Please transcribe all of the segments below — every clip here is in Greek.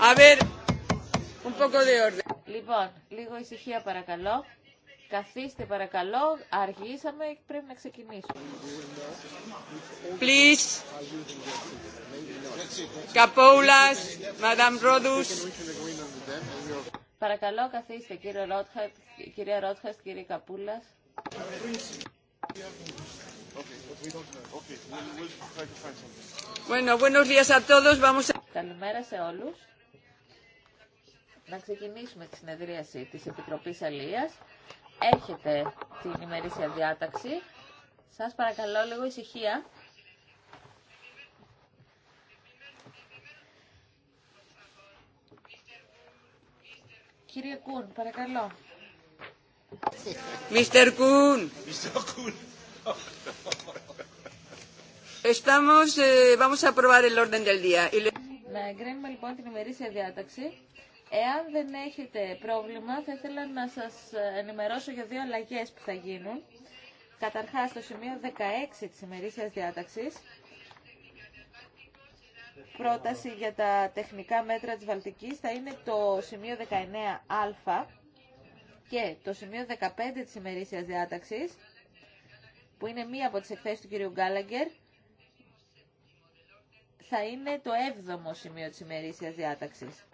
A ver, un poco de orden. Λοιπόν, λίγο ησυχία παρακαλώ. Καθίστε παρακαλώ, αργήσαμε πρέπει να ξεκινήσουμε. Please. Καπόουλας, Madame Ροδούς. Παρακαλώ καθίστε κύριε Ρότχα, κυρία κύριε Καπούλας. Καλημέρα σε όλους να ξεκινήσουμε τη συνεδρίαση της Επιτροπής Αλίας. Έχετε την ημερήσια διάταξη. Σας παρακαλώ λίγο ησυχία. Κύριε Κούν, παρακαλώ. Μίστερ Κούν. Estamos, eh, vamos a aprobar el orden del día. Να εγκρίνουμε λοιπόν την ημερήσια διάταξη. Εάν δεν έχετε πρόβλημα, θα ήθελα να σας ενημερώσω για δύο αλλαγές που θα γίνουν. Καταρχάς, το σημείο 16 της ημερήσιας διάταξης, πρόταση για τα τεχνικά μέτρα της Βαλτικής θα είναι το σημείο 19α και το σημείο 15 της ημερήσιας διάταξης, που είναι μία από τις εκθέσεις του κυρίου Γκάλαγκερ, θα είναι το 7ο σημείο της ημερήσιας διάταξης.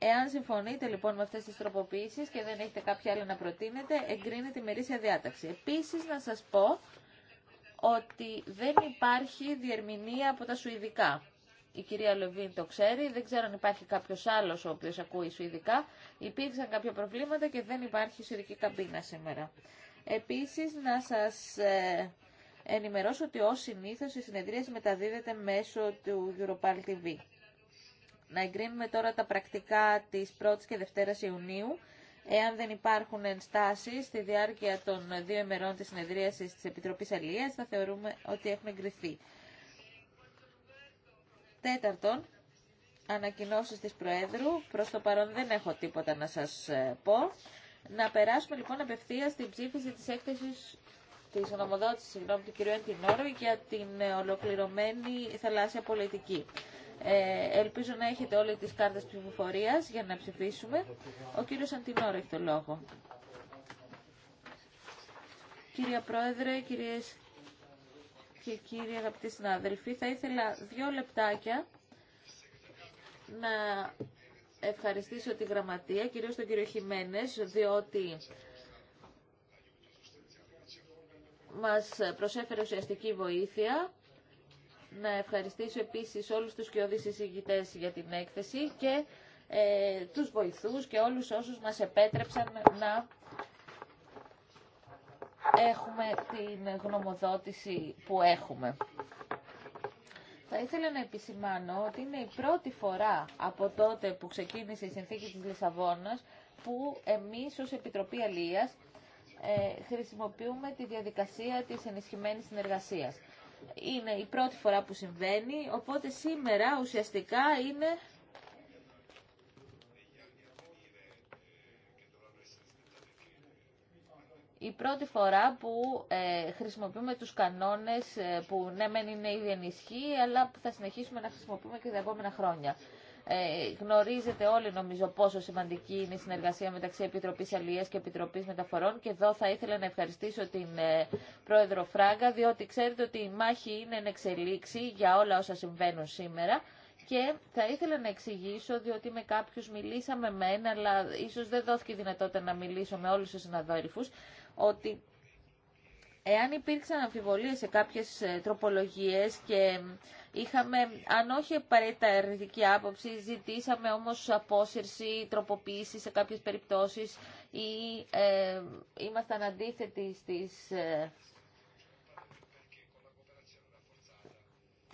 Εάν συμφωνείτε λοιπόν με αυτές τις τροποποιήσεις και δεν έχετε κάποια άλλη να προτείνετε, εγκρίνεται η μερίσια διάταξη. Επίσης να σας πω ότι δεν υπάρχει διερμηνία από τα σουηδικά. Η κυρία Λεβίν το ξέρει, δεν ξέρω αν υπάρχει κάποιο άλλο ο οποίο ακούει σουηδικά. Υπήρξαν κάποια προβλήματα και δεν υπάρχει σουηδική καμπίνα σήμερα. Επίση, να σα ε, ενημερώσω ότι ω συνήθω η συνεδρία μεταδίδεται μέσω του Europal TV να εγκρίνουμε τώρα τα πρακτικά της 1ης και 2ης Ιουνίου. Εάν δεν υπάρχουν ενστάσεις στη διάρκεια των δύο ημερών της συνεδρίασης της Επιτροπής Αλίας, θα θεωρούμε ότι έχουν εγκριθεί. Τέταρτον, ανακοινώσεις της Προέδρου. Προς το παρόν δεν έχω τίποτα να σας ε, πω. Να περάσουμε λοιπόν απευθεία στην ψήφιση της έκθεσης της ονομοδότησης συγγνώμη, του κ. Εντινόρου για την ε, ολοκληρωμένη θαλάσσια πολιτική. Ε, ελπίζω να έχετε όλες τις κάρτες ψηφοφορίας για να ψηφίσουμε. Ο κύριος Αντινόρα έχει το λόγο. Κύριε Πρόεδρε, κυρίες και κύριοι αγαπητοί συνάδελφοι, θα ήθελα δύο λεπτάκια να ευχαριστήσω τη Γραμματεία, κυρίως τον κύριο Χιμένες, διότι μας προσέφερε ουσιαστική βοήθεια να ευχαριστήσω επίσης όλους τους κοιόδης εισηγητές για την έκθεση και ε, τους βοηθούς και όλους όσους μας επέτρεψαν να έχουμε την γνωμοδότηση που έχουμε. Θα ήθελα να επισημάνω ότι είναι η πρώτη φορά από τότε που ξεκίνησε η συνθήκη της Λισαβόνας που εμείς ως Επιτροπή Αλίας ε, χρησιμοποιούμε τη διαδικασία της ενισχυμένης συνεργασίας. Είναι η πρώτη φορά που συμβαίνει, οπότε σήμερα ουσιαστικά είναι η πρώτη φορά που ε, χρησιμοποιούμε τους κανόνες ε, που ναι μεν είναι ήδη ενισχύει, αλλά που θα συνεχίσουμε να χρησιμοποιούμε και τα επόμενα χρόνια. Ε, γνωρίζετε όλοι νομίζω πόσο σημαντική είναι η συνεργασία μεταξύ Επιτροπής Αλλιές και Επιτροπής Μεταφορών και εδώ θα ήθελα να ευχαριστήσω την ε, Πρόεδρο Φράγκα διότι ξέρετε ότι η μάχη είναι εν εξελίξη για όλα όσα συμβαίνουν σήμερα και θα ήθελα να εξηγήσω, διότι με κάποιου μιλήσαμε με ένα, αλλά ίσω δεν δόθηκε δυνατότητα να μιλήσω με όλου του συναδέλφου, ότι εάν υπήρξαν αμφιβολίες σε κάποιες ε, τροπολογίες και Είχαμε, αν όχι απαραίτητα αρνητική άποψη, ζητήσαμε όμως απόσυρση, τροποποίηση σε κάποιες περιπτώσεις ή ε, ήμασταν αντίθετοι στις... Ε,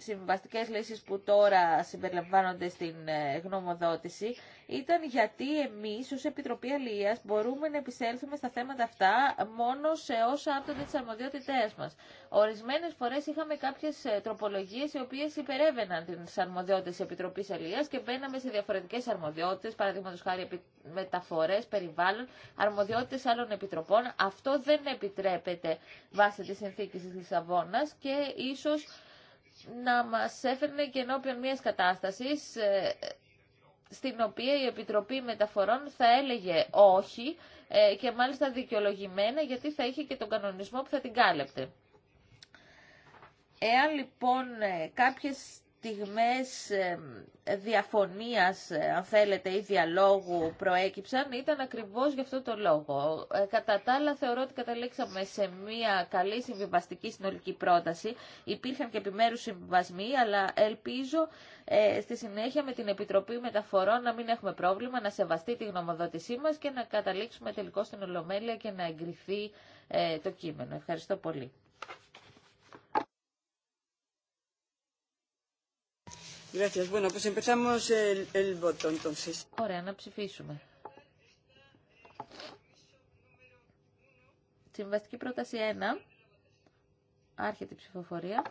συμβαστικέ λύσει που τώρα συμπεριλαμβάνονται στην ε, γνωμοδότηση ήταν γιατί εμεί, ω Επιτροπή αλληλία, μπορούμε να επισέλθουμε στα θέματα αυτά μόνο σε όσα άπτονται τι αρμοδιότητές μα. Ορισμένε φορέ είχαμε κάποιε τροπολογίε οι οποίε υπερεύαιναν τι αρμοδιότητε τη επιτροπή αλληλία και μπαίναμε σε διαφορετικέ αρμοδιότητε, παραδείγματο χάρη μεταφορέ, περιβάλλον, αρμοδιότητε άλλων επιτροπών. Αυτό δεν επιτρέπεται βάσει τη συνθήκη τη Λισαβόνα και ίσω να μας έφερνε και ενώπιον μιας κατάστασης ε, στην οποία η Επιτροπή Μεταφορών θα έλεγε όχι ε, και μάλιστα δικαιολογημένα γιατί θα είχε και τον κανονισμό που θα την κάλεπτε. Εάν λοιπόν ε, κάποιες στιγμές διαφωνίας, ε, αν θέλετε, ή διαλόγου προέκυψαν ήταν ακριβώς γι' αυτό το λόγο. Ε, κατά τα άλλα θεωρώ ότι καταλήξαμε σε μια καλή συμβιβαστική συνολική πρόταση. Υπήρχαν και επιμέρους συμβιβασμοί, αλλά ελπίζω ε, στη συνέχεια με την Επιτροπή Μεταφορών να μην έχουμε πρόβλημα, να σεβαστεί τη γνωμοδότησή μας και να καταλήξουμε τελικώς στην Ολομέλεια και να εγκριθεί το κείμενο. Ευχαριστώ πολύ. Gracias. Bueno, pues empezamos el, el voto, entonces. Ωραία, να ψηφίσουμε. Συμβαστική πρόταση 1. Άρχεται η ψηφοφορία.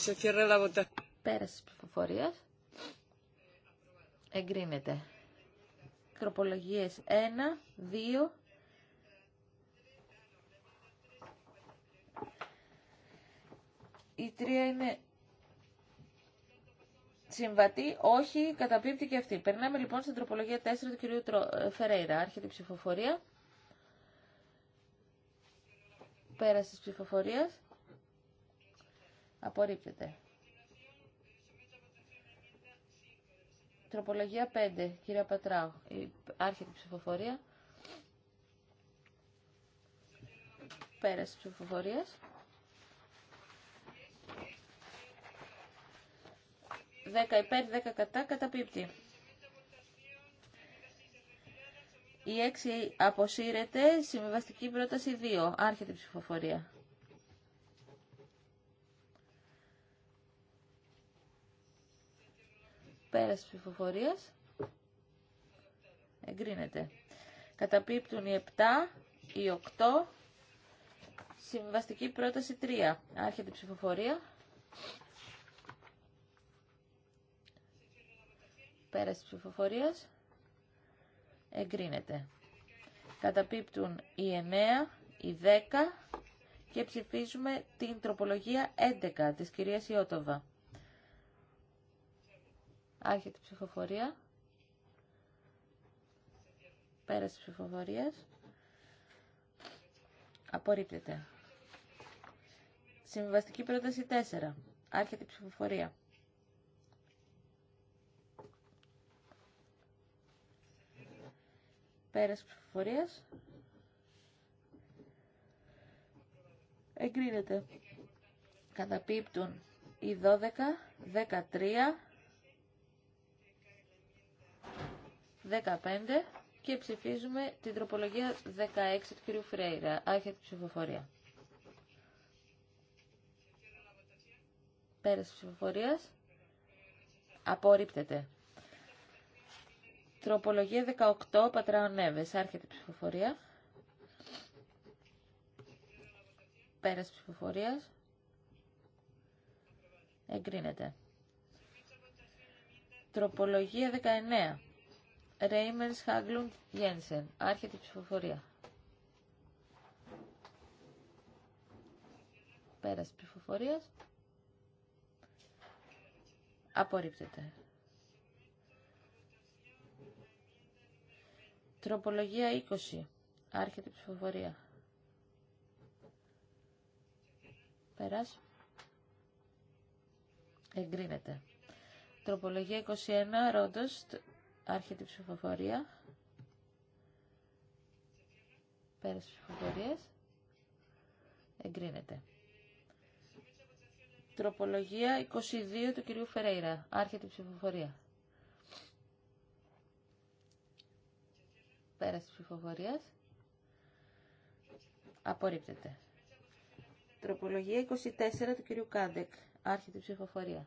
Σε Πέρασε τη ψηφοφορία. Εγκρίνεται. Τροπολογίε 1, 2, η τρία είναι συμβατή, όχι, καταπίπτει και αυτή. Περνάμε λοιπόν στην τροπολογία 4 του κυρίου ε, Φερέιρα. Άρχεται η ψηφοφορία. Πέραση της ψηφοφορίας. Απορρίπτεται. Τροπολογία 5, κυρία Πατράου. Άρχεται η ψηφοφορία. Πέραση ψηφοφορίας. 10 υπέρ, 10 κατά, καταπίπτει. Η 6 αποσύρεται, συμβιβαστική πρόταση 2. Άρχεται η ψηφοφορία. Πέραση ψηφοφορίας. Εγκρίνεται. Καταπίπτουν οι 7, οι 8, συμβιβαστική πρόταση 3. Άρχεται η ψηφοφορία. Πέραση της ψηφοφορίας. Εγκρίνεται. Καταπίπτουν οι 9, οι 10 και ψηφίζουμε την τροπολογία 11 της κυρίας Ιώτοβα. Άρχεται η ψηφοφορία. Πέρας της ψηφοφορίας. Απορρίπτεται. Συμβαστική πρόταση 4. Άρχεται η ψηφοφορία. Πέρας ψηφοφορίας. Εγκρίνεται. Καταπίπτουν οι 12, 13, 15 και ψηφίζουμε την τροπολογία 16 του κ. Φρέιρα. Άρχεται ψηφοφορία. Πέρας ψηφοφορίας. Απορρίπτεται. Τροπολογία 18, Πατράων Νέβες. Άρχεται η ψηφοφορία. Πέρας ψηφοφορίας. Εγκρίνεται. Τροπολογία 19. Ρέιμερς Χάγκλουντ Γένσεν. Άρχεται η ψηφοφορία. Πέρας ψηφοφορίας. Απορρίπτεται. Τροπολογία 20. Άρχεται η ψηφοφορία. Πέρας. Εγκρίνεται. Τροπολογία 21. Ρόντος. Άρχεται η ψηφοφορία. Πέρας ψηφοφορία. Εγκρίνεται. Τροπολογία 22 του κυρίου Φερέιρα. Άρχεται η ψηφοφορία. ...πέραση της ψηφοφορίας. Απορρίπτεται. Τροπολογία 24 του κυρίου Κάντεκ. Άρχεται η ψηφοφορία.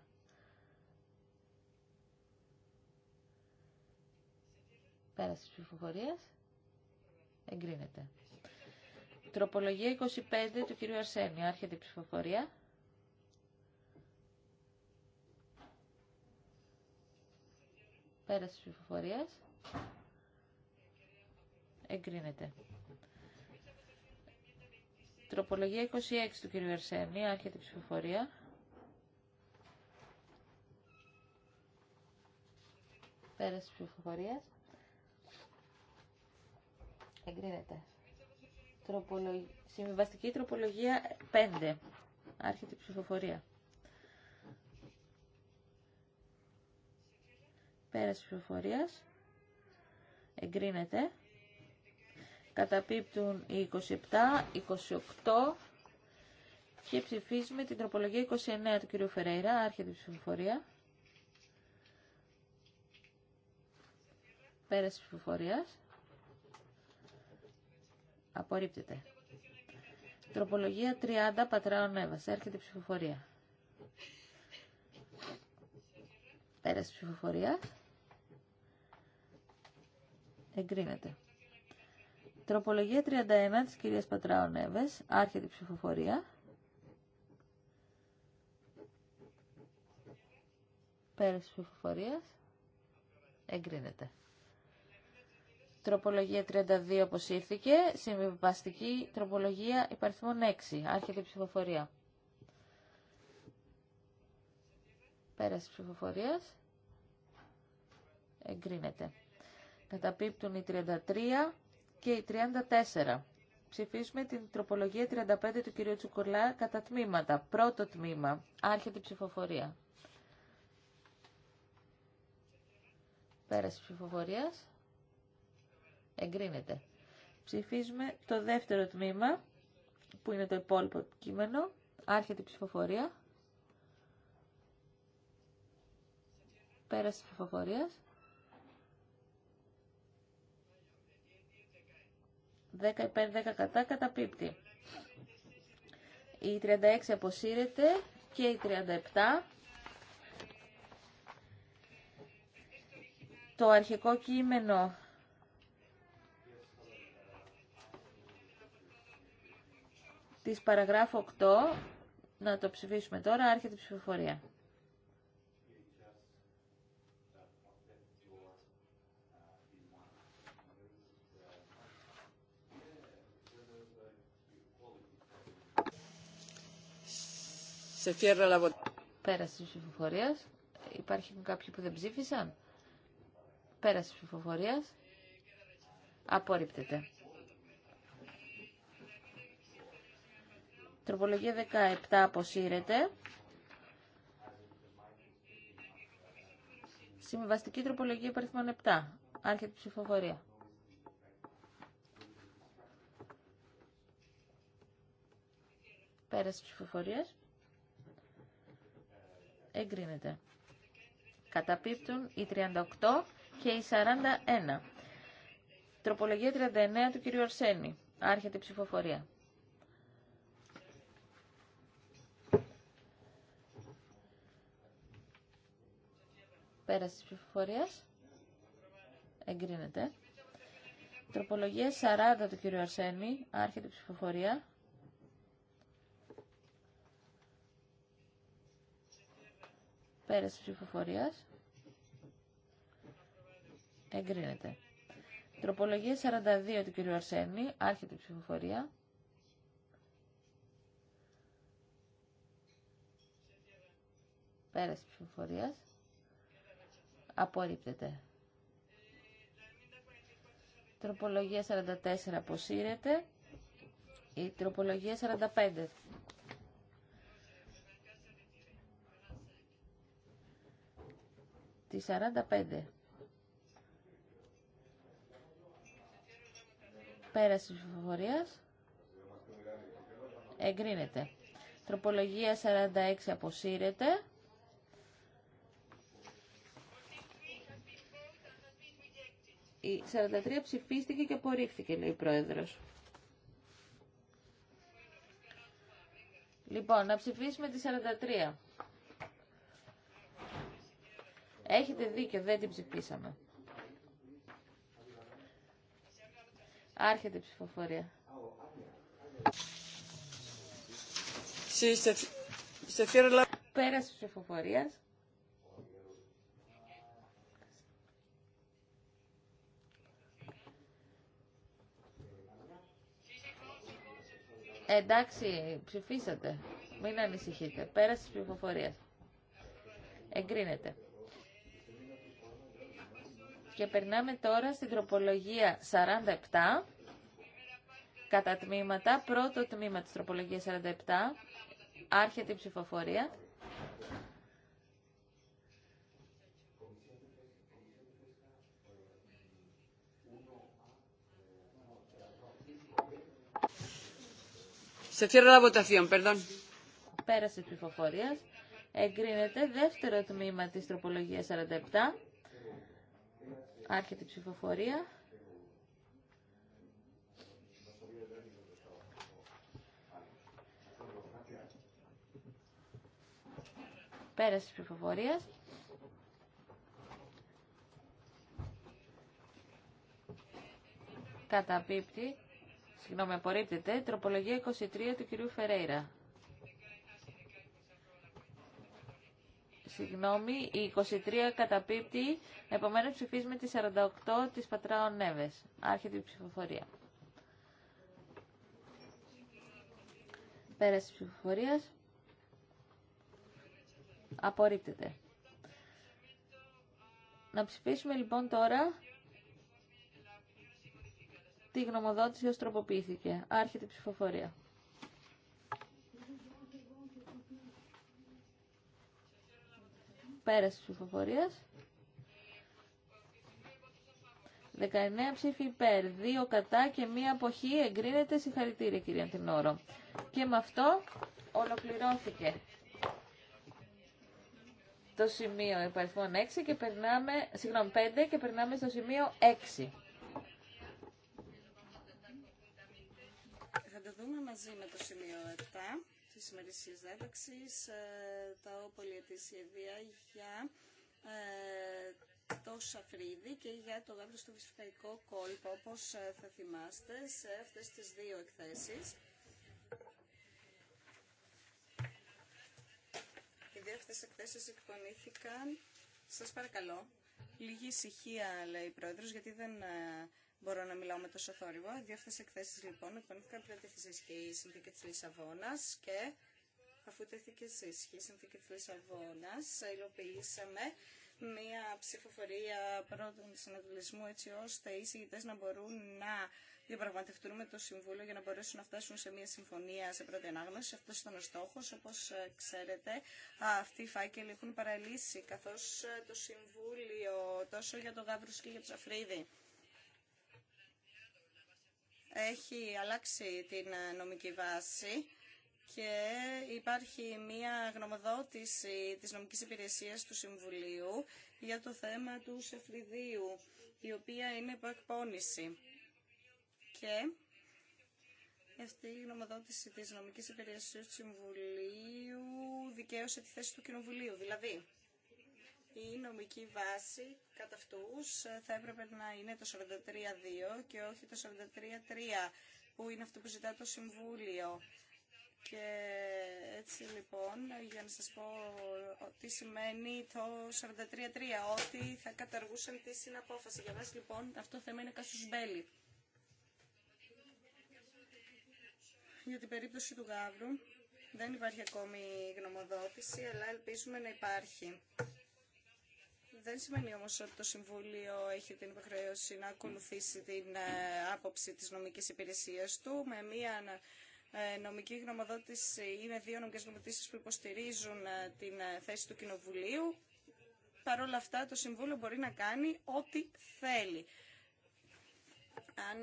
Πέραση της ψηφοφορίας. Εγκρίνεται. Τροπολογία 25 του κυρίου Αρσένη. Άρχεται η ψηφοφορία. Πέραση τη ψηφοφορίας. Εγκρίνεται. Τροπολογία 26 του κ. Αρσένη, άρχεται η ψηφοφορία. Πέραση ψηφοφορία. ψηφοφορίας. Εγκρίνεται. Τροπολογ... Συμβιβαστική τροπολογία 5. Άρχεται η ψηφοφορία. Πέραση ψηφοφορία. ψηφοφορίας. Εγκρίνεται. Καταπίπτουν οι 27, 28 και ψηφίζουμε την τροπολογία 29 του κ. Φερέιρα, άρχεται η ψηφοφορία. Πέραση ψηφοφορίας. Απορρίπτεται. Τροπολογία 30 Πατράων Νέβας. Έρχεται η ψηφοφορία. Πέραση ψηφοφορία. Εγκρίνεται. Τροπολογία 31 της κυρίας Πατράου Νέβες, άρχεται η ψηφοφορία. Πέρας ψηφοφορίας. Εγκρίνεται. Τροπολογία 32 αποσύρθηκε. Συμβιβαστική τροπολογία υπαριθμών 6. Άρχεται η ψηφοφορία. Πέραση ψηφοφορία. Εγκρίνεται. Καταπίπτουν οι 33 και 34. Ψηφίσουμε την τροπολογία 35 του κυρίου Τσουκουρλά κατά τμήματα. Πρώτο τμήμα. Άρχεται η ψηφοφορία. Πέραση ψηφοφορία. Εγκρίνεται. Ψηφίζουμε το δεύτερο τμήμα, που είναι το υπόλοιπο κείμενο. Άρχεται η ψηφοφορία. Πέραση ψηφοφορίας. 10 υπέρ 10 κατά καταπίπτει. Η 36 αποσύρεται και η 37. Το αρχικό κείμενο της παραγράφου 8, να το ψηφίσουμε τώρα, άρχεται η ψηφοφορία. Σε Πέραση τη ψηφοφορία. Υπάρχουν κάποιοι που δεν ψήφισαν. Πέραση τη ψηφοφορία. Απορρίπτεται. Τροπολογία 17 αποσύρεται. Συμβαστική τροπολογία υπαριθμών 7. Άρχεται η ψηφοφορία. Πέραση ψηφοφορίας εγκρίνεται. Καταπίπτουν οι 38 και οι 41. Τροπολογία 39 του κυρίου Αρσένη. Άρχεται η ψηφοφορία. Πέραση της ψηφοφορίας. Εγκρίνεται. Τροπολογία 40 του κυρίου Αρσένη. Άρχεται η ψηφοφορία. Πέραση ψηφοφορίας. Εγκρίνεται. Τροπολογία 42 του κ. Αρσένη. Άρχεται η ψηφοφορία. Πέραση ψηφοφορίας. Απορρίπτεται. Τροπολογία 44 αποσύρεται. Η τροπολογία 45 Τη 45. Πέραση της ψηφοφορίας. Εγκρίνεται. Τροπολογία 46 αποσύρεται. Η 43 ψηφίστηκε και απορρίφθηκε, λέει ο Πρόεδρος. Λοιπόν, να ψηφίσουμε τη 43. Έχετε δίκιο, δεν την ψηφίσαμε. Άρχεται η ψηφοφορία. Πέρασε η ψηφοφορία. Εντάξει, ψηφίσατε. Μην ανησυχείτε. Πέρασε η ψηφοφορία. Εγκρίνεται. Και περνάμε τώρα στην τροπολογία 47, κατά τμήματα, πρώτο τμήμα της τροπολογίας 47, άρχεται η ψηφοφορία. Σε η la votación, Πέρασε ψηφοφορία. Εγκρίνεται δεύτερο τμήμα της τροπολογίας 47. Άρχεται η ψηφοφορία. Πέραση της ψηφοφορίας. Καταπίπτει. Συγγνώμη, απορρίπτεται. Τροπολογία 23 του κυρίου Φερέιρα. συγγνώμη, η 23 καταπίπτει, επομένως ψηφίζουμε τη 48 της Πατράων Νέβες. Άρχεται η ψηφοφορία. Πέραση ψηφοφορίας. Απορρίπτεται. Να ψηφίσουμε λοιπόν τώρα τη γνωμοδότηση ως τροποποιήθηκε. Άρχεται η ψηφοφορία. Πέρασε της ψηφοφορίας. 19 ψήφοι υπέρ, 2 κατά και 1 αποχή εγκρίνεται. Συγχαρητήρια κυρία Τινόρο. Και με αυτό ολοκληρώθηκε το σημείο υπαριθμών 6 και περνάμε, συγγνώμη, 5 και περνάμε στο σημείο 6. Θα το δούμε μαζί με το σημείο 7 της ημερησίας ε, τα τα πολιετή για ε, το Σαφρίδι και για το γάβρο στο φυσικαϊκό κόλπο, όπως ε, θα θυμάστε, σε αυτές τις δύο εκθέσεις. Οι δύο αυτές εκθέσεις εκπονήθηκαν. Σας παρακαλώ, λίγη ησυχία λέει η Πρόεδρος, γιατί δεν μπορώ να μιλάω με τόσο θόρυβο. Οι δύο εκθέσεις λοιπόν εκπονήθηκαν πριν τη σε ισχύ η συνθήκη τη Λισαβόνα. και αφού τέθηκε σε ισχύ η συνθήκη τη Λισαβόνα, υλοποιήσαμε μία ψηφοφορία πρώτων συναντηλισμού έτσι ώστε οι συγητές να μπορούν να διαπραγματευτούν με το Συμβούλιο για να μπορέσουν να φτάσουν σε μια συμφωνία σε πρώτη ανάγνωση. Αυτό ήταν ο στόχο. Όπω ξέρετε, αυτοί οι φάκελοι έχουν παραλύσει καθώ το Συμβούλιο τόσο για τον Γαβρού και για το Σαφρίδη έχει αλλάξει την ε, νομική βάση και υπάρχει μία γνωμοδότηση της νομικής υπηρεσίας του Συμβουλίου για το θέμα του Σεφριδίου, η οποία είναι υποεκπώνηση. Και αυτή η γνωμοδότηση της νομικής υπηρεσίας του Συμβουλίου δικαίωσε τη θέση του Κοινοβουλίου. Δηλαδή, η νομική βάση κατά αυτού θα έπρεπε να είναι το 43-2 και όχι το 43-3 που είναι αυτό που ζητά το Συμβούλιο. Και έτσι λοιπόν, για να σας πω τι σημαίνει το 43-3 ότι θα καταργούσαν τη συναπόφαση. Για μας λοιπόν αυτό θέμα είναι κάσους Για την περίπτωση του Γαύρου δεν υπάρχει ακόμη γνωμοδότηση, αλλά ελπίζουμε να υπάρχει. Δεν σημαίνει όμως ότι το Συμβούλιο έχει την υποχρέωση να ακολουθήσει την ε, άποψη της νομικής υπηρεσία του με μία ε, νομική γνωμοδότηση. Είναι δύο νομικές γνωμοδοτήσεις που υποστηρίζουν ε, την θέση του Κοινοβουλίου. Παρ' όλα αυτά το Συμβούλιο μπορεί να κάνει ό,τι θέλει. Αν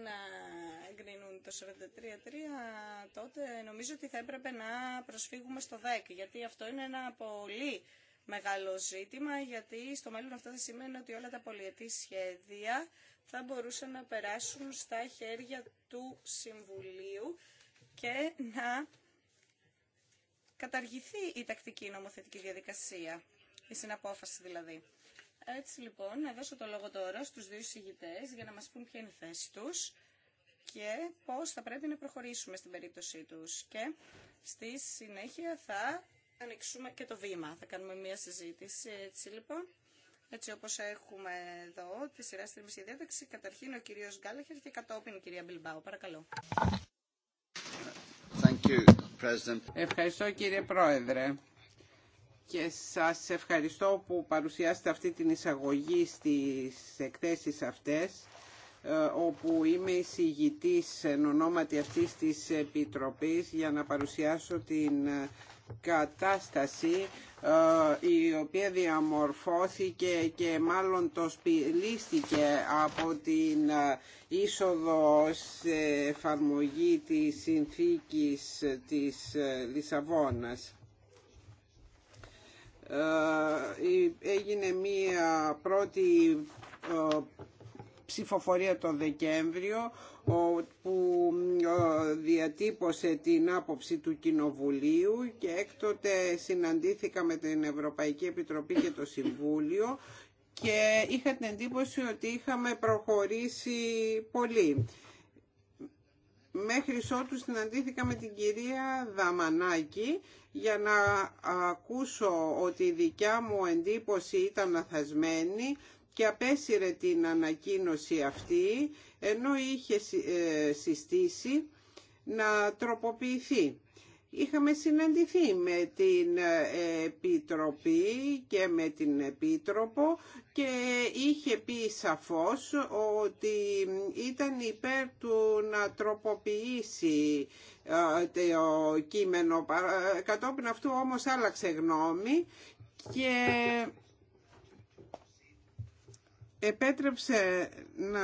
εγκρίνουν το 43-3, τότε νομίζω ότι θα έπρεπε να προσφύγουμε στο 10, γιατί αυτό είναι ένα πολύ μεγάλο ζήτημα, γιατί στο μέλλον αυτό θα σημαίνει ότι όλα τα πολιετή σχέδια θα μπορούσαν να περάσουν στα χέρια του Συμβουλίου και να καταργηθεί η τακτική νομοθετική διαδικασία, η συναπόφαση δηλαδή. Έτσι λοιπόν, να δώσω το λόγο τώρα στους δύο συγητές για να μας πούν ποια είναι η θέση τους και πώς θα πρέπει να προχωρήσουμε στην περίπτωσή τους. Και στη συνέχεια θα ανοίξουμε και το βήμα. Θα κάνουμε μία συζήτηση έτσι λοιπόν. Έτσι όπως έχουμε εδώ τη σειρά στη μισή διάταξη, καταρχήν ο κύριος Γκάλεχερ και κατόπιν η κυρία Μπιλμπάου. Παρακαλώ. Thank you, Ευχαριστώ κύριε Πρόεδρε και σας ευχαριστώ που παρουσιάσετε αυτή την εισαγωγή στις εκθέσεις αυτές ε, όπου είμαι εισηγητής εν ονόματι αυτής της Επιτροπής για να παρουσιάσω την ε, κατάσταση ε, η οποία διαμορφώθηκε και μάλλον το σπηλίστηκε από την ε, είσοδο σε εφαρμογή της συνθήκης της ε, Λισαβόνας έγινε μία πρώτη ψηφοφορία τον Δεκέμβριο που διατύπωσε την άποψη του Κοινοβουλίου και έκτοτε συναντήθηκα με την Ευρωπαϊκή Επιτροπή και το Συμβούλιο και είχα την εντύπωση ότι είχαμε προχωρήσει πολύ. Μέχρι ότου συναντήθηκα με την κυρία Δαμανάκη για να ακούσω ότι η δικιά μου εντύπωση ήταν αθασμένη και απέσυρε την ανακοίνωση αυτή ενώ είχε ε, συστήσει να τροποποιηθεί. Είχαμε συναντηθεί με την ε, Επιτροπή και με την Επίτροπο και είχε πει σαφώς ότι ήταν υπέρ του να τροποποιήσει ε, το κείμενο. Κατόπιν αυτού όμως άλλαξε γνώμη και επέτρεψε να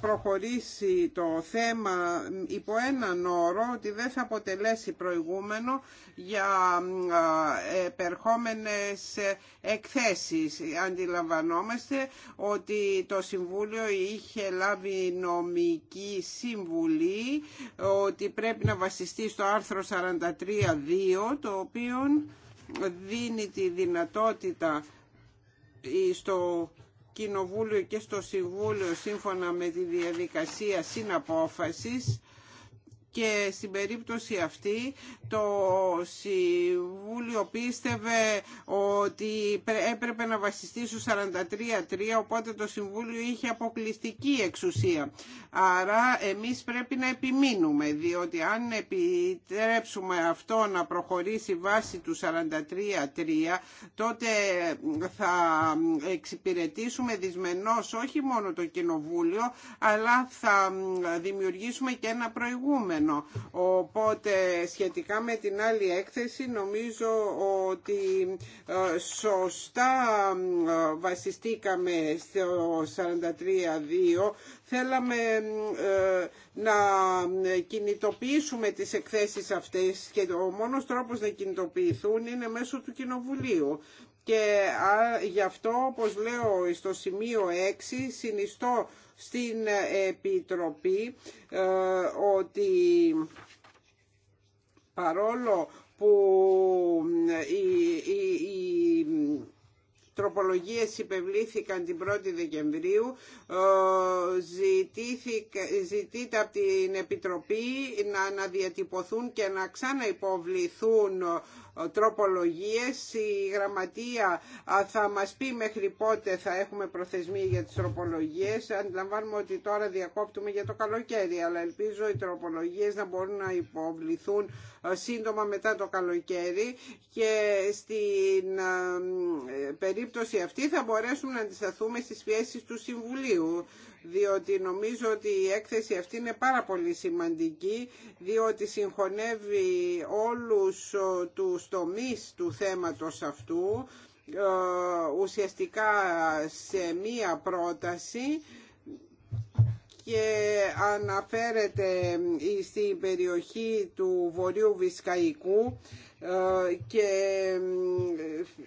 προχωρήσει το θέμα υπό έναν όρο ότι δεν θα αποτελέσει προηγούμενο για επερχόμενες εκθέσεις. Αντιλαμβανόμαστε ότι το Συμβούλιο είχε λάβει νομική συμβουλή ότι πρέπει να βασιστεί στο άρθρο 43.2 το οποίο δίνει τη δυνατότητα στο Κοινοβούλιο και στο Συμβούλιο σύμφωνα με τη διαδικασία συναπόφασης και στην περίπτωση αυτή το Συμβούλιο πίστευε ότι έπρεπε να βασιστεί στους 43-3 οπότε το Συμβούλιο είχε αποκλειστική εξουσία. Άρα εμείς πρέπει να επιμείνουμε διότι αν επιτρέψουμε αυτό να προχωρήσει βάση του 43-3 τότε θα εξυπηρετήσουμε δυσμενώς όχι μόνο το Κοινοβούλιο αλλά θα δημιουργήσουμε και ένα προηγούμενο Οπότε σχετικά με την άλλη έκθεση νομίζω ότι ε, σωστά ε, βασιστήκαμε στο 43-2. Θέλαμε ε, να κινητοποιήσουμε τις εκθέσεις αυτές και ο μόνος τρόπος να κινητοποιηθούν είναι μέσω του Κοινοβουλίου και γι' αυτό όπως λέω στο σημείο 6 συνιστώ στην Επιτροπή ε, ότι παρόλο που ε, οι η, τροπολογίες υπευλήθηκαν την 1η Δεκεμβρίου ε, ζητείται από την Επιτροπή να αναδιατυπωθούν και να ξαναυποβληθούν τροπολογίες. Η γραμματεία θα μας πει μέχρι πότε θα έχουμε προθεσμία για τις τροπολογίες. Αντιλαμβάνουμε ότι τώρα διακόπτουμε για το καλοκαίρι, αλλά ελπίζω οι τροπολογίες να μπορούν να υποβληθούν σύντομα μετά το καλοκαίρι και στην ε, περίπτωση αυτή θα μπορέσουμε να αντισταθούμε στις πιέσεις του Συμβουλίου διότι νομίζω ότι η έκθεση αυτή είναι πάρα πολύ σημαντική, διότι συγχωνεύει όλους τους τομείς του θέματος αυτού, ουσιαστικά σε μία πρόταση και αναφέρεται στην περιοχή του Βορείου Βισκαϊκού ε, και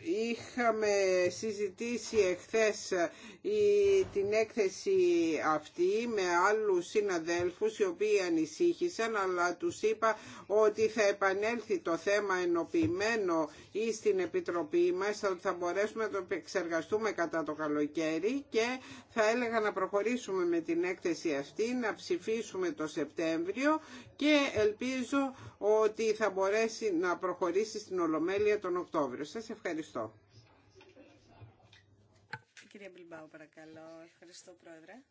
είχαμε συζητήσει εχθές ε, την έκθεση αυτή με άλλους συναδέλφους οι οποίοι ανησύχησαν αλλά τους είπα ότι θα επανέλθει το θέμα ενοποιημένο ή στην Επιτροπή μας ότι θα μπορέσουμε να το επεξεργαστούμε κατά το καλοκαίρι και θα έλεγα να προχωρήσουμε με την έκθεση αυτή να ψηφίσουμε το Σεπτέμβριο και ελπίζω ότι θα μπορέσει να προχωρήσει στην Ολομέλεια τον Οκτώβριο. Σας ευχαριστώ. Κυρία Μπιλμπάου, παρακαλώ. Ευχαριστώ, Πρόεδρε.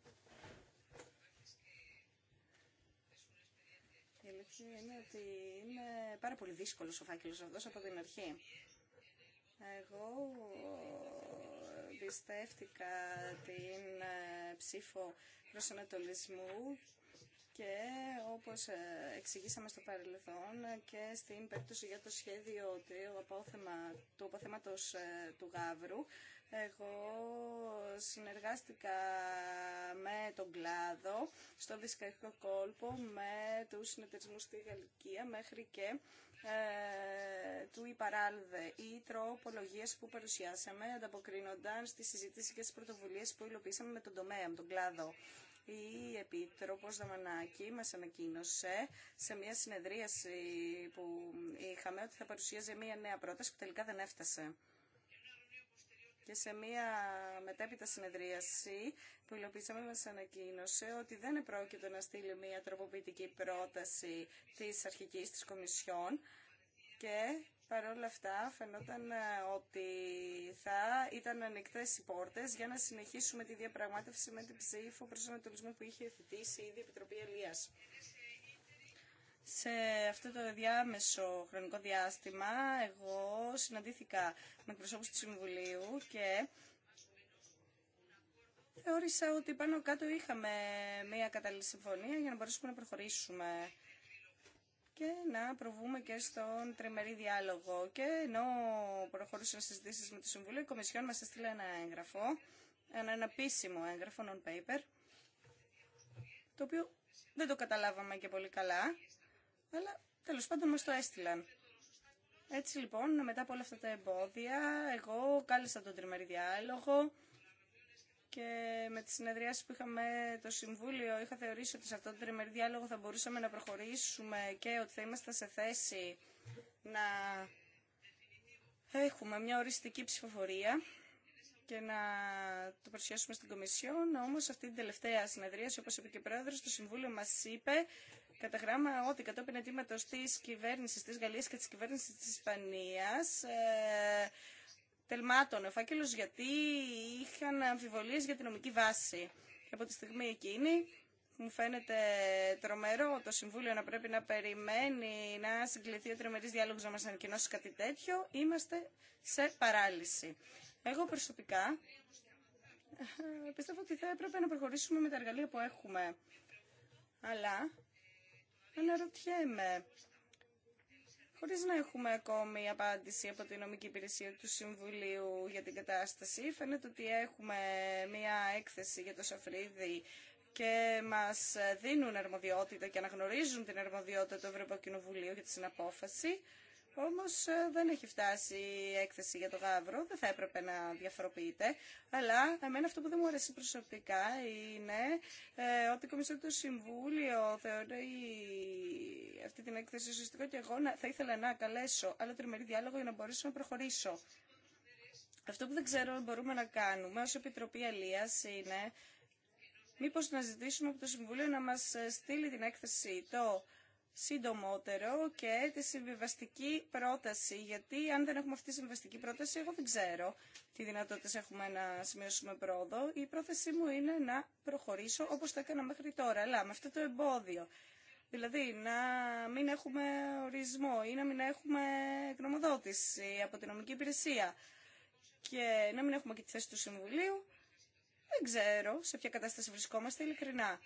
Η αλήθεια είναι ότι είναι πάρα πολύ δύσκολος ο φάκελος αυτός από την αρχή. Εγώ πιστεύτηκα την ψήφο προσανατολισμού και όπως ε, εξηγήσαμε στο παρελθόν και στην περίπτωση για το σχέδιο του, απόθεμα, του αποθέματος ε, του Γαύρου, εγώ συνεργάστηκα με τον κλάδο στο Βυσκαϊκό Κόλπο, με τους συνεταιρισμού στη Γαλλικία, μέχρι και ε, του Ιπαράλδε. Οι τροπολογίες που παρουσιάσαμε ανταποκρίνονταν στη συζήτηση και στις πρωτοβουλίες που υλοποιήσαμε με τον τομέα, με τον κλάδο η Επίτροπος Δαμανάκη μας ανακοίνωσε σε μια συνεδρίαση που είχαμε ότι θα παρουσίαζε μια νέα πρόταση που τελικά δεν έφτασε. Και σε μία μετέπειτα συνεδρίαση που υλοποιήσαμε μας ανακοίνωσε ότι δεν επρόκειτο να στείλει μία τροποποιητική πρόταση της αρχικής της Κομισιόν και Παρ' όλα αυτά φαινόταν ε, ότι θα ήταν ανοιχτέ οι πόρτε για να συνεχίσουμε τη διαπραγμάτευση με την ψήφο προσανατολισμού που είχε θετήσει η Επιτροπή ελιά. Σε αυτό το διάμεσο χρονικό διάστημα εγώ συναντήθηκα με προσώπους του Συμβουλίου και θεώρησα ότι πάνω κάτω είχαμε μια κατάλληλη συμφωνία για να μπορέσουμε να προχωρήσουμε και να προβούμε και στον τριμερή διάλογο. Και ενώ προχωρούσαν συζητήσεις με το Συμβουλίο, η Κομισιόν μας έστειλε ένα έγγραφο, ένα, επίσημο έγγραφο, non-paper, το οποίο δεν το καταλάβαμε και πολύ καλά, αλλά τέλος πάντων μας το έστειλαν. Έτσι λοιπόν, μετά από όλα αυτά τα εμπόδια, εγώ κάλεσα τον τριμερή διάλογο, και με τις συνεδριάσεις που είχαμε το Συμβούλιο είχα θεωρήσει ότι σε αυτόν τον τριμερή διάλογο θα μπορούσαμε να προχωρήσουμε και ότι θα είμαστε σε θέση να έχουμε μια οριστική ψηφοφορία και να το παρουσιάσουμε στην Κομισιόν. Όμω αυτή την τελευταία συνεδρίαση, όπω είπε και ο Πρόεδρο, το Συμβούλιο μα είπε κατά γράμμα ότι κατόπιν αιτήματο τη κυβέρνηση τη Γαλλία και τη κυβέρνηση τη Ισπανία ε, τελμάτων ο φάκελος γιατί είχαν αμφιβολίες για την νομική βάση. Από τη στιγμή εκείνη μου φαίνεται τρομερό το Συμβούλιο να πρέπει να περιμένει να συγκληθεί ο τρομερής διάλογος να μας ανακοινώσει κάτι τέτοιο. Είμαστε σε παράλυση. Εγώ προσωπικά ε, πιστεύω ότι θα έπρεπε να προχωρήσουμε με τα εργαλεία που έχουμε. Αλλά αναρωτιέμαι χωρίς να έχουμε ακόμη απάντηση από την νομική υπηρεσία του Συμβουλίου για την κατάσταση. Φαίνεται ότι έχουμε μία έκθεση για το Σαφρίδι και μας δίνουν αρμοδιότητα και αναγνωρίζουν την αρμοδιότητα του Ευρωπαϊκού Κοινοβουλίου για τη συναπόφαση. Όμω ε, δεν έχει φτάσει η έκθεση για το Γαύρο, δεν θα έπρεπε να διαφοροποιείται. Αλλά εμένα αυτό που δεν μου αρέσει προσωπικά είναι ε, ότι η Κομισιόν του Συμβούλιο θεωρεί αυτή την έκθεση ουσιαστικό και εγώ θα ήθελα να καλέσω άλλο τριμερή διάλογο για να μπορέσω να προχωρήσω. Αυτό που δεν ξέρω αν μπορούμε να κάνουμε ως Επιτροπή Αλίας είναι μήπως να ζητήσουμε από το Συμβούλιο να μας ε, στείλει την έκθεση το συντομότερο και τη συμβιβαστική πρόταση. Γιατί αν δεν έχουμε αυτή τη συμβιβαστική πρόταση, εγώ δεν ξέρω τι δυνατότητε έχουμε να σημειώσουμε πρόοδο. Η πρόθεσή μου είναι να προχωρήσω όπω το έκανα μέχρι τώρα, αλλά με αυτό το εμπόδιο. Δηλαδή να μην έχουμε ορισμό ή να μην έχουμε γνωμοδότηση από την νομική υπηρεσία και να μην έχουμε και τη θέση του Συμβουλίου. Δεν ξέρω σε ποια κατάσταση βρισκόμαστε ειλικρινά.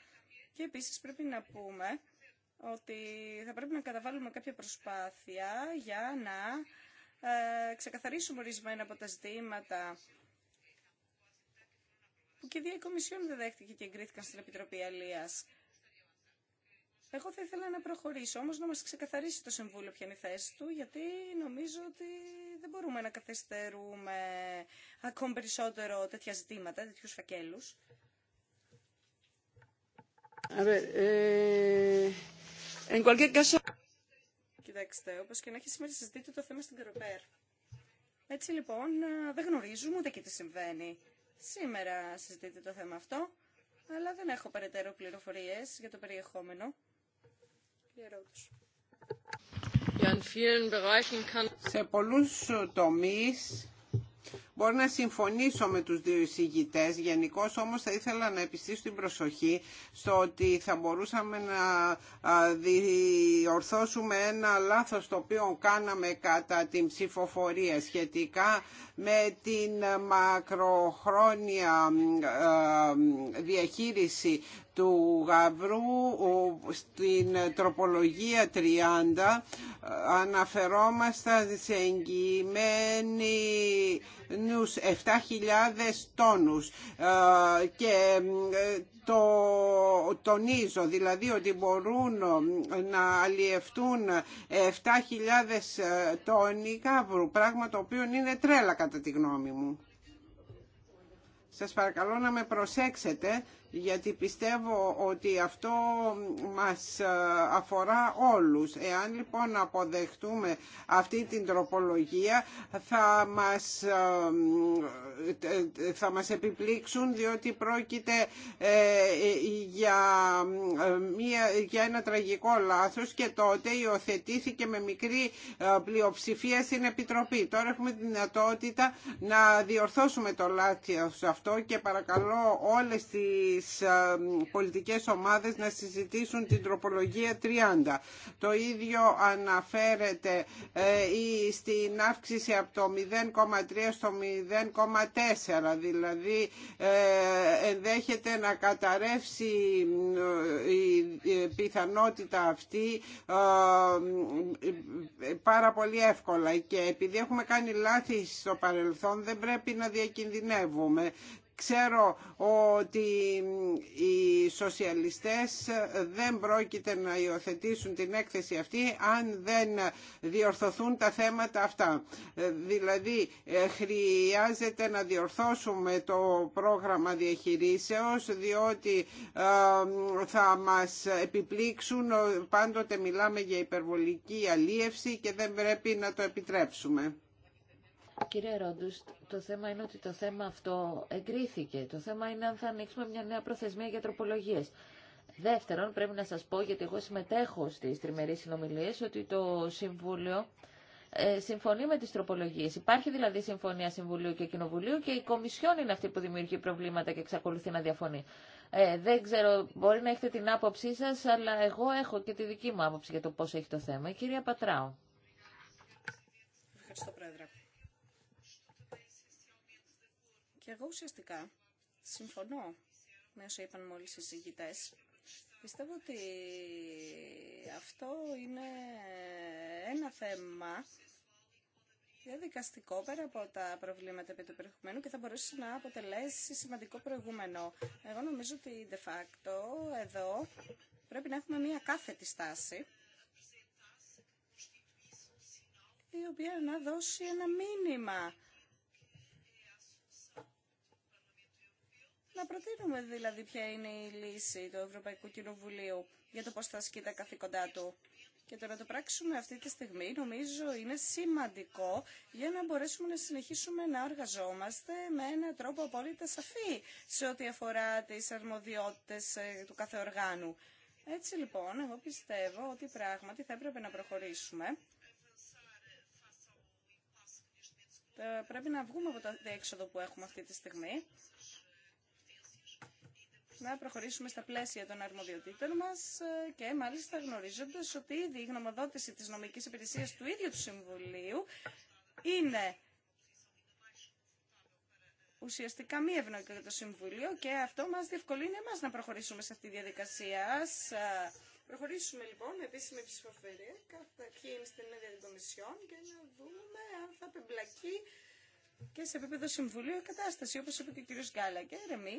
Και επίσης πρέπει να πούμε ότι θα πρέπει να καταβάλουμε κάποια προσπάθεια για να ε, ξεκαθαρίσουμε ορισμένα από τα ζητήματα που και η Κομισιόν δεν δέχτηκε και εγκρίθηκαν στην Επιτροπή Αλίας. Εγώ θα ήθελα να προχωρήσω, όμως να μας ξεκαθαρίσει το Συμβούλιο ποια είναι η θέση του, γιατί νομίζω ότι δεν μπορούμε να καθυστερούμε ακόμη περισσότερο τέτοια ζητήματα, τέτοιους φακέλους. A ver, ε, En cualquier caso... Κοιτάξτε, όπω και να έχει σήμερα συζητείτε το θέμα στην Κεροπέρ. Έτσι λοιπόν, ε, δεν γνωρίζουμε ούτε και τι συμβαίνει. Σήμερα συζητείτε το θέμα αυτό, αλλά δεν έχω περαιτέρω πληροφορίε για το περιεχόμενο. Σε πολλούς τομείς Μπορώ να συμφωνήσω με τους δύο εισηγητές, γενικώ όμως θα ήθελα να επιστήσω την προσοχή στο ότι θα μπορούσαμε να διορθώσουμε ένα λάθος το οποίο κάναμε κατά την ψηφοφορία σχετικά με την μακροχρόνια διαχείριση του Γαβρού στην τροπολογία 30 αναφερόμασταν σε εγγυημένους 7.000 τόνους ε, και ε, το τονίζω δηλαδή ότι μπορούν να αλλιευτούν 7.000 τόνοι γαβρού πράγμα το οποίο είναι τρέλα κατά τη γνώμη μου. Σας παρακαλώ να με προσέξετε γιατί πιστεύω ότι αυτό μας ε, αφορά όλους. Εάν λοιπόν αποδεχτούμε αυτή την τροπολογία θα μας, ε, ε, θα μας επιπλήξουν διότι πρόκειται για, μια, για ένα τραγικό λάθος και τότε υιοθετήθηκε με μικρή πλειοψηφία στην Επιτροπή. Τώρα έχουμε τη δυνατότητα να διορθώσουμε το λάθος αυτό και παρακαλώ όλες τις τις ε, πολιτικές ομάδες να συζητήσουν την τροπολογία 30. Το ίδιο αναφέρεται ή ε, στην αύξηση από το 0,3 στο 0,4 δηλαδή ε, ενδέχεται να καταρρεύσει η πιθανότητα αυτή πάρα πολύ εύκολα και επειδή έχουμε κάνει λάθη στο παρελθόν δεν πρέπει να διακινδυνεύουμε Ξέρω ότι οι σοσιαλιστές δεν πρόκειται να υιοθετήσουν την έκθεση αυτή αν δεν διορθωθούν τα θέματα αυτά. Δηλαδή ε, χρειάζεται να διορθώσουμε το πρόγραμμα διαχειρίσεως διότι θα μας επιπλήξουν. Ε, πάντοτε μιλάμε για υπερβολική αλίευση και δεν πρέπει να το επιτρέψουμε. Κύριε ρόντου, το θέμα είναι ότι το θέμα αυτό εγκρίθηκε. Το θέμα είναι αν θα ανοίξουμε μια νέα προθεσμία για τροπολογίες. Δεύτερον, πρέπει να σας πω, γιατί εγώ συμμετέχω στις τριμερείς συνομιλίες, ότι το Συμβούλιο ε, συμφωνεί με τις τροπολογίες. Υπάρχει δηλαδή συμφωνία Συμβουλίου και Κοινοβουλίου και η Κομισιόν είναι αυτή που δημιουργεί προβλήματα και εξακολουθεί να διαφωνεί. Ε, δεν ξέρω, μπορεί να έχετε την άποψή σας, αλλά εγώ έχω και τη δική μου άποψη για το πώς έχει το θέμα. κυρία Πατράου. Ευχαριστώ, Πρόεδρε. Και εγώ ουσιαστικά συμφωνώ με όσα είπαν μόλις οι συζητητές. Πιστεύω ότι αυτό είναι ένα θέμα διαδικαστικό πέρα από τα προβλήματα επί του περιεχομένου και θα μπορέσει να αποτελέσει σημαντικό προηγούμενο. Εγώ νομίζω ότι de facto εδώ πρέπει να έχουμε μια κάθετη στάση η οποία να δώσει ένα μήνυμα να προτείνουμε δηλαδή ποια είναι η λύση του Ευρωπαϊκού Κοινοβουλίου για το πώς θα ασκεί τα καθήκοντά του. Και το να το πράξουμε αυτή τη στιγμή νομίζω είναι σημαντικό για να μπορέσουμε να συνεχίσουμε να εργαζόμαστε με έναν τρόπο απόλυτα σαφή σε ό,τι αφορά τις αρμοδιότητες ε, του κάθε οργάνου. Έτσι λοιπόν, εγώ πιστεύω ότι πράγματι θα έπρεπε να προχωρήσουμε. Ε, πρέπει να βγούμε από το διέξοδο που έχουμε αυτή τη στιγμή να προχωρήσουμε στα πλαίσια των αρμοδιοτήτων μα ε, και μάλιστα γνωρίζοντα ότι η γνωμοδότηση τη νομική υπηρεσία του ίδιου του Συμβουλίου είναι ουσιαστικά μη ευνοϊκό για το Συμβουλίο και αυτό μα διευκολύνει εμά να προχωρήσουμε σε αυτή τη διαδικασία. Ε, προχωρήσουμε λοιπόν με επίσημη ψηφοφορία, ποιοι είναι στην ίδια των Κομισιόν και να δούμε αν θα πεμπλακεί και σε επίπεδο Συμβουλίου κατάσταση, όπω είπε και ο κ. Γκάλαγκερ, Εμεί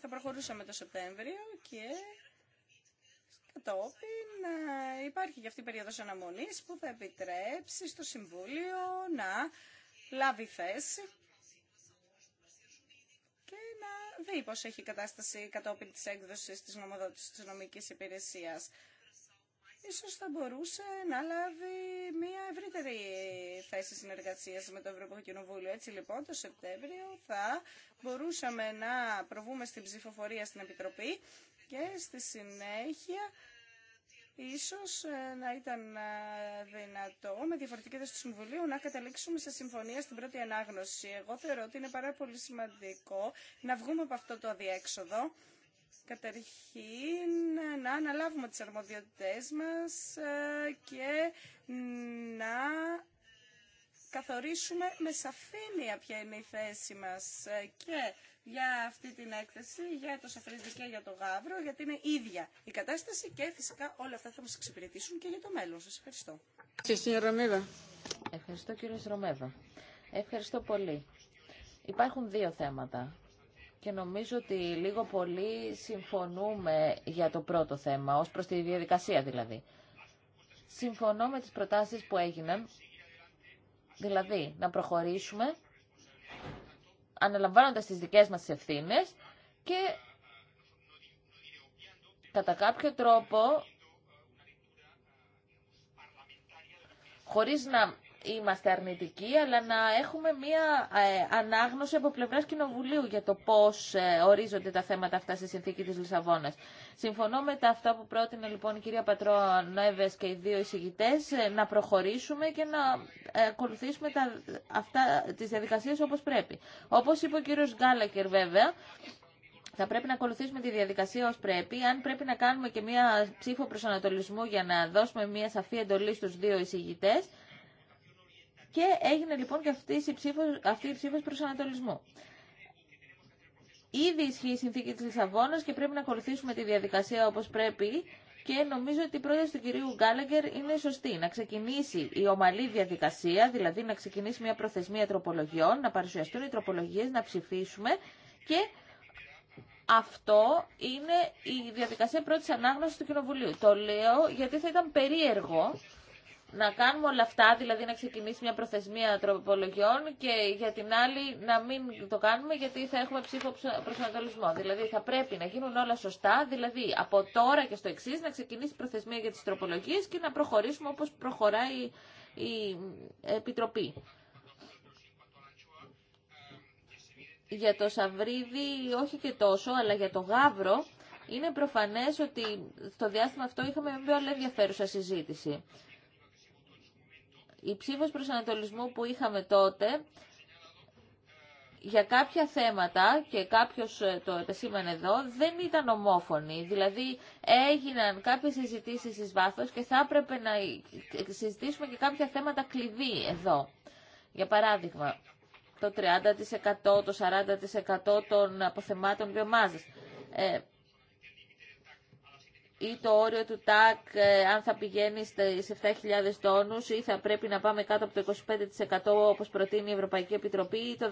θα προχωρούσαμε το Σεπτέμβριο και κατόπιν ε, υπάρχει και αυτή η περίοδος αναμονής που θα επιτρέψει στο Συμβούλιο να λάβει θέση και να δει πώς έχει η κατάσταση κατόπιν της έκδοσης της νομοδότησης της νομικής υπηρεσίας ίσως θα μπορούσε να λάβει μια ευρύτερη θέση συνεργασίας με το Ευρωπαϊκό Κοινοβούλιο. Έτσι λοιπόν το Σεπτέμβριο θα μπορούσαμε να προβούμε στην ψηφοφορία στην Επιτροπή και στη συνέχεια ίσως ε, να ήταν ε, δυνατό με διαφορετική θέση του Συμβουλίου να καταλήξουμε σε συμφωνία στην πρώτη ανάγνωση. Εγώ θεωρώ ότι είναι πάρα πολύ σημαντικό να βγούμε από αυτό το αδιέξοδο καταρχήν να αναλάβουμε τις αρμοδιότητές μας ε, και να καθορίσουμε με σαφήνεια ποια είναι η θέση μας ε, και για αυτή την έκθεση, για το Σαφρίδη και για το γάβρο, γιατί είναι ίδια η κατάσταση και φυσικά όλα αυτά θα μας εξυπηρετήσουν και για το μέλλον. Σας ευχαριστώ. Ευχαριστώ κύριε Ρωμέβα. Ευχαριστώ πολύ. Υπάρχουν δύο θέματα και νομίζω ότι λίγο πολύ συμφωνούμε για το πρώτο θέμα, ως προς τη διαδικασία δηλαδή. Συμφωνώ με τις προτάσεις που έγιναν, δηλαδή να προχωρήσουμε αναλαμβάνοντας τις δικές μας ευθύνες και κατά κάποιο τρόπο χωρίς να είμαστε αρνητικοί, αλλά να έχουμε μία ε, ανάγνωση από πλευράς Κοινοβουλίου για το πώς ε, ορίζονται τα θέματα αυτά στη συνθήκη της Λισαβόνας. Συμφωνώ με τα αυτά που πρότεινε λοιπόν η κυρία Πατρό Νέβες και οι δύο εισηγητές ε, να προχωρήσουμε και να ακολουθήσουμε τα, αυτά, τις διαδικασίες όπως πρέπει. Όπως είπε ο κύριος Γκάλακερ βέβαια, θα πρέπει να ακολουθήσουμε τη διαδικασία ως πρέπει. Αν πρέπει να κάνουμε και μία ψήφο προσανατολισμού για να δώσουμε μία σαφή εντολή στους δύο εισηγητές, και έγινε λοιπόν και αυτή η ψήφος, αυτή η ψήφος ανατολισμό. Ήδη ισχύει η συνθήκη της Λισαβόνας και πρέπει να ακολουθήσουμε τη διαδικασία όπως πρέπει και νομίζω ότι η πρόταση του κυρίου Γκάλαγκερ είναι σωστή. Να ξεκινήσει η ομαλή διαδικασία, δηλαδή να ξεκινήσει μια προθεσμία τροπολογιών, να παρουσιαστούν οι τροπολογίες, να ψηφίσουμε και αυτό είναι η διαδικασία πρώτης ανάγνωσης του Κοινοβουλίου. Το λέω γιατί θα ήταν περίεργο να κάνουμε όλα αυτά, δηλαδή να ξεκινήσει μια προθεσμία τροπολογιών και για την άλλη να μην το κάνουμε γιατί θα έχουμε ψήφο προσανατολισμό. Δηλαδή θα πρέπει να γίνουν όλα σωστά, δηλαδή από τώρα και στο εξή να ξεκινήσει η προθεσμία για τις τροπολογίες και να προχωρήσουμε όπως προχωράει η Επιτροπή. Για το Σαβρίδι όχι και τόσο, αλλά για το Γάβρο είναι προφανές ότι στο διάστημα αυτό είχαμε μια πολύ ενδιαφέρουσα συζήτηση η ψήφος προσανατολισμού που είχαμε τότε για κάποια θέματα, και κάποιος ε, το επεσήμανε εδώ, δεν ήταν ομόφωνη. Δηλαδή έγιναν κάποιες συζητήσεις εις βάθος και θα έπρεπε να ε, συζητήσουμε και κάποια θέματα κλειδί εδώ. Για παράδειγμα, το 30%, το 40% των αποθεμάτων βιομάζας. Ε, ή το όριο του ΤΑΚ ε, αν θα πηγαίνει σε 7.000 τόνους ή θα πρέπει να πάμε κάτω από το 25% όπως προτείνει η Ευρωπαϊκή Επιτροπή ή το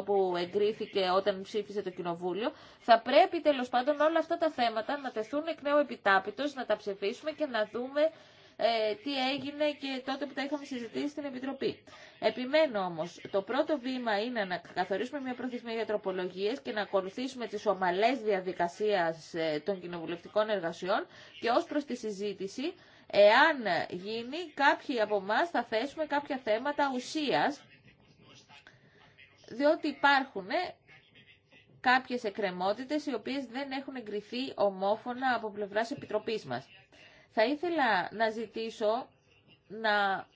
10% που εγκρίθηκε όταν ψήφισε το Κοινοβούλιο. Θα πρέπει τέλος πάντων όλα αυτά τα θέματα να τεθούν εκ νέου επιτάπητος, να τα ψηφίσουμε και να δούμε ε, τι έγινε και τότε που τα είχαμε συζητήσει στην Επιτροπή. Επιμένω όμως, το πρώτο βήμα είναι να καθορίσουμε μια προθεσμία για τροπολογίε και να ακολουθήσουμε τις ομαλές διαδικασίες ε, των κοινοβουλευτικών εργασιών και ως προς τη συζήτηση, εάν γίνει, κάποιοι από εμά θα θέσουμε κάποια θέματα ουσίας, διότι υπάρχουν ε, κάποιες εκκρεμότητες οι οποίες δεν έχουν εγκριθεί ομόφωνα από πλευράς Επιτροπής μας. Θα ήθελα να ζητήσω να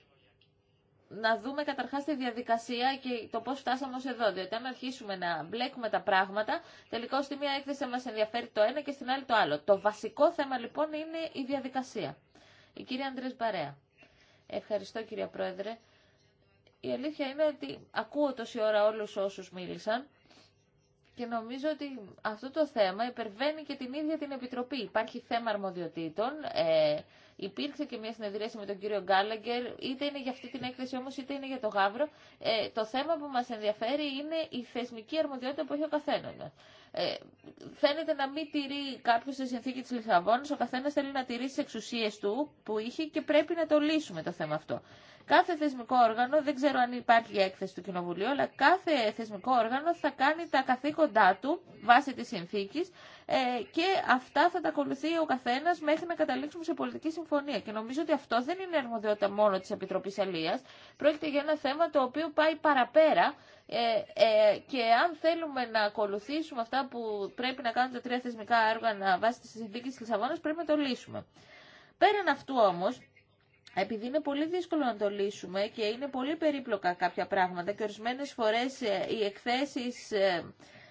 να δούμε καταρχάς τη διαδικασία και το πώς φτάσαμε ως εδώ. Διότι αν αρχίσουμε να μπλέκουμε τα πράγματα, τελικά στη μία έκθεση μας ενδιαφέρει το ένα και στην άλλη το άλλο. Το βασικό θέμα λοιπόν είναι η διαδικασία. Η κυρία Αντρές Μπαρέα. Ευχαριστώ κυρία Πρόεδρε. Η αλήθεια είναι ότι ακούω τόση ώρα όλους όσους μίλησαν και νομίζω ότι αυτό το θέμα υπερβαίνει και την ίδια την Επιτροπή. Υπάρχει θέμα αρμοδιοτήτων. Ε, υπήρξε και μια συνεδρίαση με τον κύριο Γκάλαγκερ, είτε είναι για αυτή την έκθεση όμω, είτε είναι για το Γαύρο. Ε, το θέμα που μα ενδιαφέρει είναι η θεσμική αρμοδιότητα που έχει ο καθένα. Ε, φαίνεται να μην τηρεί κάποιο τη συνθήκη τη Λισαβόνα. Ο καθένα θέλει να τηρεί τι εξουσίε του που είχε και πρέπει να το λύσουμε το θέμα αυτό. Κάθε θεσμικό όργανο, δεν ξέρω αν υπάρχει η έκθεση του Κοινοβουλίου, αλλά κάθε θεσμικό όργανο θα κάνει τα καθήκοντά του βάσει της ε, και αυτά θα τα ακολουθεί ο καθένα μέχρι να καταλήξουμε σε πολιτική συμφωνία. Και νομίζω ότι αυτό δεν είναι αρμοδιότητα μόνο τη Επιτροπή Αλία. Πρόκειται για ένα θέμα το οποίο πάει παραπέρα ε, ε, και αν θέλουμε να ακολουθήσουμε αυτά που πρέπει να κάνουν τα τρία θεσμικά όργανα βάσει τη συνθήκη τη Λισαβόνα πρέπει να το λύσουμε. Πέραν αυτού όμως, επειδή είναι πολύ δύσκολο να το λύσουμε και είναι πολύ περίπλοκα κάποια πράγματα και ορισμένες φορές ε, οι εκθέσεις ε,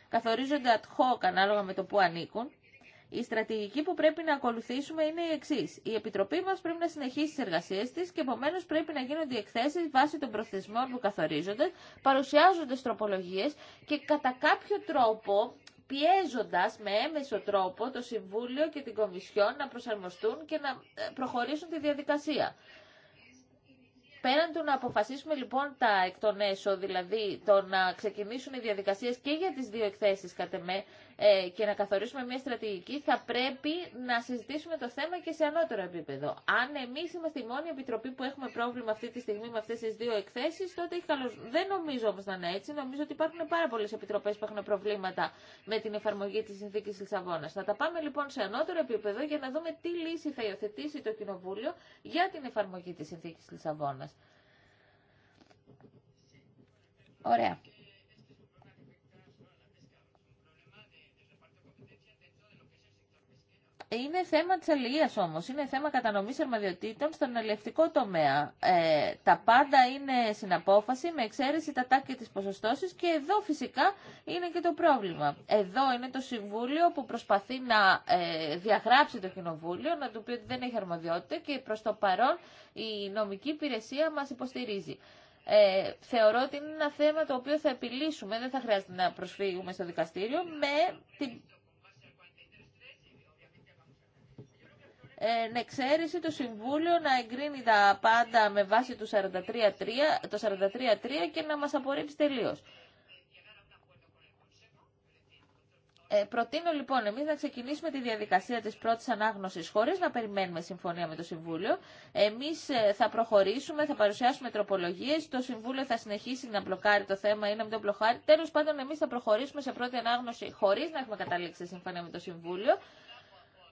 καθορίζονται ad hoc ανάλογα με το που ανήκουν, η στρατηγική που πρέπει να ακολουθήσουμε είναι η εξή. Η Επιτροπή μα πρέπει να συνεχίσει τι εργασίε τη και επομένω πρέπει να γίνονται οι εκθέσει βάσει των προθεσμών που καθορίζονται, παρουσιάζονται τροπολογίε και κατά κάποιο τρόπο πιέζοντας με έμεσο τρόπο το Συμβούλιο και την Κομισιόν να προσαρμοστούν και να ε, προχωρήσουν τη διαδικασία. Πέραν του να αποφασίσουμε λοιπόν τα εκ των έσω, δηλαδή το να ξεκινήσουν οι διαδικασίες και για τις δύο εκθέσεις κατ' Ε, και να καθορίσουμε μια στρατηγική, θα πρέπει να συζητήσουμε το θέμα και σε ανώτερο επίπεδο. Αν εμεί είμαστε η μόνη επιτροπή που έχουμε πρόβλημα αυτή τη στιγμή με αυτέ τι δύο εκθέσει, τότε έχει Δεν νομίζω όμω να είναι έτσι. Νομίζω ότι υπάρχουν πάρα πολλέ επιτροπέ που έχουν προβλήματα με την εφαρμογή τη συνθήκη Λισαβόνα. Θα τα πάμε λοιπόν σε ανώτερο επίπεδο για να δούμε τι λύση θα υιοθετήσει το Κοινοβούλιο για την εφαρμογή τη συνθήκη Λισαβόνα. Ωραία. Είναι θέμα της αλληλείας όμως. Είναι θέμα κατανομής αρμαδιοτήτων στον αλληλευτικό τομέα. Ε, τα πάντα είναι συναπόφαση με εξαίρεση τα τάκια της ποσοστώσης και εδώ φυσικά είναι και το πρόβλημα. Εδώ είναι το Συμβούλιο που προσπαθεί να ε, διαγράψει το Κοινοβούλιο, να του πει ότι δεν έχει αρμοδιότητα και προς το παρόν η νομική υπηρεσία μας υποστηρίζει. Ε, θεωρώ ότι είναι ένα θέμα το οποίο θα επιλύσουμε, δεν θα χρειάζεται να προσφύγουμε στο δικαστήριο, με την εν ναι, εξαίρεση το Συμβούλιο να εγκρίνει τα πάντα με βάση το 43 το και να μας απορρίψει τελείως. Ε, προτείνω λοιπόν εμείς να ξεκινήσουμε τη διαδικασία της πρώτης ανάγνωσης χωρίς να περιμένουμε συμφωνία με το Συμβούλιο. Εμεί ε, θα προχωρήσουμε, θα παρουσιάσουμε τροπολογίε. Το Συμβούλιο θα συνεχίσει να μπλοκάρει το θέμα ή να μην το μπλοκάρει. Τέλος πάντων, εμείς θα προχωρήσουμε σε πρώτη ανάγνωση χωρίς να έχουμε καταλήξει συμφωνία με το Συμβούλιο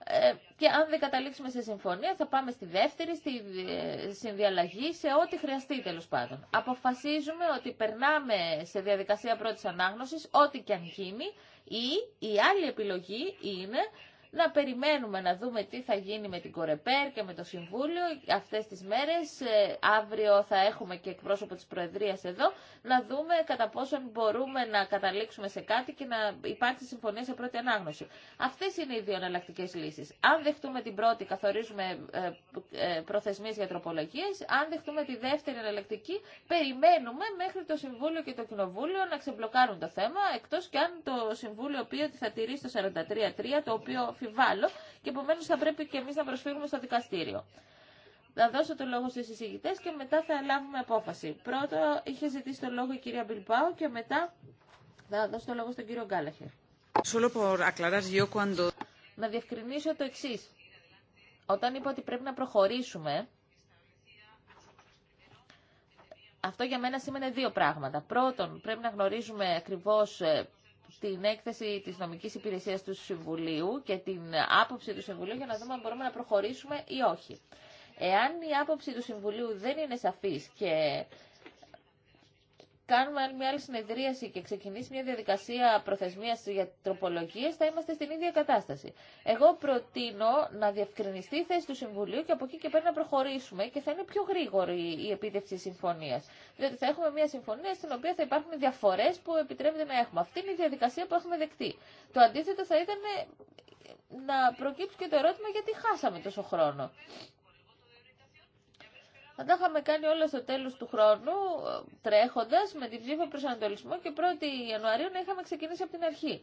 ε, και αν δεν καταλήξουμε σε συμφωνία θα πάμε στη δεύτερη, στη ε, συνδιαλλαγή, σε ό,τι χρειαστεί τέλο πάντων. Αποφασίζουμε ότι περνάμε σε διαδικασία πρώτης ανάγνωσης, ό,τι και αν γίνει, ή η άλλη επιλογή είναι να περιμένουμε να δούμε τι θα γίνει με την Κορεπέρ και με το Συμβούλιο αυτές τις μέρες. Ε, αύριο θα έχουμε και εκπρόσωπο της Προεδρίας εδώ, να δούμε κατά πόσο μπορούμε να καταλήξουμε σε κάτι και να υπάρξει συμφωνία σε πρώτη ανάγνωση. Αυτές είναι οι δύο εναλλακτικέ λύσεις. Αν δεχτούμε την πρώτη, καθορίζουμε ε, ε, προθεσμίες για τροπολογίες. Αν δεχτούμε τη δεύτερη εναλλακτική, περιμένουμε μέχρι το Συμβούλιο και το Κοινοβούλιο να ξεμπλοκάρουν το θέμα, εκτός και αν το Συμβούλιο πει ότι θα τηρήσει το 43-3, το οποίο και επομένω θα πρέπει και εμεί να προσφύγουμε στο δικαστήριο. Θα δώσω το λόγο στου εισηγητέ και μετά θα λάβουμε απόφαση. Πρώτο είχε ζητήσει το λόγο η κυρία Μπιλπάου και μετά θα δώσω το λόγο στον κύριο Γκάλαχερ. Να διευκρινίσω το εξή. Όταν είπα ότι πρέπει να προχωρήσουμε, αυτό για μένα σήμαινε δύο πράγματα. Πρώτον, πρέπει να γνωρίζουμε ακριβώς ε, την έκθεση της νομική υπηρεσίας του Συμβουλίου και την άποψη του Συμβουλίου για να δούμε αν μπορούμε να προχωρήσουμε ή όχι. Εάν η άποψη του Συμβουλίου δεν είναι σαφής και κάνουμε άλλη μια άλλη συνεδρίαση και ξεκινήσει μια διαδικασία προθεσμία για τροπολογίε, θα είμαστε στην ίδια κατάσταση. Εγώ προτείνω να διευκρινιστεί η θέση του Συμβουλίου και από εκεί και πέρα να προχωρήσουμε και θα είναι πιο γρήγορη η επίτευξη συμφωνία. Διότι θα έχουμε μια συμφωνία στην οποία θα υπάρχουν διαφορέ που επιτρέπεται να έχουμε. Αυτή είναι η διαδικασία που έχουμε δεκτεί. Το αντίθετο θα ήταν να προκύψει και το ερώτημα γιατί χάσαμε τόσο χρόνο αν τα είχαμε κάνει όλα στο τέλος του χρόνου, τρέχοντας με την ψήφα προσανατολισμό και 1η Ιανουαρίου να είχαμε ξεκινήσει από την αρχή.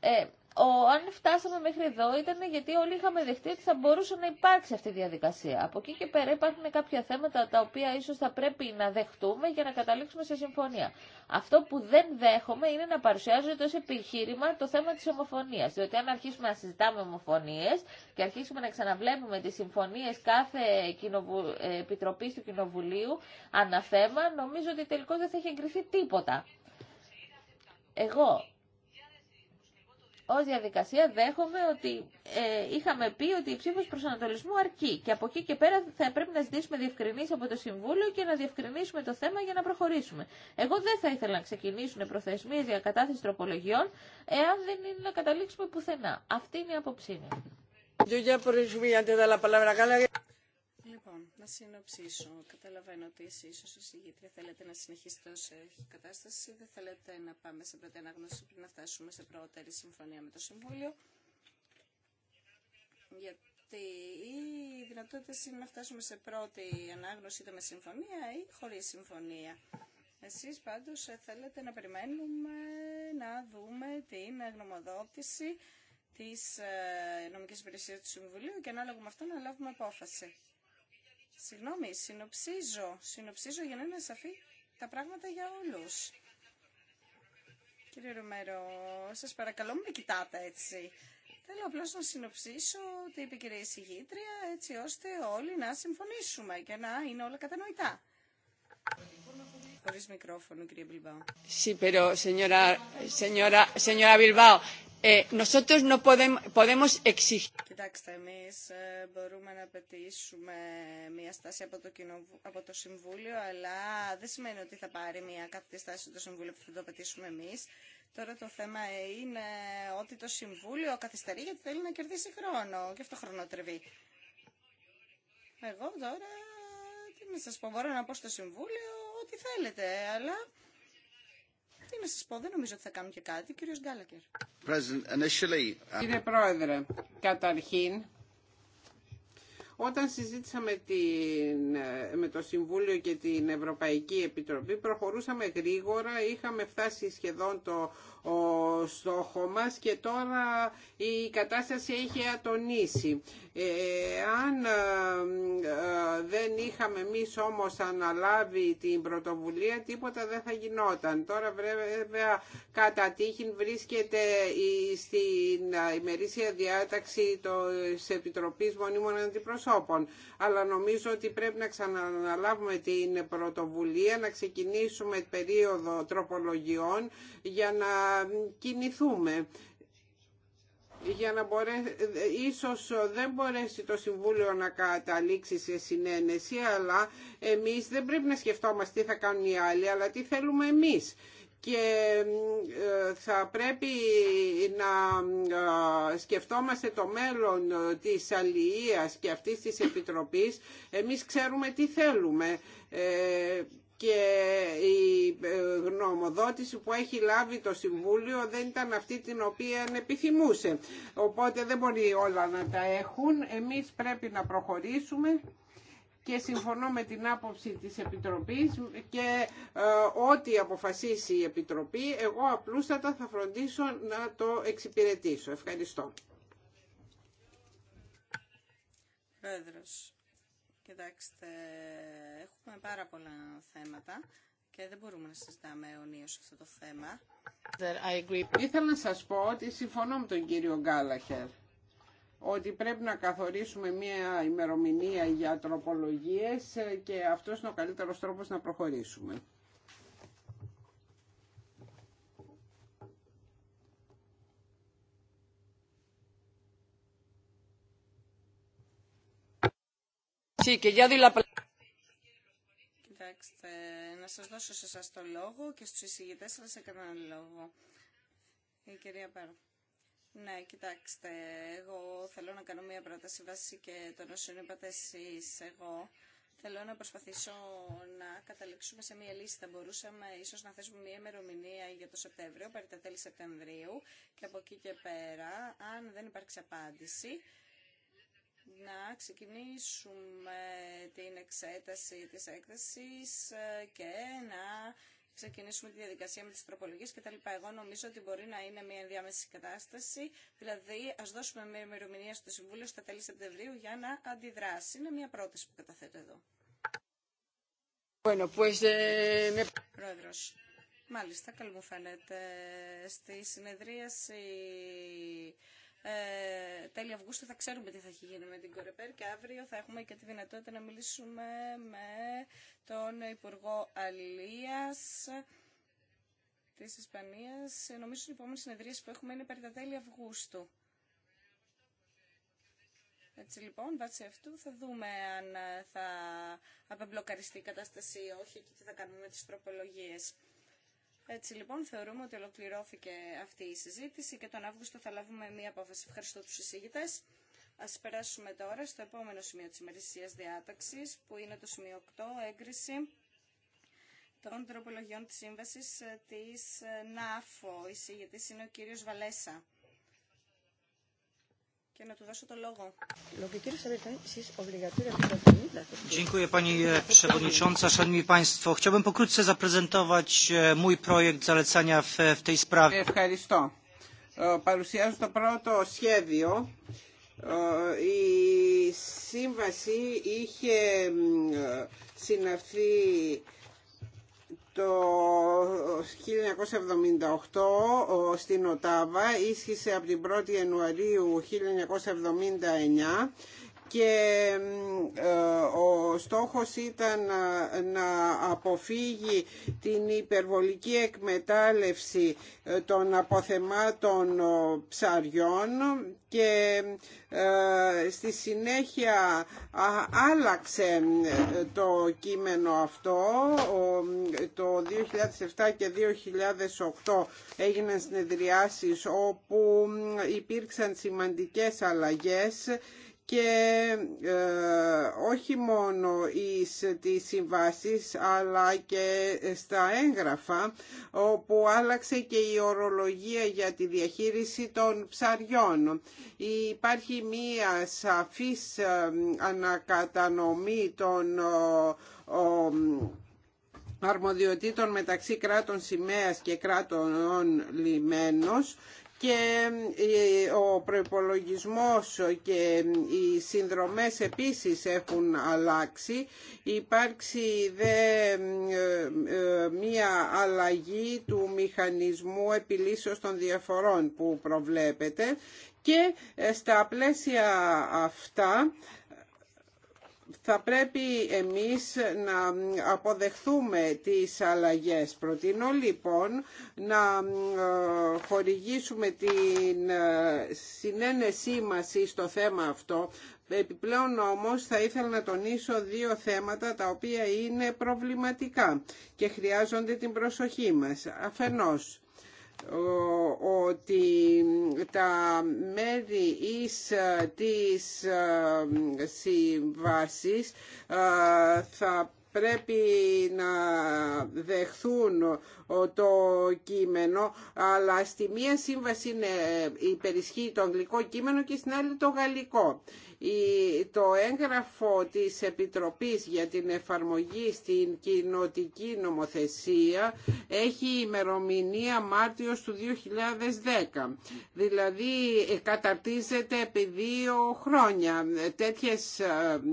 Ε, ο, αν φτάσαμε μέχρι εδώ ήταν γιατί όλοι είχαμε δεχτεί ότι θα μπορούσε να υπάρξει αυτή η διαδικασία. Από εκεί και πέρα υπάρχουν κάποια θέματα τα οποία ίσω θα πρέπει να δεχτούμε για να καταλήξουμε σε συμφωνία. Αυτό που δεν δέχομαι είναι να παρουσιάζεται ω επιχείρημα το θέμα τη ομοφωνίας. Διότι αν αρχίσουμε να συζητάμε ομοφωνίε και αρχίσουμε να ξαναβλέπουμε τι συμφωνίε κάθε ε, επιτροπή του Κοινοβουλίου αναθέμα, νομίζω ότι τελικώ δεν θα έχει εγκριθεί τίποτα. Εγώ Ω διαδικασία δέχομαι ότι ε, είχαμε πει ότι η ψήφο προσανατολισμού αρκεί και από εκεί και πέρα θα πρέπει να ζητήσουμε διευκρινήσει από το Συμβούλιο και να διευκρινίσουμε το θέμα για να προχωρήσουμε. Εγώ δεν θα ήθελα να ξεκινήσουν προθεσμίε για κατάθεση τροπολογιών εάν δεν είναι να καταλήξουμε πουθενά. Αυτή είναι η άποψή μου. Λοιπόν, να συνοψίσω. Καταλαβαίνω ότι εσεί ω εισηγήτρια θέλετε να συνεχίσετε ω έχει κατάσταση. Δεν θέλετε να πάμε σε πρώτη ανάγνωση πριν να φτάσουμε σε πρώτερη συμφωνία με το Συμβούλιο. Γιατί οι δυνατότητε είναι να φτάσουμε σε πρώτη ανάγνωση είτε με συμφωνία ή χωρί συμφωνία. Εσεί πάντω θέλετε να περιμένουμε να δούμε την γνωμοδότηση τη ε, νομική υπηρεσία του Συμβουλίου και ανάλογα με αυτό να λάβουμε απόφαση. Συγγνώμη, συνοψίζω, συνοψίζω για να είναι σαφή τα πράγματα για όλους. Κύριε Ρωμέρο, σας παρακαλώ μην με κοιτάτε έτσι. Θέλω απλώς να συνοψίσω τι είπε η κυρία εισηγήτρια, έτσι ώστε όλοι να συμφωνήσουμε και να είναι όλα κατανοητά. Χωρίς μικρόφωνο, κυρία Μπιλμπάου. Sí, ε, Κοιτάξτε, εμεί ε, μπορούμε να πετύσουμε μια στάση από το, Συμβούλιο, αλλά δεν σημαίνει ότι θα πάρει μια κάποια στάση το Συμβούλιο που θα το πετύσουμε εμεί. Τώρα το θέμα είναι ότι το Συμβούλιο καθυστερεί γιατί θέλει να κερδίσει χρόνο και αυτό χρονοτριβεί. Εγώ τώρα τι να σα πω, μπορώ να πω στο Συμβούλιο ό,τι θέλετε, αλλά τι να σα πω, δεν νομίζω ότι θα κάνουν και κάτι. Κύριος Γκάλακερ. Uh, Κύριε Πρόεδρε, καταρχήν, όταν συζήτησαμε την, ε, με το Συμβούλιο και την Ευρωπαϊκή Επιτροπή προχωρούσαμε γρήγορα, είχαμε φτάσει σχεδόν το ο στόχο μας και τώρα η κατάσταση έχει ατονίσει. Ε, αν ε, ε, δεν είχαμε εμεί όμως αναλάβει την πρωτοβουλία τίποτα δεν θα γινόταν. Τώρα βέβαια κατά τύχη βρίσκεται στην ημερήσια διάταξη της Επιτροπής Μονίμων Αντιπροσώπων. Αλλά νομίζω ότι πρέπει να ξαναλάβουμε την πρωτοβουλία, να ξεκινήσουμε περίοδο τροπολογιών για να κινηθούμε για να μπορέσει, ίσως δεν μπορέσει το Συμβούλιο να καταλήξει σε συνένεση, αλλά εμείς δεν πρέπει να σκεφτόμαστε τι θα κάνουν οι άλλοι, αλλά τι θέλουμε εμείς και ε, θα πρέπει να ε, σκεφτόμαστε το μέλλον της αλληλείας και αυτής της Επιτροπής. Εμείς ξέρουμε τι θέλουμε. Ε, και η ε, γνωμοδότηση που έχει λάβει το Συμβούλιο δεν ήταν αυτή την οποία επιθυμούσε. Οπότε δεν μπορεί όλα να τα έχουν. Εμείς πρέπει να προχωρήσουμε και συμφωνώ με την άποψη της Επιτροπής και ε, ό,τι αποφασίσει η Επιτροπή, εγώ απλούστατα θα φροντίσω να το εξυπηρετήσω. Ευχαριστώ. Έχουμε πάρα πολλά θέματα και δεν μπορούμε να συζητάμε αιωνίως αυτό το θέμα. I agree. Ήθελα να σας πω ότι συμφωνώ με τον κύριο Γκάλαχερ ότι πρέπει να καθορίσουμε μία ημερομηνία για τροπολογίες και αυτός είναι ο καλύτερος τρόπος να προχωρήσουμε. Sí, que ya la να σας δώσω σε εσάς το λόγο και στους εισηγητές σας έκαναν λόγο. Η κυρία Πάρο. Ναι, κοιτάξτε, εγώ θέλω να κάνω μια πρόταση βάση και το όσων είπατε εσείς. Εγώ θέλω να προσπαθήσω να καταλήξουμε σε μια λύση. Θα μπορούσαμε ίσως να θέσουμε μια ημερομηνία για το Σεπτέμβριο, περί τα τέλη Σεπτεμβρίου και από εκεί και πέρα, αν δεν υπάρξει απάντηση, να ξεκινήσουμε την εξέταση της έκθεσης ε, και να ξεκινήσουμε τη διαδικασία με τις τροπολογίες και τα λοιπά. Εγώ νομίζω ότι μπορεί να είναι μια ενδιάμεση κατάσταση, δηλαδή ας δώσουμε μια ημερομηνία στο Συμβούλιο στα τέλη Σεπτεμβρίου για να αντιδράσει. Είναι μια πρόταση που καταθέτω εδώ. Bueno, pues, eh... Πρόεδρος. Μάλιστα, καλό μου φαίνεται. Στη συνεδρίαση ε, τέλη Αυγούστου θα ξέρουμε τι θα έχει γίνει με την Κορεπέρ και αύριο θα έχουμε και τη δυνατότητα να μιλήσουμε με τον Υπουργό Αλίας της Ισπανίας. Ε, νομίζω ότι οι λοιπόν, επόμενες συνεδρίες που έχουμε είναι περί τα τέλη Αυγούστου. Έτσι λοιπόν, βάσει αυτού θα δούμε αν θα απεμπλοκαριστεί η κατάσταση ή όχι και τι θα κάνουμε με τις έτσι λοιπόν θεωρούμε ότι ολοκληρώθηκε αυτή η συζήτηση και τον Αύγουστο θα λάβουμε μία απόφαση. Ευχαριστώ τους εισήγητες. Ας περάσουμε τώρα στο επόμενο σημείο της ημερησίας διάταξης που είναι το σημείο 8, έγκριση των τροπολογιών της σύμβασης ε, της ε, ΝΑΦΟ. Εισηγητής είναι ο κύριος Βαλέσα και να του δώσω το λόγο. Dziękuję Pani Przewodnicząca, Szanowni Państwo. Chciałbym pokrótce zaprezentować mój projekt zalecenia w tej sprawie. Ευχαριστώ. Παρουσιάζω το πρώτο σχέδιο. Η σύμβαση είχε συναυθεί το 1978 στην Οτάβα, ίσχυσε από την 1η Ιανουαρίου 1979 και ε, ο στόχος ήταν ε, να αποφύγει την υπερβολική εκμετάλλευση ε, των αποθεμάτων ψαριών και στη συνέχεια άλλαξε το κείμενο αυτό το 2007 και 2008 έγιναν συνεδριάσεις όπου υπήρξαν σημαντικές αλλαγές και ε, όχι μόνο εις τις συμβάσεις αλλά και στα έγγραφα όπου άλλαξε και η ορολογία για τη διαχείριση των ψαριών. Υπάρχει μία σαφής ε, ανακατανομή των αρμοδιοτήτων μεταξύ κράτων σημαίας και κράτων λιμένος και ε, ο προϋπολογισμός και οι συνδρομές επίσης έχουν αλλάξει. Υπάρξει δε ε, ε, μία αλλαγή του μηχανισμού επιλύσεως των διαφορών που προβλέπεται και στα πλαίσια αυτά θα πρέπει εμείς να αποδεχθούμε τις αλλαγές. Προτείνω λοιπόν να ε, χορηγήσουμε την ε, συνένεσή μας στο θέμα αυτό. Επιπλέον όμως θα ήθελα να τονίσω δύο θέματα τα οποία είναι προβληματικά και χρειάζονται την προσοχή μας. Αφενός, ότι τα μέρη εις της ε, συμβάσης ε, θα πρέπει να δεχθούν ε, το κείμενο, αλλά στη μία σύμβαση είναι, υπερισχύει το αγγλικό κείμενο και στην άλλη το γαλλικό. Το έγγραφο της Επιτροπής για την εφαρμογή στην κοινοτική νομοθεσία έχει ημερομηνία Μάρτιος του 2010. Δηλαδή ε, καταρτίζεται επί δύο χρόνια. Τέτοιες ε,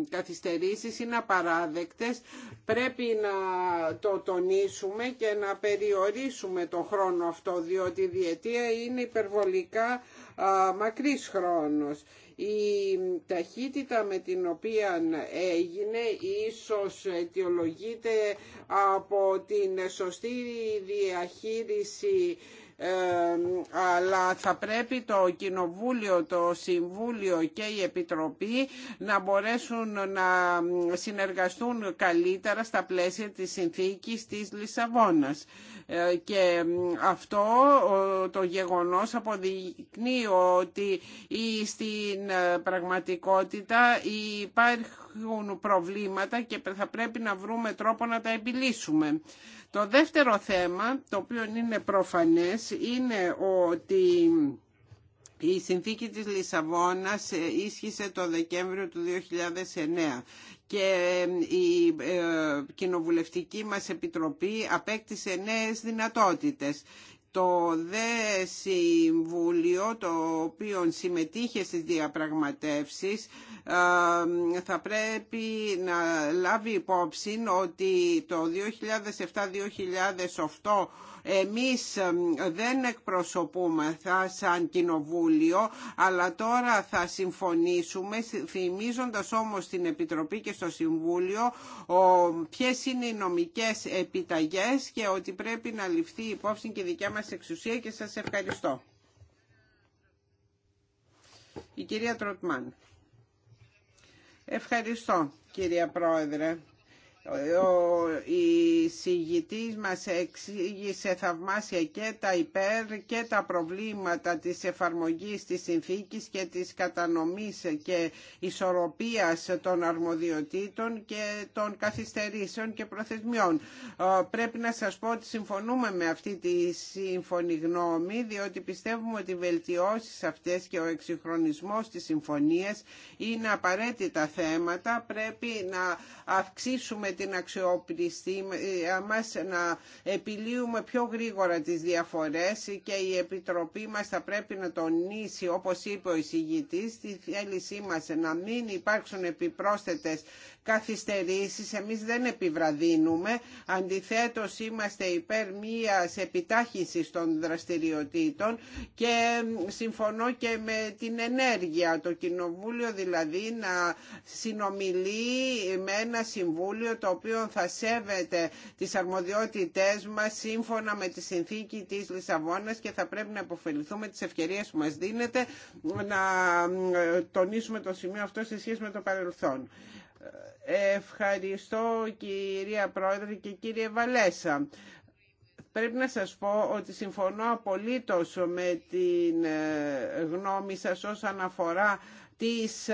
καθυστερήσεις είναι απαράδεκτες. Πρέπει να το τονίσουμε και να περιορίσουμε τον χρόνο αυτό, διότι η διετία είναι υπερβολικά μακρύς χρόνος η ταχύτητα με την οποία έγινε ίσως αιτιολογείται από την σωστή διαχείριση αλλά θα πρέπει το Κοινοβούλιο, το Συμβούλιο και η Επιτροπή να μπορέσουν να συνεργαστούν καλύτερα στα πλαίσια της συνθήκης της Λισαβόνας. Ε, και αυτό το γεγονός αποδεικνύει ότι στην ε, πραγματικότητα υπάρχουν προβλήματα και θα πρέπει να βρούμε τρόπο να τα επιλύσουμε. Το δεύτερο θέμα, το οποίο είναι προφανές, είναι ότι η συνθήκη της Λισαβόνας ίσχυσε το Δεκέμβριο του 2009 και η ε, κοινοβουλευτική μας επιτροπή απέκτησε νέες δυνατότητες το δε το οποίο συμμετείχε στις διαπραγματεύσεις θα πρέπει να λάβει υπόψη ότι το 2007-2008 εμείς δεν εκπροσωπούμεθα σαν κοινοβούλιο, αλλά τώρα θα συμφωνήσουμε, θυμίζοντας όμως την Επιτροπή και στο Συμβούλιο ποιες είναι οι νομικές επιταγές και ότι πρέπει να ληφθεί υπόψη και η δικιά μας εξουσία και σας ευχαριστώ. Η κυρία Τροτμάν. Ευχαριστώ κυρία Πρόεδρε ο συγητής μας εξήγησε θαυμάσια και τα υπέρ και τα προβλήματα της εφαρμογής της συνθήκης και της κατανομής και ισορροπίας των αρμοδιοτήτων και των καθυστερήσεων και προθεσμιών. Πρέπει να σας πω ότι συμφωνούμε με αυτή τη σύμφωνη γνώμη διότι πιστεύουμε ότι οι βελτιώσεις αυτές και ο εξυγχρονισμός της συμφωνίας είναι απαραίτητα θέματα. Πρέπει να αυξήσουμε την αξιοπιστή ε, μας, να επιλύουμε πιο γρήγορα τις διαφορές και η Επιτροπή μας θα πρέπει να τονίσει, όπως είπε ο εισηγητής, τη θέλησή μας να μην υπάρξουν επιπρόσθετες καθυστερήσεις. Εμείς δεν επιβραδύνουμε. Αντιθέτως είμαστε υπέρ μίας επιτάχυνσης των δραστηριοτήτων και συμφωνώ και με την ενέργεια. Το Κοινοβούλιο δηλαδή να συνομιλεί με ένα Συμβούλιο το οποίο θα σέβεται τις αρμοδιότητές μας σύμφωνα με τη συνθήκη της Λισαβόνας και θα πρέπει να υποφεληθούμε τις ευκαιρίες που μας δίνεται να ε, τονίσουμε το σημείο αυτό σε σχέση με το παρελθόν. Ευχαριστώ κυρία Πρόεδρε και κύριε Βαλέσα. Πρέπει να σας πω ότι συμφωνώ απολύτως με την ε, γνώμη σας όσον αφορά τις ε,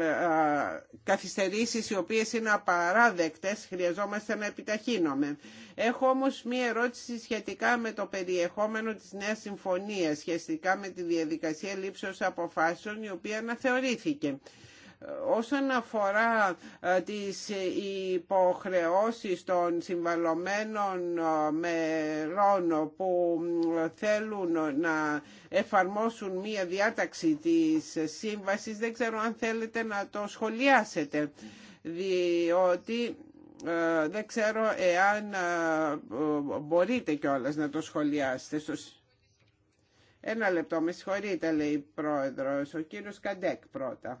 ε, καθυστερήσεις οι οποίες είναι απαράδεκτες, χρειαζόμαστε να επιταχύνουμε. Έχω όμως μία ερώτηση σχετικά με το περιεχόμενο της νέας συμφωνίας, σχετικά με τη διαδικασία λήψεως αποφάσεων η οποία αναθεωρήθηκε. Όσον αφορά ε, τις υποχρεώσεις των συμβαλωμένων ε, μερών που θέλουν να εφαρμόσουν μία διάταξη της σύμβασης, δεν ξέρω αν θέλετε να το σχολιάσετε, διότι ε, δεν ξέρω εάν μπορείτε κιόλας να το σχολιάσετε. Ένα λεπτό, με συγχωρείτε, λέει η πρόεδρος, ο κύριος Καντέκ πρώτα.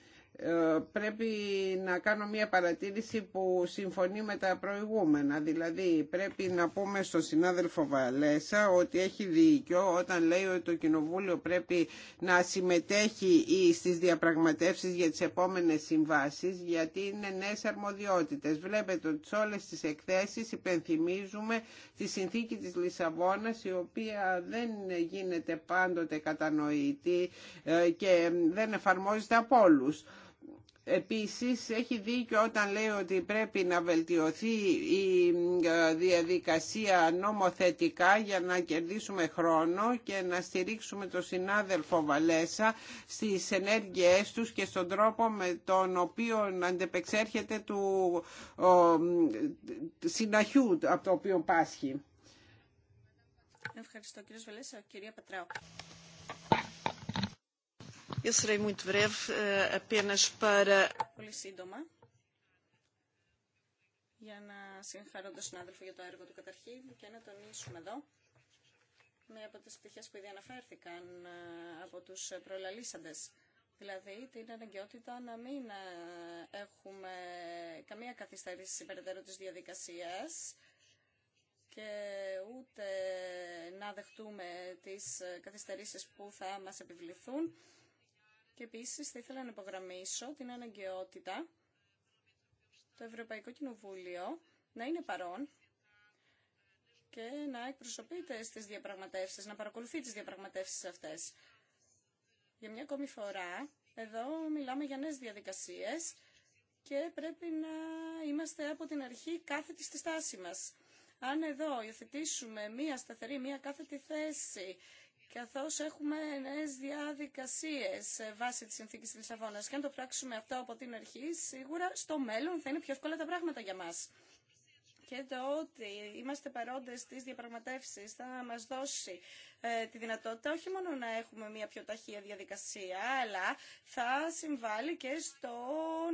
Ε, πρέπει να κάνω μια παρατήρηση που συμφωνεί με τα προηγούμενα. Δηλαδή πρέπει να πούμε στον συνάδελφο Βαλέσα ότι έχει δίκιο όταν λέει ότι το Κοινοβούλιο πρέπει να συμμετέχει στις διαπραγματεύσεις για τις επόμενες συμβάσεις γιατί είναι νέες αρμοδιότητες. Βλέπετε ότι σε όλες τις εκθέσεις υπενθυμίζουμε τη συνθήκη της Λισαβόνας η οποία δεν γίνεται πάντοτε κατανοητή ε, και δεν εφαρμόζεται από όλους. Επίσης έχει δίκιο όταν λέει ότι πρέπει να βελτιωθεί η ε, διαδικασία νομοθετικά για να κερδίσουμε χρόνο και να στηρίξουμε τον συνάδελφο Βαλέσα στις ενέργειές τους και στον τρόπο με τον οποίο να αντεπεξέρχεται του συναχιού από το οποίο πάσχει. Ευχαριστώ κύριε Βαλέσα. Κυρία Πατράου. Eu serei muito breve, eh, apenas para... Πολύ σύντομα. Για να συγχαρώ τον συνάδελφο για το έργο του καταρχήν και να τονίσουμε εδώ μία από τις πτυχές που ήδη αναφέρθηκαν ε, από τους προλαλήσαντες. Δηλαδή την αναγκαιότητα να μην ε, έχουμε καμία καθυστέρηση περαιτέρω της διαδικασίας και ούτε να δεχτούμε τις καθυστερήσεις που θα μας επιβληθούν και επίσης θα ήθελα να υπογραμμίσω την αναγκαιότητα το Ευρωπαϊκό Κοινοβούλιο να είναι παρόν και να εκπροσωπείται στις διαπραγματεύσεις, να παρακολουθεί τις διαπραγματεύσεις αυτές. Για μια ακόμη φορά, εδώ μιλάμε για νέες διαδικασίες και πρέπει να είμαστε από την αρχή κάθετοι στη στάση μας. Αν εδώ υιοθετήσουμε μία σταθερή, μία κάθετη θέση καθώς έχουμε νέες διαδικασίες βάσει της συνθήκης της Λισαβόνας. Και αν το πράξουμε αυτό από την αρχή, σίγουρα στο μέλλον θα είναι πιο εύκολα τα πράγματα για μας. Και το ότι είμαστε παρόντες στις διαπραγματεύσεις θα μας δώσει ε, τη δυνατότητα όχι μόνο να έχουμε μια πιο ταχεία διαδικασία, αλλά θα συμβάλλει και στο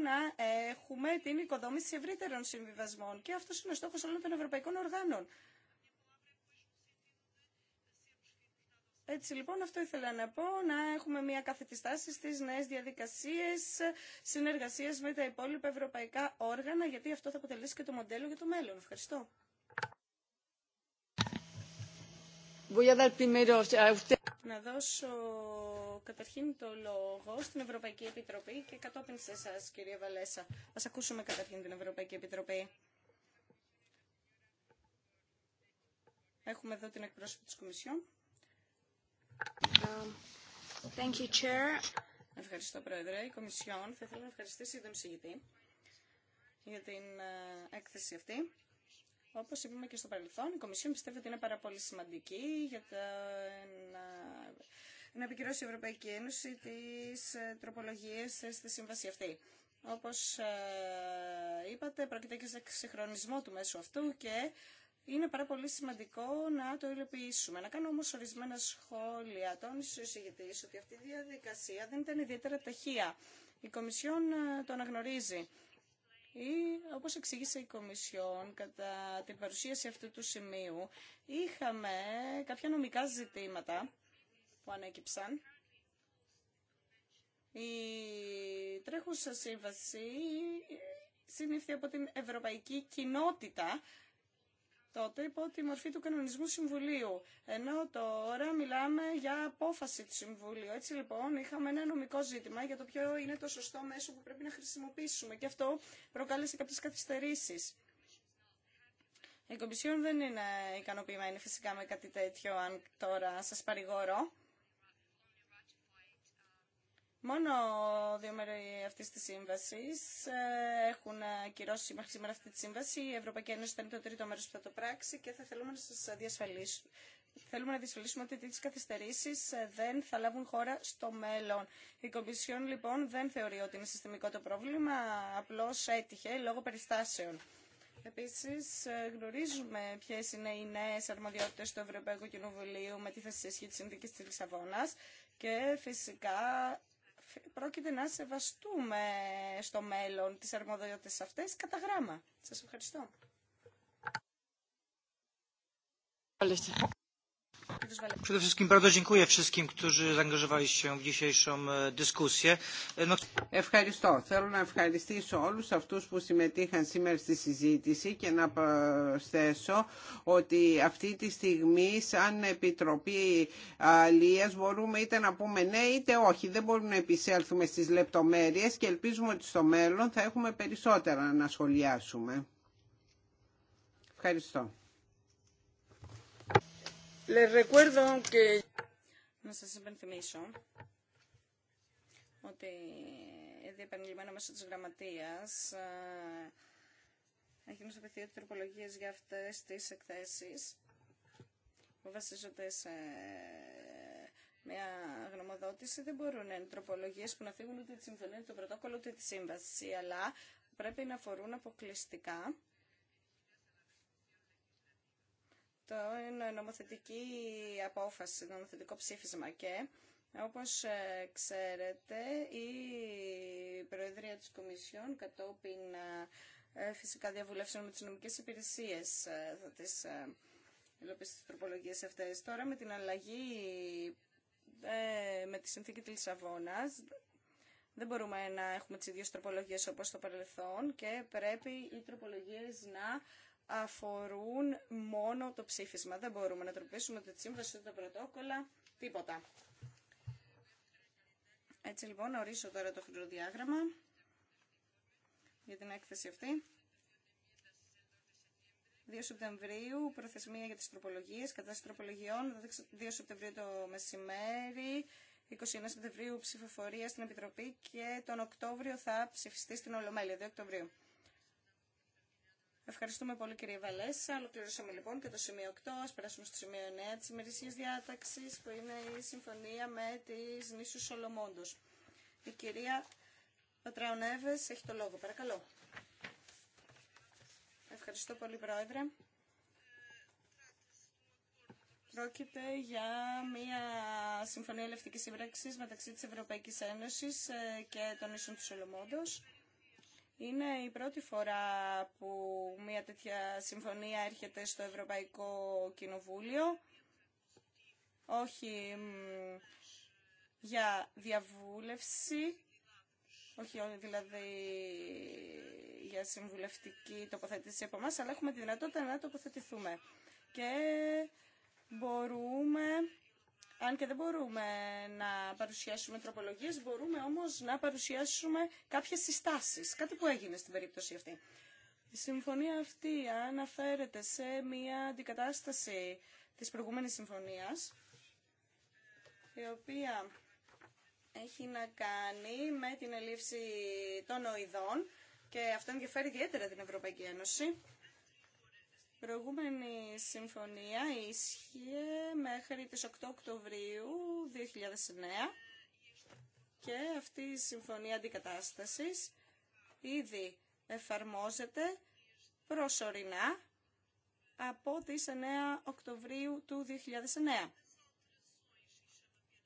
να έχουμε την οικοδόμηση ευρύτερων συμβιβασμών. Και αυτό είναι ο στόχος όλων των ευρωπαϊκών οργάνων. Έτσι λοιπόν αυτό ήθελα να πω, να έχουμε μια κάθετη στάση στις νέες διαδικασίες συνεργασίας με τα υπόλοιπα ευρωπαϊκά όργανα, γιατί αυτό θα αποτελέσει και το μοντέλο για το μέλλον. Ευχαριστώ. Να δώσω καταρχήν το λόγο στην Ευρωπαϊκή Επιτροπή και κατόπιν σε εσά, κυρία Βαλέσα. Ας ακούσουμε καταρχήν την Ευρωπαϊκή Επιτροπή. Έχουμε εδώ την εκπρόσωπη της Κομισιόν. Um, thank you, Chair. Ευχαριστώ, Πρόεδρε. Η Κομισιόν θα ήθελα να ευχαριστήσει τον εισηγητή για την ε, έκθεση αυτή. Όπω είπαμε και στο παρελθόν, η Κομισιόν πιστεύει ότι είναι πάρα πολύ σημαντική για να, ε, να επικυρώσει η Ευρωπαϊκή Ένωση τι ε, τροπολογίε στη σύμβαση αυτή. Όπω είπατε, πρόκειται και σε ξεχρονισμό του μέσου αυτού και είναι πάρα πολύ σημαντικό να το υλοποιήσουμε. Να κάνω όμω ορισμένα σχόλια. Τόνισε ο εισηγητής ότι αυτή η διαδικασία δεν ήταν ιδιαίτερα ταχεία. Η Κομισιόν ε, το αναγνωρίζει. Ή, όπως εξήγησε η Κομισιόν κατά την παρουσίαση αυτού του σημείου, είχαμε κάποια νομικά ζητήματα που ανέκυψαν. Η τρέχουσα σύμβαση συνήθει από την Ευρωπαϊκή ανεκυψαν η τρεχουσα συμβαση συνηθι απο την ευρωπαικη κοινοτητα τότε υπό τη μορφή του κανονισμού Συμβουλίου. Ενώ τώρα μιλάμε για απόφαση του Συμβουλίου. Έτσι λοιπόν είχαμε ένα νομικό ζήτημα για το ποιο είναι το σωστό μέσο που πρέπει να χρησιμοποιήσουμε και αυτό προκάλεσε κάποιες καθυστερήσεις. Η Κομισιόν δεν είναι ικανοποιημένη φυσικά με κάτι τέτοιο, αν τώρα σας παρηγορώ. Μόνο δύο μέρη αυτή τη σύμβαση ε, έχουν κυρώσει μέχρι σήμερα αυτή τη σύμβαση. Η Ευρωπαϊκή Ένωση θα είναι το τρίτο μέρο που θα το πράξει και θα θέλουμε να σα διασφαλίσουμε. Θέλουμε να διασφαλίσουμε ότι τέτοιε καθυστερήσει ε, δεν θα λάβουν χώρα στο μέλλον. Η Κομισιόν λοιπόν δεν θεωρεί ότι είναι συστημικό το πρόβλημα, απλώ έτυχε λόγω περιστάσεων. Επίσης, ε, γνωρίζουμε ποιε είναι οι νέε αρμοδιότητες του Ευρωπαϊκού Κοινοβουλίου με τη θέση της της Λισαβόνας και φυσικά πρόκειται να σεβαστούμε στο μέλλον τις αρμοδιότητες αυτές κατά γράμμα. Σας ευχαριστώ. Ευχαριστώ. Θέλω να ευχαριστήσω όλους αυτούς που συμμετείχαν σήμερα στη συζήτηση και να προσθέσω ότι αυτή τη στιγμή σαν Επιτροπή Αλίας μπορούμε είτε να πούμε ναι είτε όχι. Δεν μπορούμε να επισέλθουμε στις λεπτομέρειες και ελπίζουμε ότι στο μέλλον θα έχουμε περισσότερα να σχολιάσουμε. Ευχαριστώ. Les recuerdo Να σας υπενθυμίσω ότι ήδη επανειλημμένο μέσω της γραμματείας ε, έχει νοσοποιηθεί τροπολογίες για αυτές τις εκθέσεις που βασίζονται σε μια γνωμοδότηση δεν μπορούν να είναι τροπολογίες που να φύγουν ούτε τη συμφωνία του πρωτόκολλο, ούτε τη σύμβαση αλλά πρέπει να αφορούν αποκλειστικά Το είναι νομοθετική απόφαση, νομοθετικό ψήφισμα και όπως ε, ξέρετε η Προεδρία της Κομισιόν κατόπιν ε, ε, φυσικά διαβουλεύσεων με τις νομικές υπηρεσίες θα τις υλοποιήσει τις τροπολογίες αυτές. Τώρα με την αλλαγή με τη συνθήκη της Λισαβόνας δεν μπορούμε να έχουμε τις ίδιες τροπολογίες όπως στο παρελθόν και πρέπει οι τροπολογίες να αφορούν μόνο το ψήφισμα. Δεν μπορούμε να τροπήσουμε τη σύμβαση, ούτε τα πρωτόκολλα, τίποτα. Έτσι λοιπόν, ορίσω τώρα το χρονοδιάγραμμα για την έκθεση αυτή. 2 Σεπτεμβρίου, προθεσμία για τις τροπολογίες, κατάσταση τροπολογιών, 2 Σεπτεμβρίου το μεσημέρι, 21 Σεπτεμβρίου ψηφοφορία στην Επιτροπή και τον Οκτώβριο θα ψηφιστεί στην Ολομέλεια, 2 Οκτωβρίου. Ευχαριστούμε πολύ κύριε Βαλέσσα. Ολοκληρώσαμε λοιπόν και το σημείο 8. Ας περάσουμε στο σημείο 9 της ημερησίας διάταξης που είναι η συμφωνία με τις νήσους Σολομόντος. Η κυρία Πατραονέβες έχει το λόγο. Παρακαλώ. Ευχαριστώ πολύ πρόεδρε. Πρόκειται για μια συμφωνία ελευτικής σύμπραξης μεταξύ της Ευρωπαϊκής Ένωσης ε, και των νήσων του Σολομόντος. Είναι η πρώτη φορά που μια τέτοια συμφωνία έρχεται στο Ευρωπαϊκό Κοινοβούλιο. Όχι για διαβούλευση, όχι δηλαδή για συμβουλευτική τοποθέτηση από εμάς, αλλά έχουμε τη δυνατότητα να τοποθετηθούμε. Και μπορούμε αν και δεν μπορούμε να παρουσιάσουμε τροπολογίες, μπορούμε όμως να παρουσιάσουμε κάποιες συστάσεις. Κάτι που έγινε στην περίπτωση αυτή. Η συμφωνία αυτή αναφέρεται σε μια αντικατάσταση της προηγούμενης συμφωνίας, η οποία έχει να κάνει με την ελήψη των οειδών και αυτό ενδιαφέρει ιδιαίτερα την Ευρωπαϊκή Ένωση προηγούμενη συμφωνία ίσχυε μέχρι τις 8 Οκτωβρίου 2009 και αυτή η συμφωνία αντικατάστασης ήδη εφαρμόζεται προσωρινά από τις 9 Οκτωβρίου του 2009.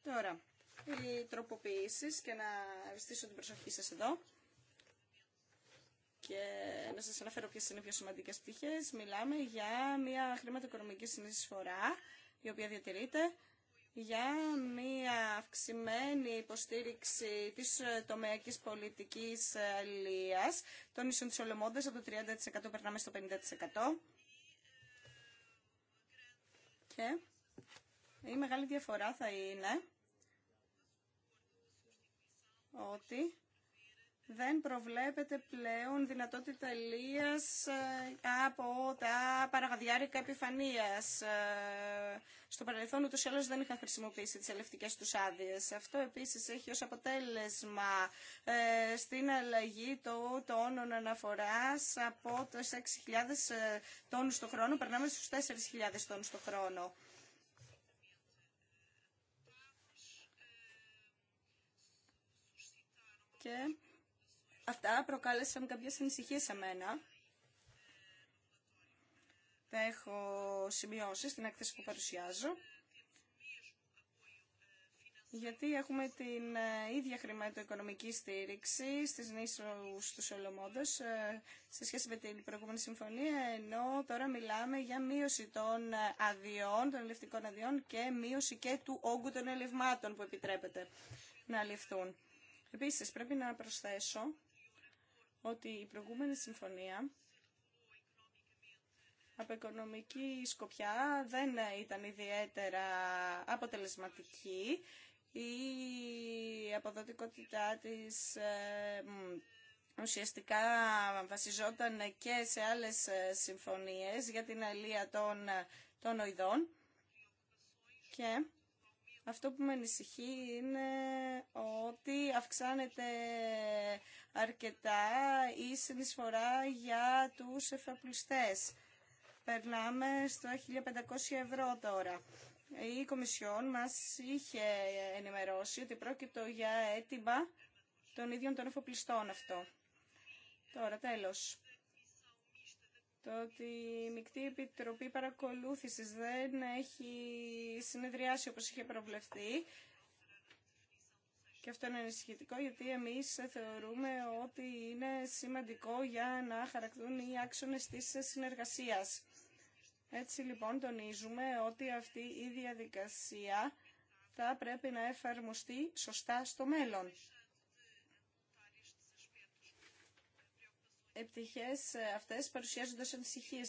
Τώρα, οι τροποποιήσεις και να ευστήσω την προσοχή σας εδώ και να σας αναφέρω ποιες είναι οι πιο σημαντικές πτυχές. Μιλάμε για μια χρηματοοικονομική συνεισφορά, η οποία διατηρείται για μια αυξημένη υποστήριξη της ε, τομεακής πολιτικής ε, αλληλείας των νησών της Ολομόντας από το 30% περνάμε στο 50% και η μεγάλη διαφορά θα είναι ότι δεν προβλέπεται πλέον δυνατότητα λίας ε, από τα παραγαδιάρικα επιφανείας. Ε, στο παρελθόν ούτως ή άλλως δεν είχαν χρησιμοποιήσει τις ελευτικές τους άδειε. Αυτό επίσης έχει ως αποτέλεσμα ε, στην αλλαγή των τόνων αναφοράς από τους 6.000 τόνους το χρόνο, περνάμε στους 4.000 τόνους το χρόνο. Και Αυτά προκάλεσαν κάποιες ανησυχίες σε μένα. Τα έχω σημειώσει στην έκθεση που παρουσιάζω. Γιατί έχουμε την ε, ίδια χρηματοοικονομική στήριξη στις νήσους του Σολομόντος ε, σε σχέση με την προηγούμενη συμφωνία, ενώ τώρα μιλάμε για μείωση των ε, αδειών, των ελευτικών αδειών και μείωση και του όγκου των ελευμάτων που επιτρέπεται να ληφθούν. Επίσης, πρέπει να προσθέσω ότι η προηγούμενη συμφωνία από οικονομική σκοπιά δεν ήταν ιδιαίτερα αποτελεσματική. Η αποδοτικότητά της ε, ουσιαστικά βασιζόταν και σε άλλες ε, συμφωνίες για την αλία των, ε, των οειδών. Και αυτό που με ανησυχεί είναι ότι αυξάνεται αρκετά η συνεισφορά για τους εφαπλιστές. Περνάμε στο 1500 ευρώ τώρα. Η Κομισιόν μας είχε ενημερώσει ότι πρόκειται για έτοιμα των ίδιων των εφοπλιστών αυτό. Τώρα τέλος. Το ότι η Μικτή Επιτροπή Παρακολούθησης δεν έχει συνεδριάσει όπως είχε προβλεφθεί και αυτό είναι ενισχυτικό γιατί εμείς θεωρούμε ότι είναι σημαντικό για να χαρακτούν οι άξονες της συνεργασίας. Έτσι λοιπόν τονίζουμε ότι αυτή η διαδικασία θα πρέπει να εφαρμοστεί σωστά στο μέλλον. πτυχέ αυτές παρουσιάζονται ω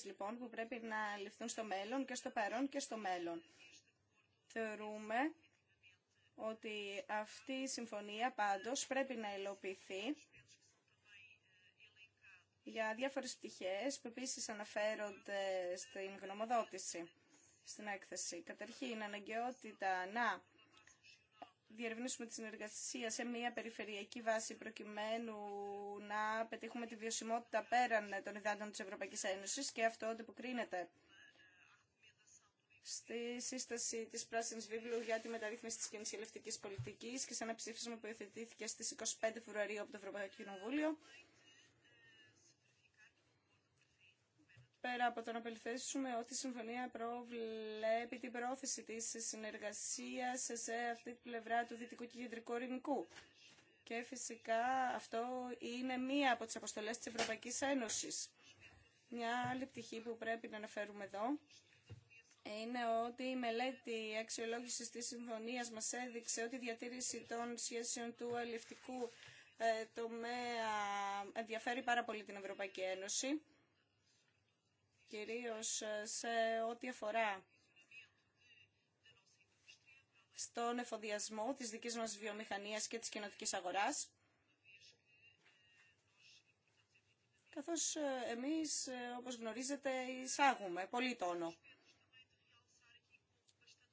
λοιπόν που πρέπει να ληφθούν στο μέλλον και στο παρόν και στο μέλλον. Θεωρούμε ότι αυτή η συμφωνία πάντως πρέπει να υλοποιηθεί για διάφορες πτυχές που επίσης αναφέρονται στην γνωμοδότηση, στην έκθεση. Καταρχήν, αναγκαιότητα να διερευνήσουμε τη συνεργασία σε μια περιφερειακή βάση προκειμένου να πετύχουμε τη βιωσιμότητα πέραν των υδάτων της Ευρωπαϊκής Ένωσης και αυτό κρίνεται στη σύσταση τη πράσινη Βίβλου για τη μεταρρύθμιση τη κοινής πολιτική και σε ένα ψήφισμα που υιοθετήθηκε στι 25 Φεβρουαρίου από το Ευρωπαϊκό Κοινοβούλιο. Πέρα από το να απελθέσουμε ότι η Συμφωνία προβλέπει την πρόθεση της συνεργασία σε αυτή την πλευρά του Δυτικού και Κεντρικού Ειρηνικού. Και φυσικά αυτό είναι μία από τις αποστολές της Ευρωπαϊκής Ένωσης. Μια άλλη πτυχή που πρέπει να αναφέρουμε εδώ είναι ότι η μελέτη αξιολόγησης της συμφωνίας μας έδειξε ότι η διατήρηση των σχέσεων του αλληλευτικού ε, τομέα ενδιαφέρει πάρα πολύ την Ευρωπαϊκή Ένωση, κυρίως ε, σε ό,τι αφορά στον εφοδιασμό της δικής μας βιομηχανίας και της κοινοτικής αγοράς. Καθώς ε, εμείς, όπως γνωρίζετε, εισάγουμε πολύ τόνο.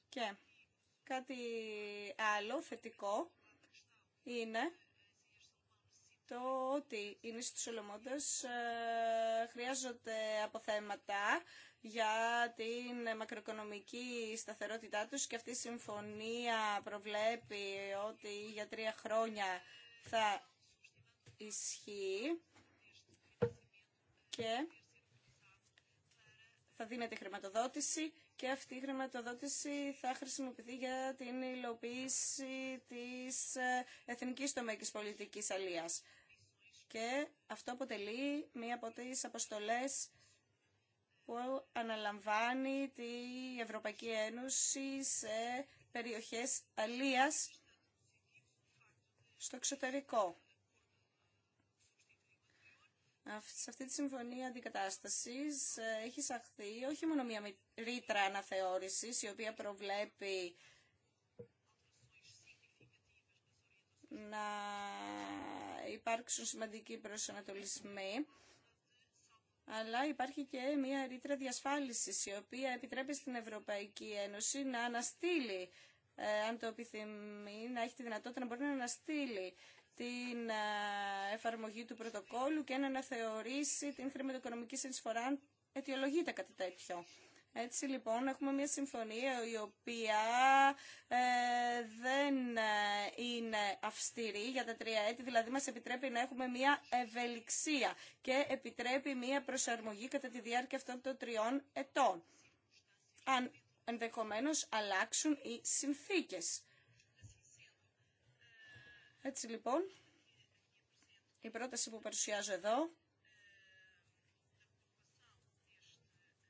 Και κάτι άλλο θετικό είναι το ότι οι νήσοι του Σολομόντος ε, χρειάζονται αποθέματα για την μακροοικονομική σταθερότητά τους και αυτή η συμφωνία προβλέπει ότι για τρία χρόνια θα ισχύει και θα δίνεται χρηματοδότηση και αυτή η χρηματοδότηση θα χρησιμοποιηθεί για την υλοποίηση της ε, εθνικής τομέκης πολιτικής αλίας. Και αυτό αποτελεί μία από τις αποστολές που αναλαμβάνει τη Ευρωπαϊκή Ένωση σε περιοχές αλίας στο εξωτερικό σε αυτή τη συμφωνία αντικατάσταση ε, έχει σαχθεί όχι μόνο μια ρήτρα αναθεώρηση η οποία προβλέπει να υπάρξουν σημαντικοί προσανατολισμοί αλλά υπάρχει και μια ρήτρα διασφάλισης η οποία επιτρέπει στην Ευρωπαϊκή Ένωση να αναστείλει ε, αν το επιθυμεί, να έχει τη δυνατότητα να μπορεί να αναστείλει την ε, εφαρμογή του πρωτοκόλλου και να αναθεωρήσει την χρηματοοικονομική συνεισφορά αν αιτιολογείται κάτι τέτοιο. Έτσι λοιπόν έχουμε μια συμφωνία η οποία ε, δεν ε, είναι αυστηρή για τα τρία έτη, δηλαδή μας επιτρέπει να έχουμε μια ευελιξία και επιτρέπει μια προσαρμογή κατά τη διάρκεια αυτών των τριών ετών. Αν ενδεχομένως αλλάξουν οι συνθήκες. Έτσι λοιπόν, η πρόταση που παρουσιάζω εδώ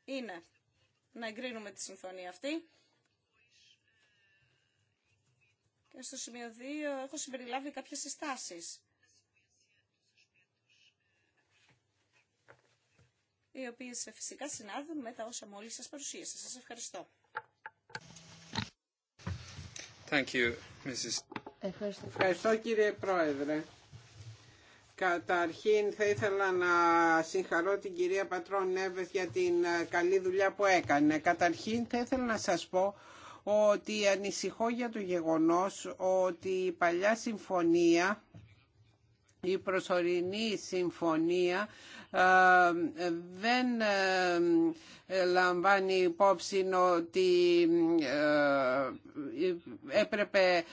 είναι να εγκρίνουμε τη συμφωνία αυτή. Και στο σημείο 2 έχω συμπεριλάβει κάποιες συστάσεις. οι οποίε φυσικά συνάδουν με τα όσα μόλις σας παρουσίασα. Σας ευχαριστώ. Thank you, Mrs. Ευχαριστώ. Ευχαριστώ κύριε Πρόεδρε. Καταρχήν θα ήθελα να συγχαρώ την κυρία Πατρόν Νέβεθ για την ε, καλή δουλειά που έκανε. Καταρχήν θα ήθελα να σας πω ότι ανησυχώ για το γεγονός ότι η παλιά συμφωνία η προσωρινή συμφωνία ε, δεν ε, λαμβάνει υπόψη ότι ε, έπρεπε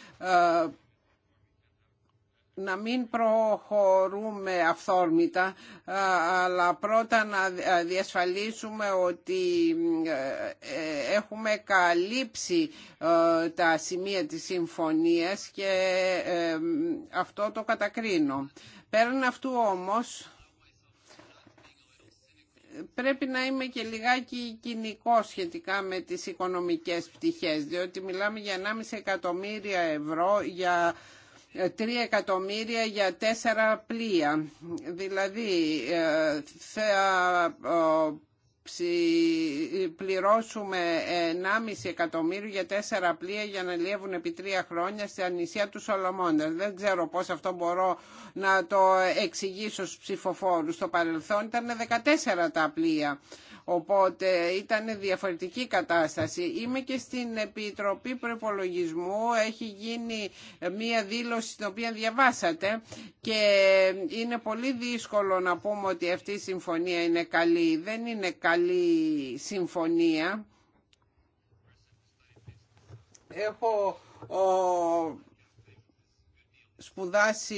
να μην προχωρούμε αυθόρμητα, αλλά πρώτα να διασφαλίσουμε ότι ε, ε, έχουμε καλύψει ε, τα σημεία της συμφωνίας και αυτό το κατακρίνω. Πέραν αυτού όμως, πρέπει να είμαι και λιγάκι κοινικό σχετικά με τις οικονομικές πτυχές, διότι μιλάμε για 1,5 εκατομμύρια ευρώ για 3 εκατομμύρια για τέσσερα πλοία. Δηλαδή ε, θα πληρώσουμε 1,5 εκατομμύριο για τέσσερα πλοία για να λιεύουν επί τρία χρόνια στη νησιά του Σολομώντας. Δεν ξέρω πώς αυτό μπορώ να το εξηγήσω στους ψηφοφόρους. Στο παρελθόν ήταν 14 τα πλοία Οπότε ήταν διαφορετική κατάσταση. Είμαι και στην Επιτροπή Προπολογισμού. Έχει γίνει μία δήλωση την οποία διαβάσατε και είναι πολύ δύσκολο να πούμε ότι αυτή η συμφωνία είναι καλή. Δεν είναι καλή συμφωνία. Έχω σπουδάσει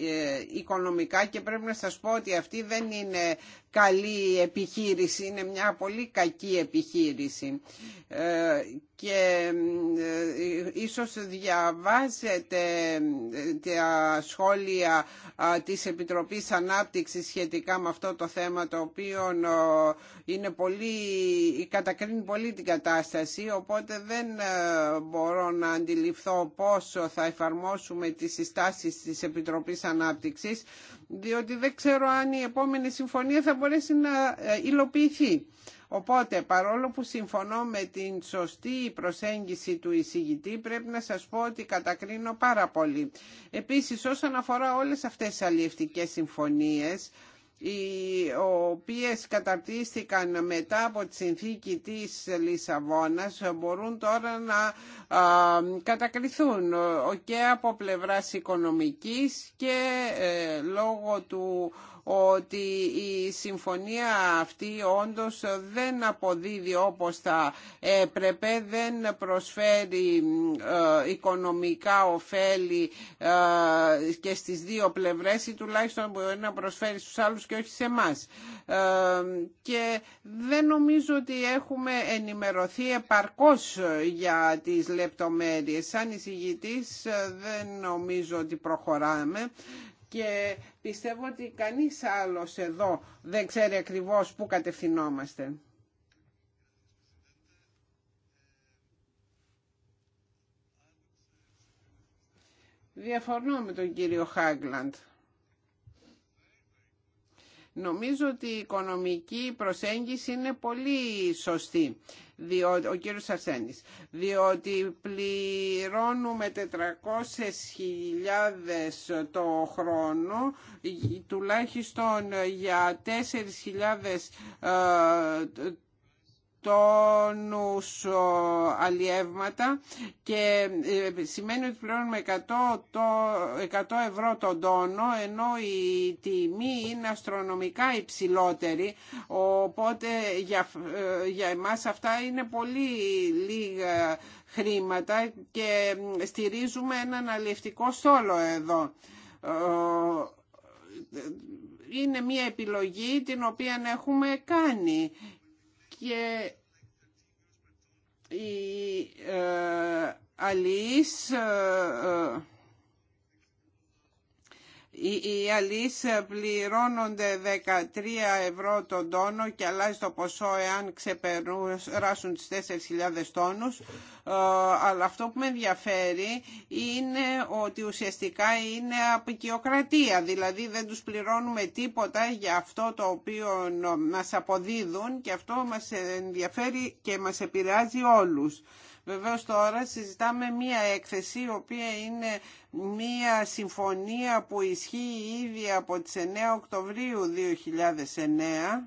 ε, οικονομικά και πρέπει να σας πω ότι αυτή δεν είναι καλή επιχείρηση, είναι μια πολύ κακή επιχείρηση. Ε, και ε, ίσως διαβάζετε ε, τα σχόλια της Επιτροπής Ανάπτυξης σχετικά με αυτό το θέμα το οποίο είναι πολύ, κατακρίνει πολύ την κατάσταση οπότε δεν μπορώ να αντιληφθώ πόσο θα εφαρμόσουμε τις συστάσεις της Επιτροπής Ανάπτυξης διότι δεν ξέρω αν η επόμενη συμφωνία θα μπορέσει να ε, υλοποιηθεί. Οπότε, παρόλο που συμφωνώ με την σωστή προσέγγιση του εισηγητή, πρέπει να σας πω ότι κατακρίνω πάρα πολύ. Επίσης, όσον αφορά όλες αυτές τις αλλιευτικές συμφωνίες, οι οποίες καταρτίστηκαν μετά από τη συνθήκη της Λισαβόνας μπορούν τώρα να κατακριθούν και από πλευράς οικονομικής και ε, λόγω του ότι η συμφωνία αυτή όντως δεν αποδίδει όπως θα έπρεπε, δεν προσφέρει ε, οικονομικά ωφέλη ε, και στις δύο πλευρές ή τουλάχιστον μπορεί να προσφέρει στους άλλους και όχι σε εμά. Ε, και δεν νομίζω ότι έχουμε ενημερωθεί επαρκώς για τις λεπτομέρειες. Σαν εισηγητής δεν νομίζω ότι προχωράμε και πιστεύω ότι κανείς άλλος εδώ δεν ξέρει ακριβώς πού κατευθυνόμαστε. Διαφωνώ με τον κύριο Χάγκλαντ. Νομίζω ότι η οικονομική προσέγγιση είναι πολύ σωστή ο κύριος Αρσένης, διότι πληρώνουμε 400.000 το χρόνο, τουλάχιστον για 4.000 τόνους αλλιεύματα και ε, σημαίνει ότι πληρώνουμε 100, το, 100 ευρώ τον τόνο ενώ η τιμή είναι αστρονομικά υψηλότερη οπότε για, ε, για εμάς αυτά είναι πολύ λίγα χρήματα και ε, στηρίζουμε έναν αλλιευτικό στόλο εδώ είναι μια επιλογή την οποία έχουμε κάνει και οι ε, ε, ε, αλείς πληρώνονται 13 ευρώ τον τόνο και αλλάζει το ποσό εάν ξεπεράσουν τις 4.000 τόνους. Ε, αλλά αυτό που με ενδιαφέρει είναι ότι ουσιαστικά είναι απεικιοκρατία, δηλαδή δεν τους πληρώνουμε τίποτα για αυτό το οποίο μας αποδίδουν και αυτό μας ενδιαφέρει και μας επηρεάζει όλους. συζητάμε μία τώρα συζητάμε μία έκθεση η οποία είναι μία συμφωνία που ισχύει ήδη από τις 9 Οκτωβρίου 2009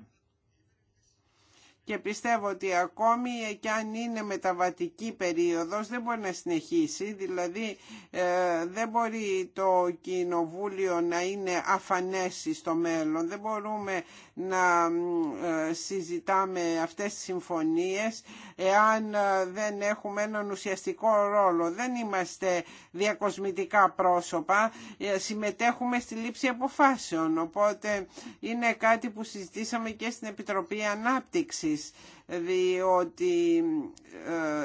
και πιστεύω ότι ακόμη και αν είναι μεταβατική περίοδος δεν μπορεί να συνεχίσει, δηλαδή ε, δεν μπορεί το κοινοβούλιο να είναι αφανές στο μέλλον, δεν μπορούμε να ε, συζητάμε αυτές τις συμφωνίες εάν ε, δεν έχουμε έναν ουσιαστικό ρόλο. Δεν είμαστε διακοσμητικά πρόσωπα, ε, συμμετέχουμε στη λήψη αποφάσεων. Οπότε είναι κάτι που συζητήσαμε και στην Επιτροπή Ανάπτυξης διότι ε,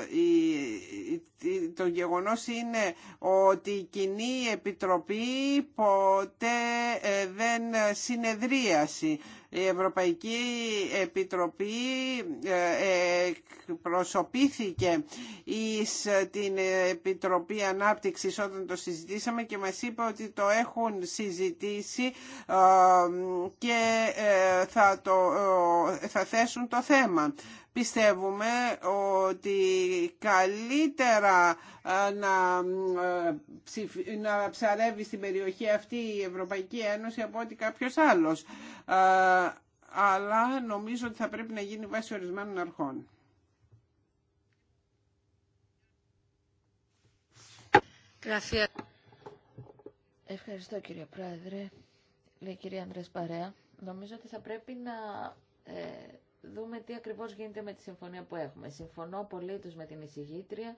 το γεγονός είναι ότι η Κοινή Επιτροπή ποτέ ε, δεν συνεδρίασε. Η Ευρωπαϊκή Επιτροπή ε, προσωπήθηκε εις την Επιτροπή Ανάπτυξης όταν το συζητήσαμε και μας είπε ότι το έχουν συζητήσει και θα, το, θα θέσουν το θέμα. Πιστεύουμε ότι καλύτερα ε, να, ε, να ψαρεύει στην περιοχή αυτή η Ευρωπαϊκή Ένωση από ότι κάποιος άλλος. Ε, αλλά νομίζω ότι θα πρέπει να γίνει βάση ορισμένων αρχών. Ευχαριστώ κύριε Πρόεδρε. Λέει κυρία Ανδρέας Παρέα. Νομίζω ότι θα πρέπει να δούμε τι ακριβώς γίνεται με τη συμφωνία που έχουμε. Συμφωνώ απολύτως με την εισηγήτρια,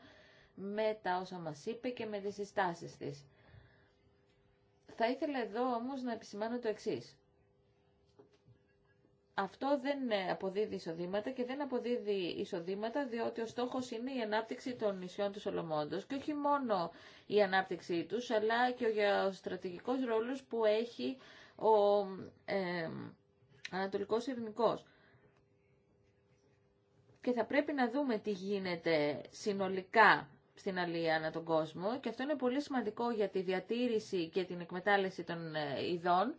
με τα όσα μας είπε και με τις συστάσεις της. Θα ήθελα εδώ όμως να επισημάνω το εξής. Αυτό δεν αποδίδει εισοδήματα και δεν αποδίδει εισοδήματα διότι ο στόχος είναι η ανάπτυξη των νησιών του Σολομόντος και όχι μόνο η ανάπτυξή τους αλλά και ο στρατηγικός ρόλος που έχει ο ε, Ανατολικός Ειρηνικός και θα πρέπει να δούμε τι γίνεται συνολικά στην αλία τον κόσμο και αυτό είναι πολύ σημαντικό για τη διατήρηση και την εκμετάλλευση των ε, ειδών.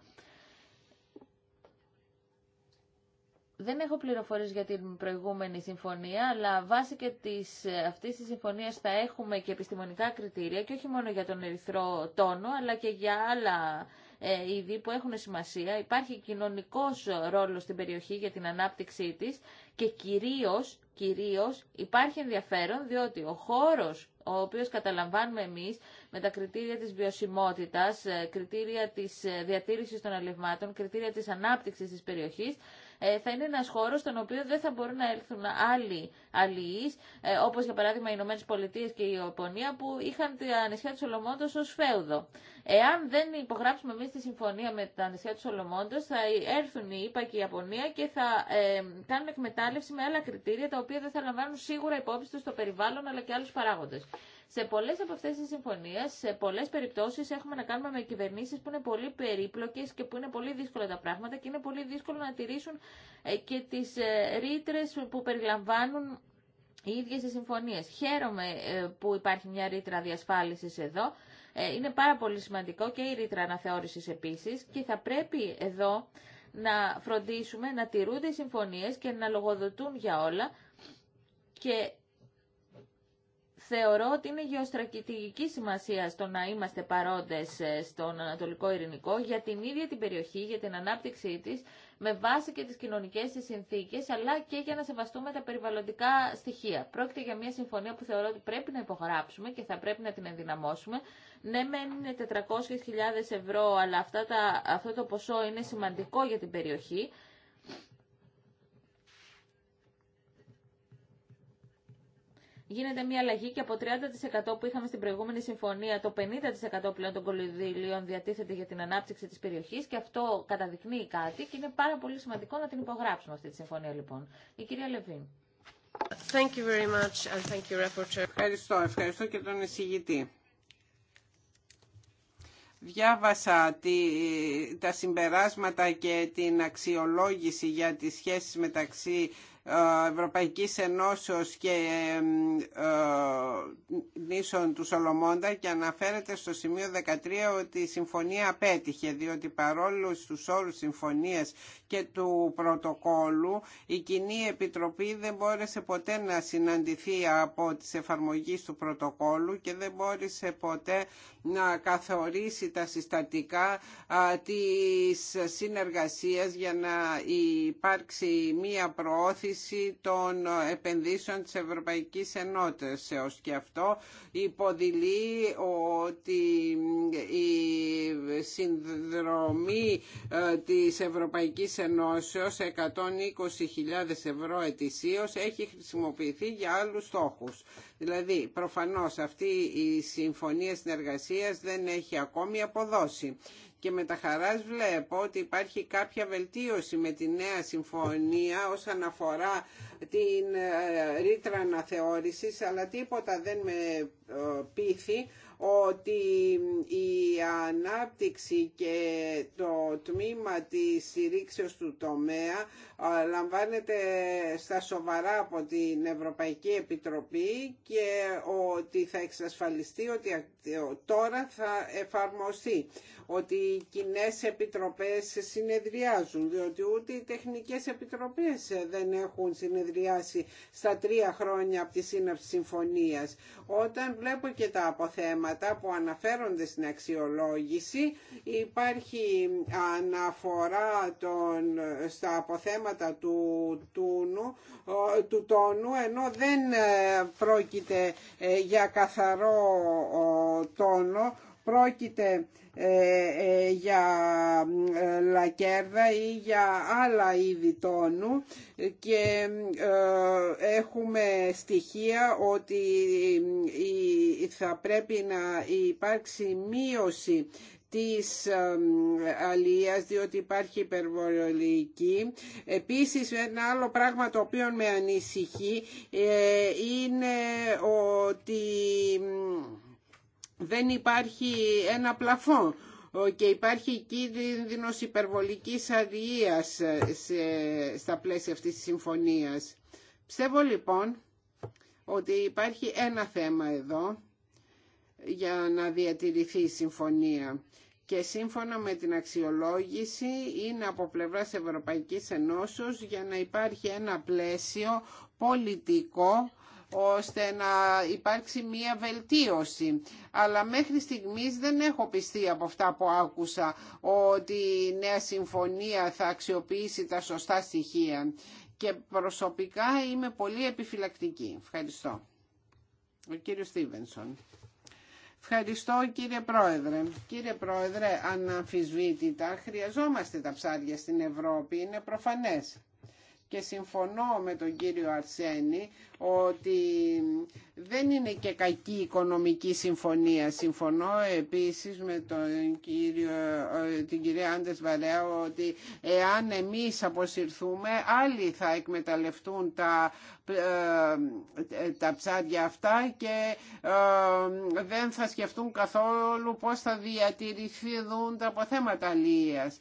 Δεν έχω πληροφορίες για την προηγούμενη συμφωνία, αλλά βάσει και της, ε, αυτής της συμφωνίας θα έχουμε και επιστημονικά κριτήρια και όχι μόνο για τον ερυθρό τόνο, αλλά και για άλλα είδη που έχουν σημασία. Υπάρχει κοινωνικός ρόλος στην περιοχή για την ανάπτυξή της και κυρίως, κυρίως υπάρχει ενδιαφέρον διότι ο χώρος ο οποίος καταλαμβάνουμε εμείς με τα κριτήρια της βιωσιμότητας, ε, κριτήρια της ε, διατήρησης των αλευμάτων, κριτήρια της ανάπτυξης της περιοχής, ε, θα είναι ένας χώρος στον οποίο δεν θα μπορούν να έλθουν άλλοι αλληλείς, ε, όπως για παράδειγμα οι Ηνωμένε Πολιτείε και η Ιαπωνία που είχαν τα νησιά του Σολομόντος ως φέουδο. Εάν δεν υπογράψουμε εμείς τη συμφωνία με τα νησιά του Σολομόντος, θα έρθουν οι ΙΠΑ και η Ιαπωνία και θα ε, κάνουν εκμετάλλευση με άλλα κριτήρια τα οποία δεν θα λαμβάνουν σίγουρα υπόψη τους στο περιβάλλον αλλά και άλλους παράγοντες. Σε πολλές από αυτές τις συμφωνίε, σε πολλές περιπτώσεις έχουμε να κάνουμε με κυβερνήσει που είναι πολύ περίπλοκες και που είναι πολύ δύσκολα τα πράγματα και είναι πολύ δύσκολο να τηρήσουν ε, και τις ε, ρήτρε που περιλαμβάνουν οι ίδιε οι συμφωνίε. Χαίρομαι ε, που υπάρχει μια ρήτρα διασφάλισης εδώ. Είναι πάρα πολύ σημαντικό και η ρήτρα αναθεώρηση επίση, και θα πρέπει εδώ να φροντίσουμε να τηρούνται οι συμφωνίες και να λογοδοτούν για όλα και Θεωρώ ότι είναι γεωστρατηγική σημασία στο να είμαστε παρόντες ε, στον Ανατολικό Ειρηνικό για την ίδια την περιοχή, για την ανάπτυξή τη, με βάση και τις κοινωνικές τη συνθήκες, αλλά και για να σεβαστούμε τα περιβαλλοντικά στοιχεία. Πρόκειται για μια συμφωνία που θεωρώ ότι πρέπει να υπογράψουμε και θα πρέπει να την ενδυναμώσουμε. Ναι, μεν είναι 400.000 ευρώ, αλλά αυτά τα, αυτό το ποσό είναι σημαντικό για την περιοχή, γίνεται μια αλλαγή και από 30% που είχαμε στην προηγούμενη συμφωνία, το 50% πλέον των κολληδίλειων διατίθεται για την ανάπτυξη τη περιοχή και αυτό καταδεικνύει κάτι και είναι πάρα πολύ σημαντικό να την υπογράψουμε αυτή τη συμφωνία λοιπόν. Η κυρία Λεβίν. Thank you very much and thank you, Ευχαριστώ, ευχαριστώ και τον εισηγητή. Διάβασα τη, τα συμπεράσματα και την αξιολόγηση για τις σχέσεις μεταξύ ε, Ευρωπαϊκής Ενώσεως και ε, νήσων του Σολομώντα και αναφέρεται στο σημείο 13 ότι η συμφωνία απέτυχε διότι παρόλο στους όρους συμφωνίας και του πρωτοκόλου. Η Κοινή Επιτροπή δεν μπόρεσε ποτέ να συναντηθεί από τις εφαρμογές του πρωτοκόλου και δεν μπόρεσε ποτέ να καθορίσει τα συστατικά της συνεργασίας για να υπάρξει μία προώθηση των επενδύσεων της Ευρωπαϊκής Ενότητας. Και αυτό υποδηλεί ότι συνδρομή ε, της Ευρωπαϊκής Ενώσεως 120.000 ευρώ ετησίως έχει χρησιμοποιηθεί για άλλους στόχους. Δηλαδή, προφανώς αυτή η συμφωνία συνεργασίας δεν έχει ακόμη αποδώσει. Και με τα χαράς βλέπω ότι υπάρχει κάποια βελτίωση με τη νέα συμφωνία όσον αφορά την ε, ρήτρα αναθεώρησης, αλλά τίποτα δεν με ε, πείθει ότι η ανάπτυξη και το τμήμα της συρρήξεως του τομέα λαμβάνεται στα σοβαρά από την Ευρωπαϊκή Επιτροπή και ότι θα εξασφαλιστεί ότι τώρα θα εφαρμοστεί ότι οι κοινέ επιτροπές συνεδριάζουν, διότι ούτε οι τεχνικές επιτροπές δεν έχουν συνεδριάσει στα τρία χρόνια από τη σύναψη συμφωνίας. Όταν βλέπω και τα αποθέματα που αναφέρονται στην αξιολόγηση, υπάρχει αναφορά τον, στα αποθέματα του, του τόνου, ενώ δεν ε, πρόκειται ε, για καθαρό τόνο, πρόκειται ε, ε, για ε, λακέρδα ή για άλλα είδη τόνου και έχουμε στοιχεία ότι θα πρέπει να υπάρξει μείωση της αλίας διότι υπάρχει υπερβολική. Επίσης ένα άλλο πράγμα το οποίο με ανησυχεί είναι ότι δεν υπάρχει ένα πλαφό και υπάρχει κίνδυνος υπερβολικής αδειίας ε, στα πλαίσια αυτής της συμφωνίας. Πιστεύω λοιπόν ότι υπάρχει ένα θέμα εδώ για να διατηρηθεί η συμφωνία και σύμφωνα με την αξιολόγηση είναι από πλευράς Ευρωπαϊκής Ενώσεως για να υπάρχει ένα πλαίσιο πολιτικό ώστε να υπάρξει μία βελτίωση. Αλλά μέχρι στιγμής δεν έχω πιστεί από αυτά που άκουσα ότι η νέα συμφωνία θα αξιοποιήσει τα σωστά στοιχεία. Και προσωπικά είμαι πολύ επιφυλακτική. Ευχαριστώ. Ο κύριος Στίβενσον. Ευχαριστώ κύριε Πρόεδρε. Κύριε Πρόεδρε, αναμφισβήτητα χρειαζόμαστε τα ψάρια στην Ευρώπη, είναι προφανές και συμφωνώ με τον κύριο Αρσένη ότι δεν είναι και κακή οικονομική συμφωνία. Συμφωνώ επίσης με τον κύριο, ε, την κυρία Άντες Βαρέα ότι εάν εμείς αποσυρθούμε άλλοι θα εκμεταλλευτούν τα, ε, τα ψάρια αυτά και ε, δεν θα σκεφτούν καθόλου πώς θα διατηρηθούν τα αποθέματα λίας.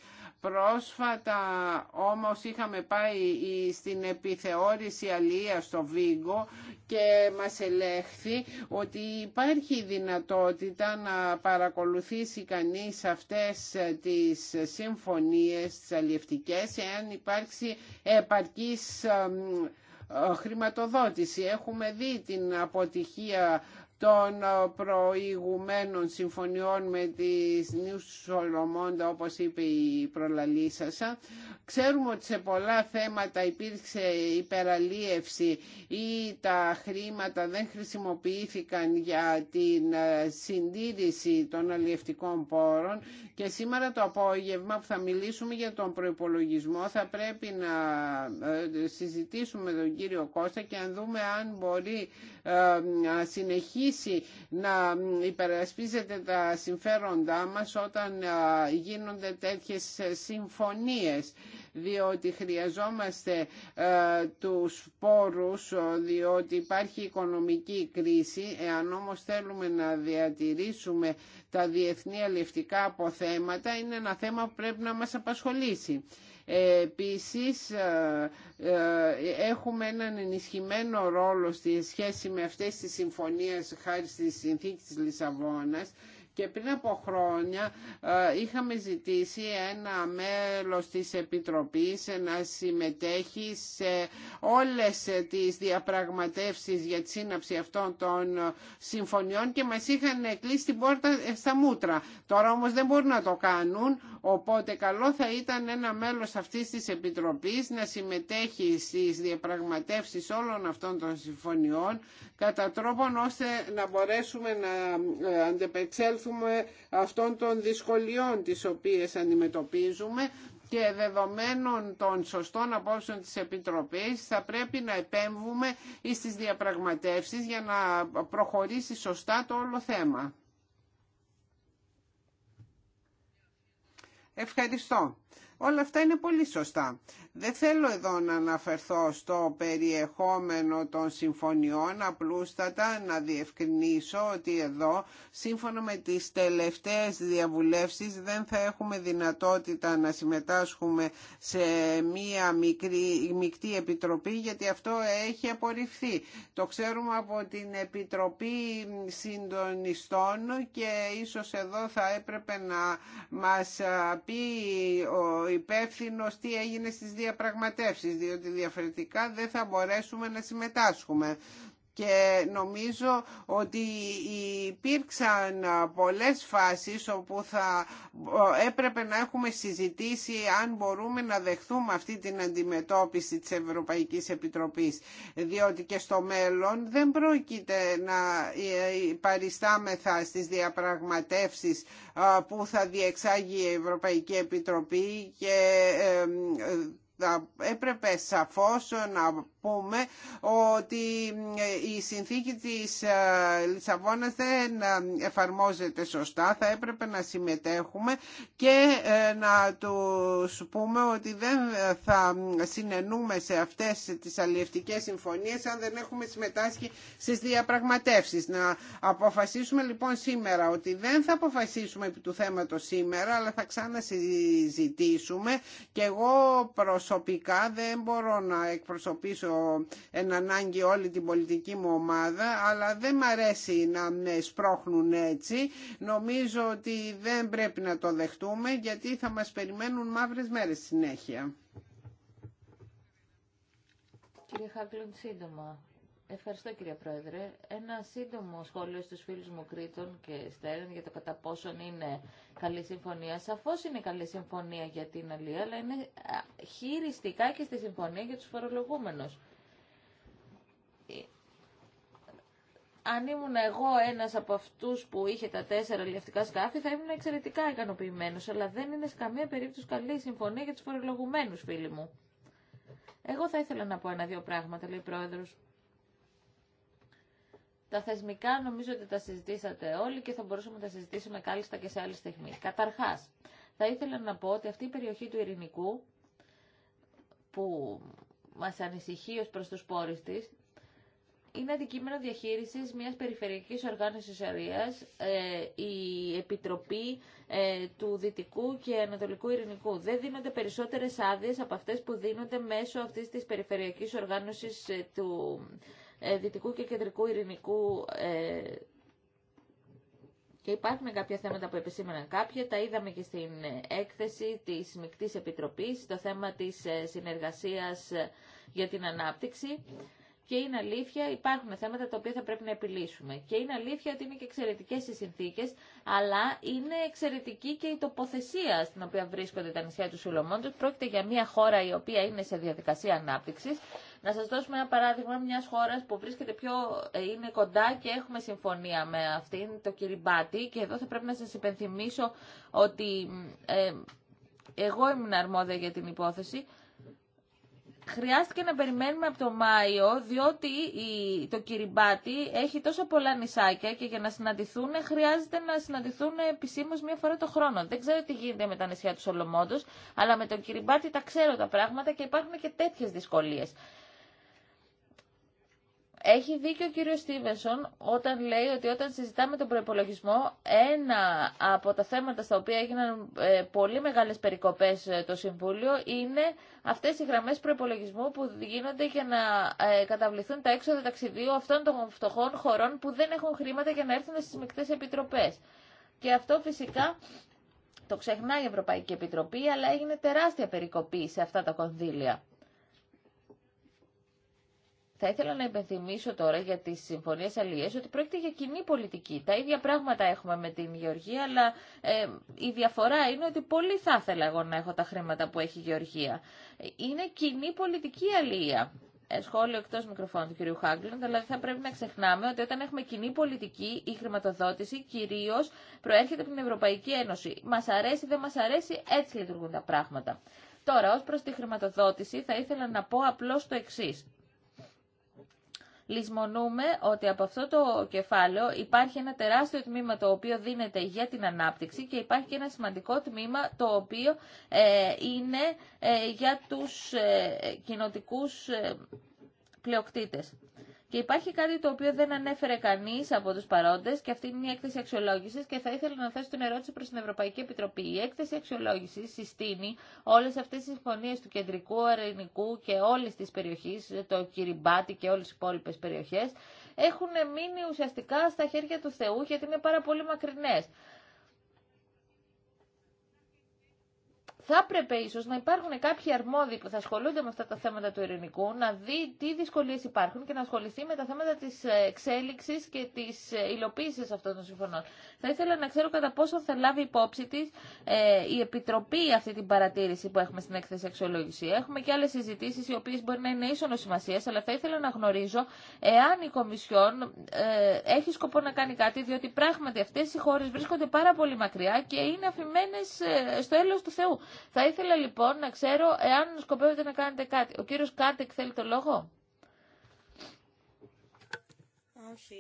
Πρόσφατα όμως είχαμε πάει στην επιθεώρηση αλία στο Βίγκο και μας ελέγχθη ότι υπάρχει δυνατότητα να παρακολουθήσει κανείς αυτές τις συμφωνίες τις αλλιευτικές εάν υπάρξει επαρκής ε, χρηματοδότηση. Έχουμε δει την αποτυχία των ε, προηγουμένων συμφωνιών με τις Νιούς Σολομόντα όπως είπε η προλαλήσασα. Ξέρουμε ότι σε πολλά θέματα υπήρξε υπεραλίευση ή τα χρήματα δεν χρησιμοποιήθηκαν για την ε, συντήρηση των αλλιευτικών πόρων και σήμερα το απόγευμα που θα μιλήσουμε για τον προϋπολογισμό θα πρέπει να ε, συζητήσουμε τον κύριο Κώστα και να δούμε αν μπορεί να συνεχίσει να υπερασπίζεται τα συμφέροντά μας όταν γίνονται τέτοιες ε, συμφωνίες διότι χρειαζόμαστε ε, τους πόρους διότι υπάρχει οικονομική κρίση εάν όμως θέλουμε να διατηρήσουμε τα διεθνή αλληλευτικά αποθέματα είναι ένα θέμα που πρέπει να μας απασχολήσει. Επίσης ε, ε, έχουμε έναν ενισχυμένο ρόλο στη σχέση με αυτές τις συμφωνίες χάρη στη συνθήκη της Λισαβόνας και πριν από χρόνια ε, είχαμε ζητήσει ένα μέλος της Επιτροπής να συμμετέχει σε όλες τις διαπραγματεύσεις για τη σύναψη αυτών των ε, συμφωνιών και μας είχαν κλείσει την πόρτα ε, στα μούτρα. Τώρα όμως δεν μπορούν να το κάνουν, οπότε καλό θα ήταν ένα μέλος αυτής της Επιτροπής να συμμετέχει στις διαπραγματεύσεις όλων αυτών των συμφωνιών κατά τρόπον ώστε να μπορέσουμε να αντεπεξέλθουμε επισέλθουμε αυτών των δυσκολιών τις οποίες αντιμετωπίζουμε και δεδομένων των σωστών απόψεων της Επιτροπής θα πρέπει να επέμβουμε στις διαπραγματεύσεις για να προχωρήσει σωστά το όλο θέμα. Ευχαριστώ. Όλα αυτά είναι πολύ σωστά. Δεν θέλω εδώ να αναφερθώ στο περιεχόμενο των συμφωνιών, απλούστατα να διευκρινίσω ότι εδώ σύμφωνα με τις τελευταίες διαβουλεύσεις δεν θα έχουμε δυνατότητα να συμμετάσχουμε σε μία μικρή, μεικτή επιτροπή γιατί αυτό έχει απορριφθεί. Το ξέρουμε από την Επιτροπή Συντονιστών και ίσως εδώ θα έπρεπε να μας πει ο υπεύθυνο τι έγινε στις διαπραγματεύσεις, διότι διαφορετικά δεν θα μπορέσουμε να συμμετάσχουμε. Και νομίζω ότι υπήρξαν πολλές φάσεις όπου θα έπρεπε να έχουμε συζητήσει αν μπορούμε να δεχθούμε αυτή την αντιμετώπιση της Ευρωπαϊκής Επιτροπής. Διότι και στο μέλλον δεν πρόκειται να ε, παριστάμεθα στις διαπραγματεύσεις ε, που θα διεξάγει η Ευρωπαϊκή Επιτροπή και ε, έπρεπε σαφώς να πούμε ότι ε, η συνθήκη της ε, Λισαβόνας δεν ε, εφαρμόζεται σωστά. Θα έπρεπε να συμμετέχουμε και να τους πούμε ότι δεν θα συνενούμε σε αυτές τις αλλιευτικές συμφωνίες αν δεν έχουμε συμμετάσχει στις διαπραγματεύσεις. Να αποφασίσουμε λοιπόν σήμερα ότι δεν θα αποφασίσουμε επί του θέματος σήμερα αλλά θα ξανασυζητήσουμε και εγώ προσωπικά δεν μπορώ να εκπροσωπήσω εν ανάγκη όλη την πολιτική μου ομάδα αλλά δεν μ' αρέσει να με σπρώχνουν έτσι νομίζω ότι δεν πρέπει να το δεχτούμε γιατί θα μας περιμένουν μαύρες μέρες συνέχεια Κύριε σύντομα. Ευχαριστώ κύριε Πρόεδρε. Ένα σύντομο σχόλιο στους φίλους μου Κρήτων και Στέρεν για το κατά πόσον είναι καλή συμφωνία. Σαφώς είναι καλή συμφωνία για την Αλία, αλλά είναι χειριστικά και στη συμφωνία για τους φορολογούμενους. Ε, αν ήμουν εγώ ένα από αυτού που είχε τα τέσσερα λιευτικά σκάφη, θα ήμουν εξαιρετικά ικανοποιημένο. Αλλά δεν είναι σε καμία περίπτωση καλή συμφωνία για τους φορολογούμενους, φίλοι μου. Εγώ θα ήθελα να πω ένα-δύο πράγματα, λέει ο πρόεδρο. Τα θεσμικά νομίζω ότι τα συζητήσατε όλοι και θα μπορούσαμε να τα συζητήσουμε κάλλιστα και σε άλλη στιγμή. Καταρχά, θα ήθελα να πω ότι αυτή η περιοχή του Ειρηνικού που μα ανησυχεί ω προ του πόρου τη, είναι αντικείμενο διαχείριση μια περιφερειακή οργάνωση αρία, ε, η Επιτροπή ε, του Δυτικού και Ανατολικού Ειρηνικού. Δεν δίνονται περισσότερε άδειε από αυτέ που δίνονται μέσω αυτή τη περιφερειακή οργάνωση ε, του ε, δυτικού και Κεντρικού Ειρηνικού ε, και υπάρχουν κάποια θέματα που επισήμαναν κάποια, τα είδαμε και στην έκθεση της Μικτής Επιτροπής, το θέμα της ε, συνεργασίας για την ανάπτυξη. Και είναι αλήθεια, υπάρχουν θέματα τα οποία θα πρέπει να επιλύσουμε. Και είναι αλήθεια ότι είναι και εξαιρετικέ οι συνθήκε, αλλά είναι εξαιρετική και η τοποθεσία στην οποία βρίσκονται τα νησιά του Σουλομόντου. Πρόκειται για μια χώρα η οποία είναι σε διαδικασία ανάπτυξη. Να σα δώσουμε ένα παράδειγμα μια χώρα που βρίσκεται πιο, ε, είναι κοντά και έχουμε συμφωνία με αυτήν, το Κυριμπάτι. Και εδώ θα πρέπει να σα υπενθυμίσω ότι ε, εγώ ήμουν αρμόδια για την υπόθεση. Χρειάστηκε να περιμένουμε από το Μάιο, διότι το Κυριμπάτι έχει τόσο πολλά νησάκια και για να συναντηθούν χρειάζεται να συναντηθούν επισήμω μία φορά το χρόνο. Δεν ξέρω τι γίνεται με τα νησιά του Σολομόντος, αλλά με τον Κυριμπάτι τα ξέρω τα πράγματα και υπάρχουν και τέτοιες δυσκολίες. Έχει δίκιο ο κύριος Στίβενσον όταν λέει ότι όταν συζητάμε τον προπολογισμό, ένα από τα θέματα στα οποία έγιναν ε, πολύ μεγάλες περικοπές ε, το Συμβούλιο είναι αυτές οι γραμμές προπολογισμού που γίνονται για να ε, καταβληθούν τα έξοδα ταξιδίου αυτών των φτωχών χωρών που δεν έχουν χρήματα για να έρθουν στις μεικτές επιτροπές. Και αυτό φυσικά το ξεχνάει η Ευρωπαϊκή Επιτροπή, αλλά έγινε τεράστια περικοπή σε αυτά τα κονδύλια. Θα ήθελα να υπενθυμίσω τώρα για τι συμφωνίε αλλήλίε ότι πρόκειται για κοινή πολιτική. Τα ίδια πράγματα έχουμε με την Γεωργία, αλλά ε, η διαφορά είναι ότι πολύ θα ήθελα εγώ να έχω τα χρήματα που έχει η Γεωργία. Είναι κοινή πολιτική αλληλεία ε, σχόλιο εκτό μικροφώνου του κ. Χάγκλοντ, δηλαδή θα πρέπει να ξεχνάμε ότι όταν έχουμε κοινή πολιτική, η χρηματοδότηση κυρίω προέρχεται από την Ευρωπαϊκή Ένωση. Μα αρέσει, δεν μα αρέσει, έτσι λειτουργούν τα πράγματα. Τώρα, ω προ τη χρηματοδότηση, θα ήθελα να πω απλώ το εξή λησμονούμε ότι από αυτό το κεφάλαιο υπάρχει ένα τεράστιο τμήμα το οποίο δίνεται για την ανάπτυξη και υπάρχει και ένα σημαντικό τμήμα το οποίο ε, είναι ε, για τους ε, κοινοτικούς πλειοκτήτες. Και υπάρχει κάτι το οποίο δεν ανέφερε κανεί από του παρόντε και αυτή είναι η έκθεση αξιολόγηση και θα ήθελα να θέσω την ερώτηση προ την Ευρωπαϊκή Επιτροπή. Η έκθεση αξιολόγηση συστήνει όλε αυτέ τι συμφωνίε του κεντρικού, αρενικού και όλη τη περιοχή, το Κυριμπάτι και όλε τι υπόλοιπε περιοχέ, έχουν μείνει ουσιαστικά στα χέρια του Θεού γιατί είναι πάρα πολύ μακρινέ. θα έπρεπε ίσω να υπάρχουν κάποιοι αρμόδιοι που θα ασχολούνται με αυτά τα θέματα του ειρηνικού, να δει τι δυσκολίε υπάρχουν και να ασχοληθεί με τα θέματα τη εξέλιξη και τη ε, υλοποίηση αυτών των συμφωνών. Θα ήθελα να ξέρω κατά πόσο θα λάβει υπόψη τη ε, η Επιτροπή αυτή την παρατήρηση που έχουμε στην έκθεση αξιολόγηση. Έχουμε και άλλε συζητήσει οι οποίε μπορεί να είναι ίσονο σημασία, αλλά θα ήθελα να γνωρίζω εάν η Κομισιόν ε, έχει σκοπό να κάνει κάτι, διότι πράγματι αυτέ οι χώρε βρίσκονται πάρα πολύ μακριά και είναι αφημένε στο έλεο του Θεού. Θα ήθελα λοιπόν να ξέρω εάν σκοπεύετε να κάνετε κάτι. Ο κύριος Κάτεκ θέλει το λόγο. Όχι,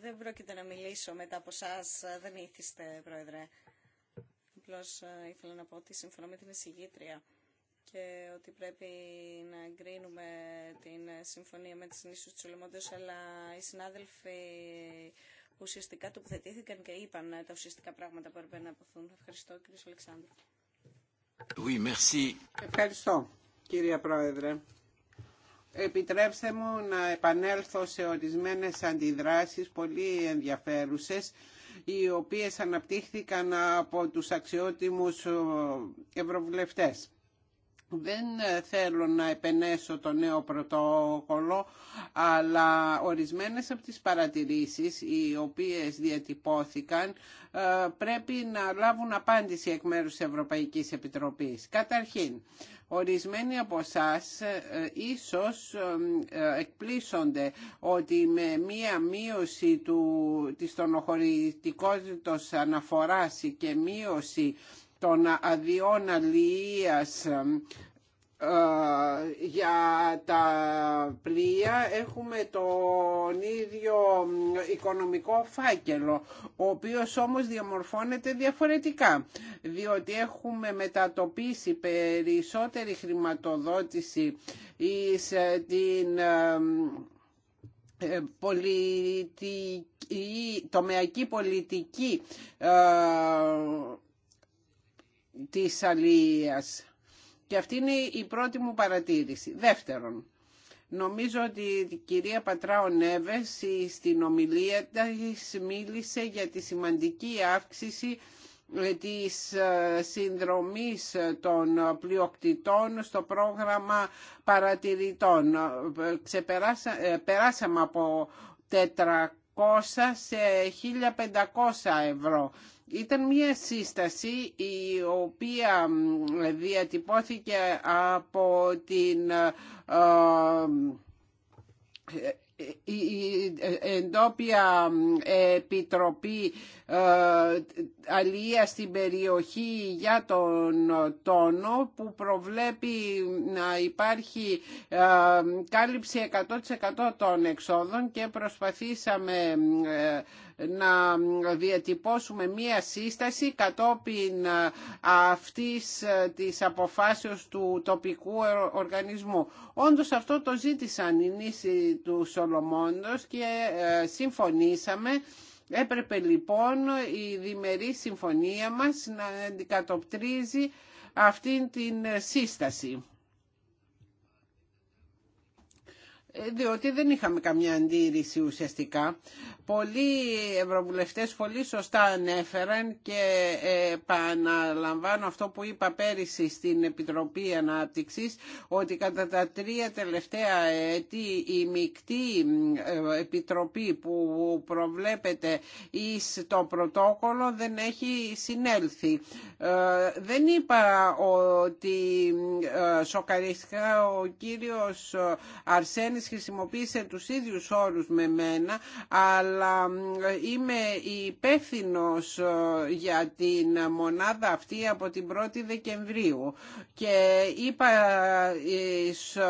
δεν πρόκειται να μιλήσω μετά από εσά. Δεν ήθιστε, Πρόεδρε. Απλώ ε, ήθελα να πω ότι συμφωνώ με την εισηγήτρια και ότι πρέπει να εγκρίνουμε την συμφωνία με τις νήσους του Λεμόντος, αλλά οι συνάδελφοι ουσιαστικά τοποθετήθηκαν και είπαν τα ουσιαστικά πράγματα που έπρεπε να αποθούν. Ευχαριστώ, κύριε Αλεξάνδρου. Ευχαριστώ κύριε Πρόεδρε. Επιτρέψτε μου να επανέλθω σε ορισμένες αντιδράσεις πολύ ενδιαφέρουσες οι οποίες αναπτύχθηκαν από τους αξιότιμους ευρωβουλευτές. Δεν ε, θέλω να επενέσω το νέο πρωτόκολλο, αλλά ορισμένες από τις παρατηρήσεις οι οποίες διατυπώθηκαν ε, πρέπει να λάβουν απάντηση εκ μέρους της Ευρωπαϊκής Επιτροπής. Καταρχήν, Ορισμένοι από εσά ε, ίσως εκπλήσονται ότι με μία μείωση του, της τονοχωρητικότητας αναφοράς και μείωση των αδειών αλληλείας ε, για τα πλοία έχουμε τον ίδιο οικονομικό φάκελο ο οποίος όμως διαμορφώνεται διαφορετικά διότι έχουμε μετατοπίσει περισσότερη χρηματοδότηση εις ε, την ε, πολιτική, τομεακή πολιτική της αλληλείας. Και αυτή είναι η πρώτη μου παρατήρηση. Δεύτερον, νομίζω ότι η κυρία Πατράο Νέβες στην ομιλία της μίλησε για τη σημαντική αύξηση ε, της ε, συνδρομής ε, των πλειοκτητών στο πρόγραμμα παρατηρητών. περάσαμε από 400 σε 1500 ευρώ. Ήταν μια σύσταση η οποία διατυπώθηκε από την ε, ε, η ε, εντόπια επιτροπή ε, αλληλεία στην περιοχή για τον τόνο που προβλέπει να υπάρχει ε, κάλυψη 100% των εξόδων και προσπαθήσαμε να διατυπώσουμε μία σύσταση κατόπιν ε, αυτής ε, της αποφάσεως του τοπικού οργανισμού. Όντως αυτό το ζήτησαν οι νήσοι του Σολομόντος και ε, συμφωνήσαμε Έπρεπε λοιπόν η διμερή συμφωνία μας να αντικατοπτρίζει αυτήν την σύσταση. διότι δεν είχαμε καμιά αντίρρηση ουσιαστικά. Πολλοί ευρωβουλευτές πολύ σωστά ανέφεραν και ε, επαναλαμβάνω αυτό που είπα πέρυσι στην Επιτροπή Ανάπτυξης ότι κατά τα τρία τελευταία έτη η μεικτή ε, επιτροπή που προβλέπεται εις το πρωτόκολλο δεν έχει συνέλθει. Ε, δεν είπα ότι σοκαριστικά ο κύριος Αρσένης χρησιμοποίησε τους ίδιους όρους με μένα, αλλά είμαι υπεύθυνο ε, για την μονάδα αυτή από την 1η Δεκεμβρίου και είπα ε, σε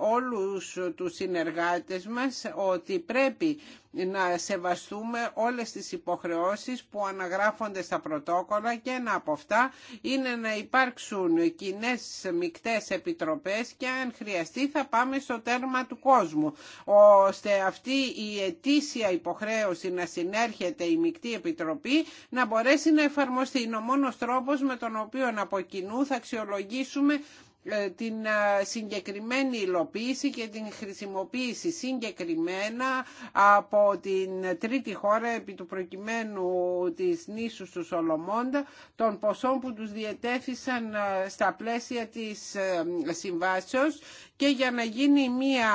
όλους τους συνεργάτες μας ότι πρέπει να σεβαστούμε όλες τις υποχρεώσεις που αναγράφονται στα πρωτόκολλα και ένα από αυτά είναι να υπάρξουν κοινέ μικτές επιτροπές και αν χρειαστεί θα πάμε στο τέρμα του κόσμου ώστε αυτή η ετήσια υποχρέωση να συνέρχεται η μικτή επιτροπή να μπορέσει να εφαρμοστεί. Είναι ο μόνος τρόπος με τον οποίο από κοινού θα αξιολογήσουμε ε, την ε, συγκεκριμένη υλοποίηση και την χρησιμοποίηση συγκεκριμένα από την τρίτη χώρα επί του προκειμένου της νήσου του Σολομώντα των ποσών που τους διετέθησαν ε, στα πλαίσια της συμβάσεως και για να γίνει μια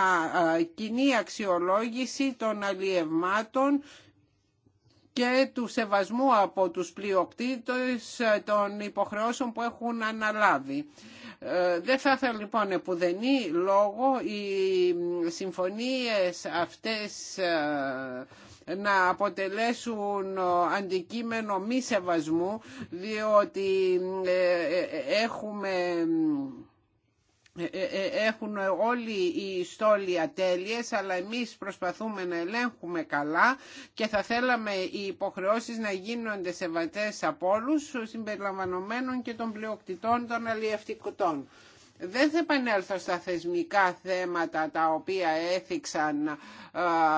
κοινή αξιολόγηση των αλλιευμάτων και του σεβασμού από τους πλειοκτήτες των υποχρεώσεων που έχουν αναλάβει. Ε, δεν θα ήθελα λοιπόν επουδενή λόγο οι συμφωνίες αυτές ε, να αποτελέσουν ε, αντικείμενο μη σεβασμού διότι έχουμε ε, ε, ε, έχουν όλοι οι στόλοι ατέλειες αλλά εμείς προσπαθούμε να ελέγχουμε καλά και θα θέλαμε οι υποχρεώσεις να γίνονται σεβατές από όλους συμπεριλαμβανομένων και των πλειοκτητών των αλλιευτικών. Δεν θα επανέλθω στα θεσμικά θέματα τα οποία έθιξαν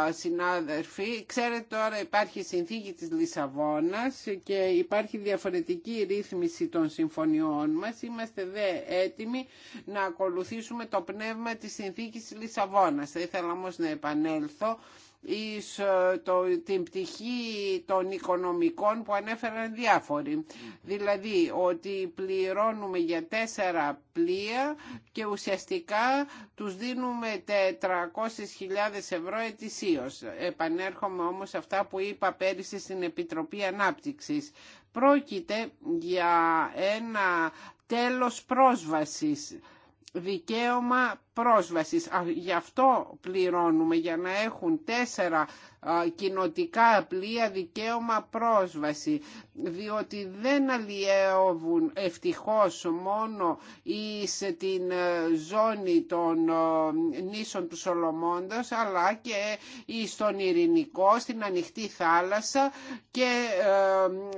συνάδελφοι. Ξέρετε τώρα υπάρχει η συνθήκη της Λισαβόνας και υπάρχει διαφορετική ρύθμιση των συμφωνιών μας. Είμαστε δε έτοιμοι να ακολουθήσουμε το πνεύμα της συνθήκης της Λισαβόνας. Θα ήθελα όμως να επανέλθω εις ε, το, την πτυχή των οικονομικών που ανέφεραν διάφοροι. Δηλαδή ότι πληρώνουμε για τέσσερα πλοία και ουσιαστικά τους δίνουμε 400.000 ευρώ ετησίως. Επανέρχομαι όμως αυτά που είπα πέρυσι στην Επιτροπή Ανάπτυξης. Πρόκειται για ένα τέλος πρόσβασης, δικαίωμα πρόσβασης. Γι' αυτό πληρώνουμε, για να έχουν τέσσερα κοινοτικά πλοία δικαίωμα πρόσβαση διότι δεν αλλιεύουν ευτυχώς μόνο εις την ε, ζώνη των ε, νήσων του Σολομόντος αλλά και στον Ειρηνικό, στην ανοιχτή θάλασσα και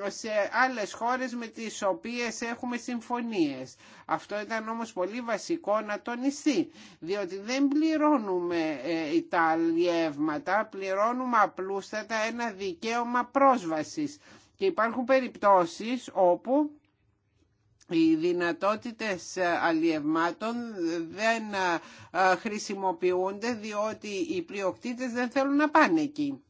ε, σε άλλες χώρες με τις οποίες έχουμε συμφωνίες. Αυτό ήταν όμως πολύ βασικό να τονιστεί διότι δεν πληρώνουμε ε, τα αλλιεύματα, πληρώνουμε απλούστατα ένα δικαίωμα πρόσβασης και υπάρχουν περιπτώσεις όπου οι δυνατότητες ε, αλλιευμάτων δεν ε, χρησιμοποιούνται διότι οι πλειοκτήτες δεν θέλουν να πάνε εκεί.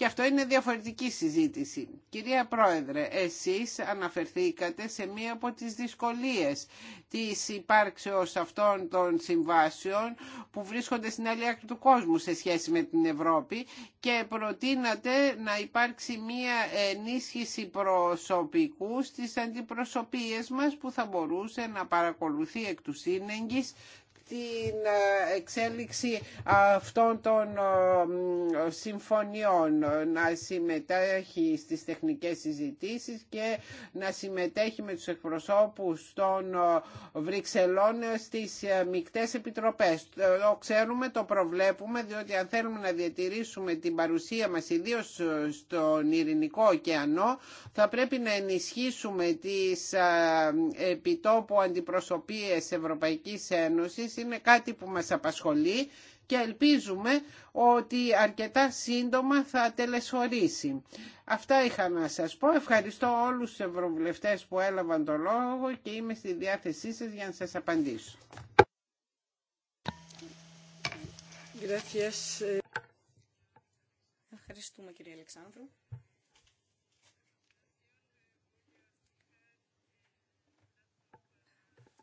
Και αυτό είναι διαφορετική συζήτηση. Κυρία Πρόεδρε, εσείς αναφερθήκατε σε μία από τις δυσκολίες της υπάρξεως αυτών των συμβάσεων που βρίσκονται στην άλλη άκρη του κόσμου σε σχέση με την Ευρώπη και προτείνατε να υπάρξει μία ενίσχυση προσωπικού στις αντιπροσωπείες μας που θα μπορούσε να παρακολουθεί εκ του την ε, εξέλιξη αυτών των ε, συμφωνιών, να συμμετέχει στις τεχνικές συζητήσεις και να συμμετέχει με τους εκπροσώπους των ε, Βρυξελών στις μικτές επιτροπές. Το ξέρουμε, το προβλέπουμε, διότι αν θέλουμε να διατηρήσουμε την παρουσία μας, ιδίως στον Ειρηνικό ωκεανό, θα πρέπει να ενισχύσουμε τις επιτόπου αντιπροσωπείες Ευρωπαϊκής Ένωσης είναι κάτι που μας απασχολεί και ελπίζουμε ότι αρκετά σύντομα θα τελεσφορήσει. Αυτά είχα να σας πω. Ευχαριστώ όλους τους ευρωβουλευτές που έλαβαν το λόγο και είμαι στη διάθεσή σας για να σας απαντήσω. Ευχαριστούμε κύριε Αλεξάνδρου.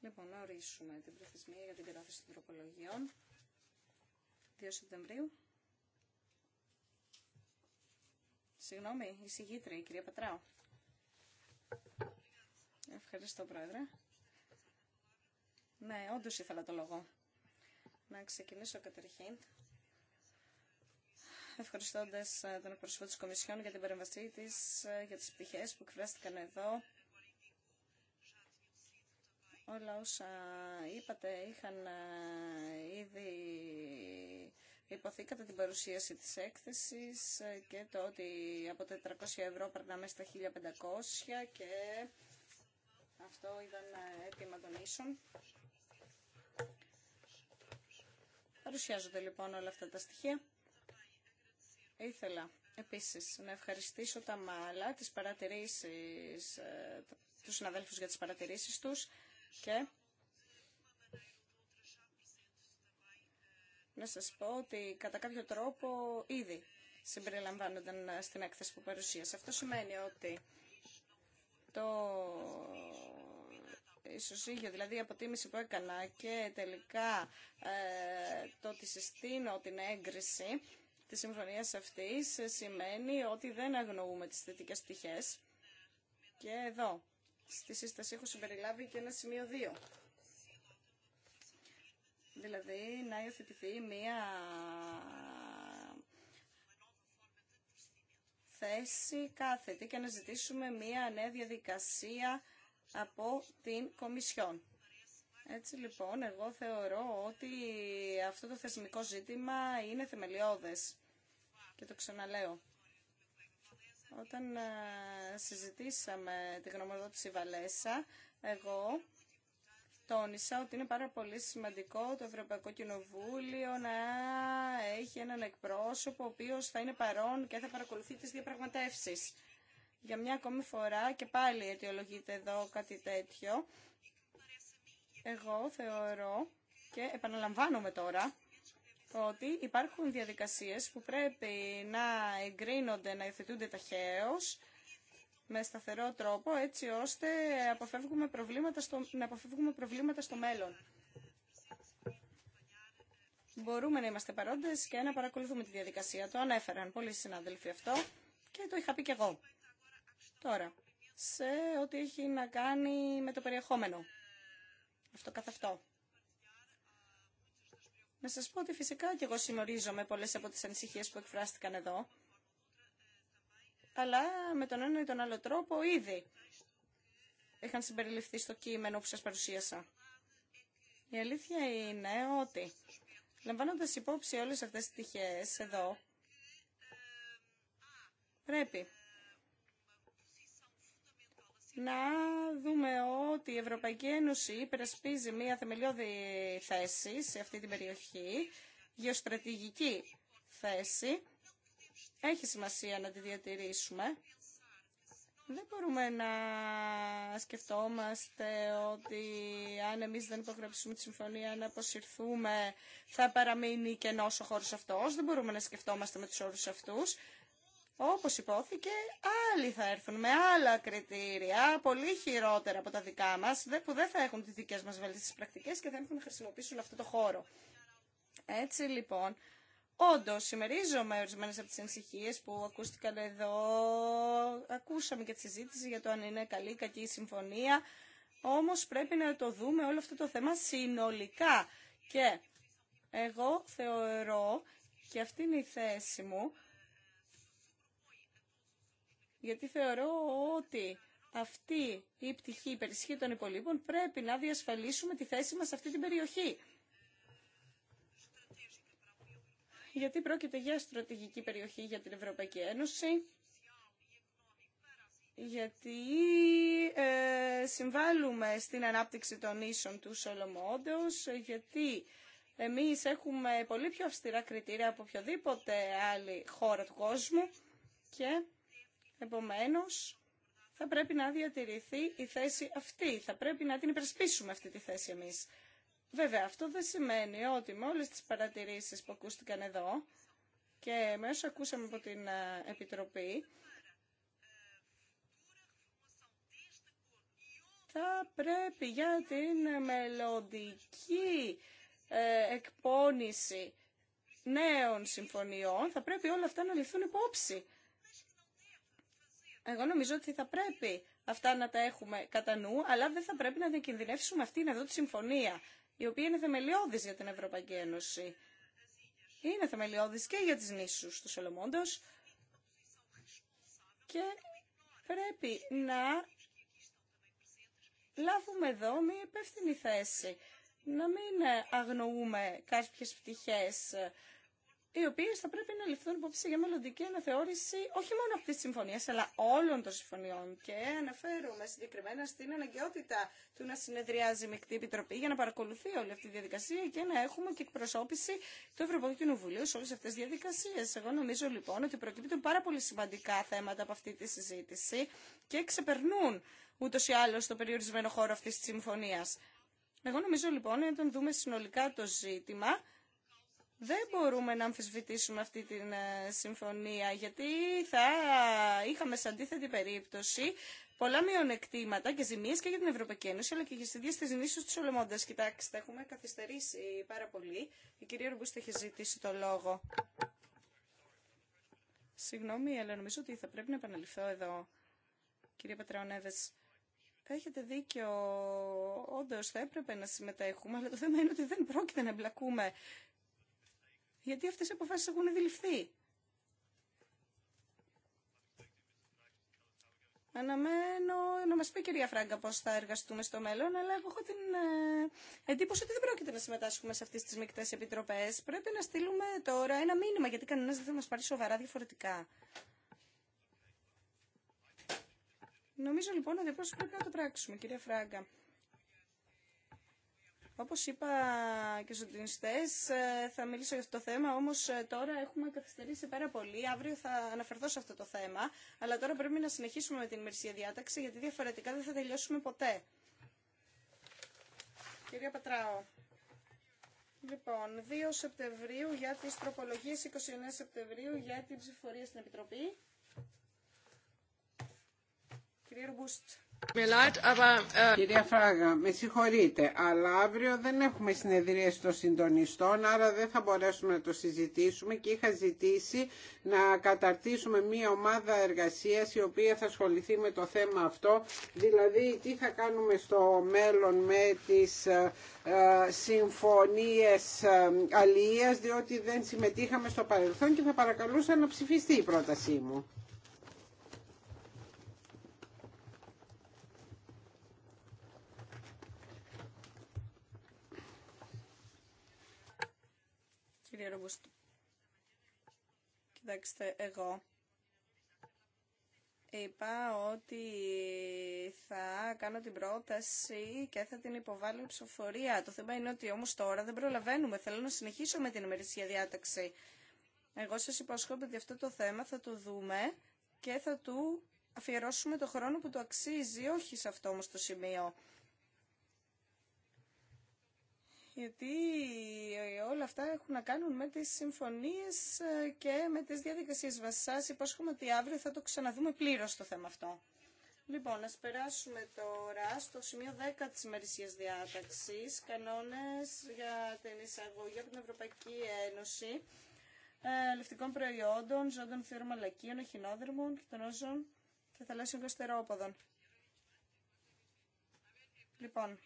Λοιπόν, να ορίσουμε την προθεσμία για την κατάθεση των τροπολογιών. 2 Σεπτεμβρίου. Συγγνώμη, η συγγήτρια, η κυρία Πατράου. Ευχαριστώ, Πρόεδρε. Ναι, όντω ήθελα το λόγο. Να ξεκινήσω καταρχήν ευχαριστώντα τον εκπροσωπό τη Κομισιόν για την παρεμβασή τη, ε, για τι πτυχέ που εκφράστηκαν εδώ Όλα όσα είπατε είχαν ε, ήδη υποθεί κατά την παρουσίαση της έκθεσης ε, και το ότι από 400 ευρώ περνάμε στα 1500 και αυτό ήταν έτοιμα ε, των ίσων. Παρουσιάζονται λοιπόν όλα αυτά τα στοιχεία. Ήθελα επίσης να ευχαριστήσω τα μάλα, τις παρατηρήσεις, τους συναδέλφους για τις παρατηρήσεις τους. Και να σας πω ότι κατά κάποιο τρόπο ήδη συμπεριλαμβάνονταν ε, στην έκθεση που παρουσίασα. Αυτό σημαίνει ότι το ισοσύγιο, δηλαδή η αποτίμηση που έκανα και τελικά ε, το ότι συστήνω την έγκριση της συμφωνίας αυτής ε, σημαίνει ότι δεν αγνοούμε τις θετικές πτυχές. Και εδώ Στη σύσταση έχω συμπεριλάβει και ένα σημείο 2. Δηλαδή να υιοθετηθεί μία θέση κάθετη και να ζητήσουμε μία νέα διαδικασία από την Κομισιόν. Έτσι λοιπόν, εγώ θεωρώ ότι αυτό το θεσμικό ζήτημα είναι θεμελιώδες. Και το ξαναλέω. Όταν ε, συζητήσαμε τη γνωμοδότηση Βαλέσα, εγώ τόνισα ότι είναι πάρα πολύ σημαντικό το Ευρωπαϊκό Κοινοβούλιο να έχει έναν εκπρόσωπο ο οποίος θα είναι παρόν και θα παρακολουθεί τις διαπραγματεύσεις. Για μια ακόμη φορά και πάλι αιτιολογείται εδώ κάτι τέτοιο. Εγώ θεωρώ και επαναλαμβάνομαι τώρα ότι υπάρχουν διαδικασίες που πρέπει να εγκρίνονται, να υιοθετούνται ταχαίως, με σταθερό τρόπο, έτσι ώστε αποφεύγουμε προβλήματα να αποφεύγουμε προβλήματα στο μέλλον. Μπορούμε να είμαστε παρόντες και να παρακολουθούμε τη διαδικασία. Το ανέφεραν πολλοί συνάδελφοι αυτό και το είχα πει και εγώ. Τώρα, σε ό,τι έχει να κάνει με το περιεχόμενο. Αυτό καθ' αυτό. Να σας πω ότι φυσικά και εγώ συνορίζομαι πολλές από τις ανησυχίες που εκφράστηκαν εδώ, αλλά με τον ένα ή τον άλλο τρόπο ήδη είχαν συμπεριληφθεί στο κείμενο που σας παρουσίασα. Η αλήθεια είναι ότι, λαμβάνοντας υπόψη όλες αυτές τις τυχές εδώ, πρέπει να δούμε ότι η Ευρωπαϊκή Ένωση υπερασπίζει μια θεμελιώδη θέση σε αυτή την περιοχή, γεωστρατηγική θέση. Έχει σημασία να τη διατηρήσουμε. Δεν μπορούμε να σκεφτόμαστε ότι αν εμείς δεν υπογράψουμε τη συμφωνία να αποσυρθούμε θα παραμείνει κενός ο χώρος αυτός. Δεν μπορούμε να σκεφτόμαστε με τους όρους αυτούς όπως υπόθηκε, άλλοι θα έρθουν με άλλα κριτήρια, πολύ χειρότερα από τα δικά μας, που δεν θα έχουν τις δικές μας βαλίστες πρακτικές και δεν έχουν να χρησιμοποιήσουν αυτό το χώρο. Έτσι λοιπόν, Όντω, συμμερίζομαι ορισμένε από τι ανησυχίε που ακούστηκαν εδώ. Ακούσαμε και τη συζήτηση για το αν είναι καλή ή κακή η συμφωνία. Όμω πρέπει να το δούμε όλο αυτό το θέμα συνολικά. Και εγώ θεωρώ, και αυτή είναι η θέση μου, γιατί θεωρώ ότι αυτή η πτυχή υπερισχύ των υπολείπων πρέπει να διασφαλίσουμε τη θέση μας σε αυτή την περιοχή. Γιατί πρόκειται για στρατηγική περιοχή για την Ευρωπαϊκή Ένωση, γιατί ε, συμβάλλουμε στην ανάπτυξη των ίσων του Σολομόντος, γιατί εμείς έχουμε πολύ πιο αυστηρά κριτήρια από οποιοδήποτε άλλη χώρα του κόσμου και Επομένως, θα πρέπει να διατηρηθεί η θέση αυτή. Θα πρέπει να την υπερασπίσουμε αυτή τη θέση εμείς. Βέβαια, αυτό δεν σημαίνει ότι με όλες τις παρατηρήσεις που ακούστηκαν εδώ και με ακούσαμε από την ε, Επιτροπή, θα πρέπει για την μελλοντική ε, εκπόνηση νέων συμφωνιών, θα πρέπει όλα αυτά να ληφθούν υπόψη. Εγώ νομίζω ότι θα πρέπει αυτά να τα έχουμε κατά νου, αλλά δεν θα πρέπει να διακινδυνεύσουμε αυτήν εδώ τη συμφωνία, η οποία είναι θεμελιώδης για την Ευρωπαϊκή Ένωση. Είναι θεμελιώδης και για τις νήσους του Σολομόντος και πρέπει να λάβουμε εδώ μια υπεύθυνη θέση, να μην αγνοούμε κάποιες πτυχές οι οποίε θα πρέπει να ληφθούν υπόψη για μελλοντική αναθεώρηση όχι μόνο αυτή τη συμφωνία, αλλά όλων των συμφωνιών. Και αναφέρουμε συγκεκριμένα στην αναγκαιότητα του να συνεδριάζει η Μεκτή επιτροπή για να παρακολουθεί όλη αυτή τη διαδικασία και να έχουμε και εκπροσώπηση του Ευρωπαϊκού Κοινοβουλίου σε όλε αυτέ τι διαδικασίε. Εγώ νομίζω λοιπόν ότι προκύπτουν πάρα πολύ σημαντικά θέματα από αυτή τη συζήτηση και ξεπερνούν ούτω ή άλλω το περιορισμένο χώρο αυτή τη συμφωνία. Εγώ νομίζω λοιπόν, αν δούμε συνολικά το ζήτημα, δεν μπορούμε να αμφισβητήσουμε αυτή τη ε, συμφωνία, γιατί θα είχαμε σε αντίθετη περίπτωση πολλά μειονεκτήματα και ζημιέ και για την Ευρωπαϊκή Ένωση, αλλά και για τι ίδιε τι νήσου τη Ολομόντα. Κοιτάξτε, έχουμε καθυστερήσει πάρα πολύ. Η κυρία Ρουμπούστα έχει ζητήσει το λόγο. Συγγνώμη, αλλά νομίζω ότι θα πρέπει να επαναληφθώ εδώ. Κυρία Πατραονέβες, θα έχετε δίκιο. Όντω θα έπρεπε να συμμετέχουμε, αλλά το θέμα είναι ότι δεν πρόκειται να εμπλακούμε γιατί αυτές οι αποφάσεις έχουν δηληφθεί. Αναμένω να μας πει η κυρία Φράγκα πώς θα εργαστούμε στο μέλλον, αλλά εγώ έχω την ε, εντύπωση ότι δεν πρόκειται να συμμετάσχουμε σε αυτές τις μικτές επιτροπές. Πρέπει να στείλουμε τώρα ένα μήνυμα, γιατί κανένας δεν θα μας πάρει σοβαρά διαφορετικά. Νομίζω λοιπόν ότι πρέπει να το πράξουμε, κυρία Φράγκα. Όπως είπα και στους συντονιστές, ε, θα μιλήσω για αυτό το θέμα, όμως ε, τώρα έχουμε καθυστερήσει πάρα πολύ. Αύριο θα αναφερθώ σε αυτό το θέμα, αλλά τώρα πρέπει να συνεχίσουμε με την ημερησία διάταξη, γιατί διαφορετικά δεν θα τελειώσουμε ποτέ. Κυρία Πατράο. Λοιπόν, 2 Σεπτεμβρίου για τις τροπολογίες, 29 Σεπτεμβρίου για την ψηφορία στην Επιτροπή. Κυρία Ρουμπούστ. Äh, Κυρία Φράγα, με συγχωρείτε, αλλά αύριο δεν έχουμε συνεδρίες των συντονιστών, άρα δεν θα μπορέσουμε να το συζητήσουμε και είχα ζητήσει να καταρτήσουμε μία ομάδα εργασίας η οποία θα ασχοληθεί με το θέμα αυτό, δηλαδή τι θα κάνουμε στο μέλλον με τις ε, ε, συμφωνίες ε, αλίας, διότι δεν συμμετείχαμε στο παρελθόν και θα παρακαλούσα να ψηφιστεί η πρότασή μου. περίεργος Κοιτάξτε, εγώ είπα ότι θα κάνω την πρόταση και θα την υποβάλω ψηφοφορία. Το θέμα είναι ότι όμως τώρα δεν προλαβαίνουμε. Θέλω να συνεχίσω με την ημερησία διάταξη. Εγώ σας υποσχόμαι ότι αυτό το θέμα θα το δούμε και θα του αφιερώσουμε το χρόνο που το αξίζει, όχι σε αυτό όμως το σημείο γιατί ε, όλα αυτά έχουν να κάνουν με τις συμφωνίες ε, και με τις διαδικασίες μας. υπόσχομαι ότι αύριο θα το ξαναδούμε πλήρως το θέμα αυτό. Λοιπόν, ας περάσουμε τώρα στο σημείο 10 της ημερησίας διάταξης, κανόνες για την εισαγωγή από την Ευρωπαϊκή Ένωση ε, λευτικών προϊόντων, ζώντων θεωρομαλακίων, εχινόδερμων, κοιτονόζων και θαλάσσιων καστερόποδων. Λοιπόν,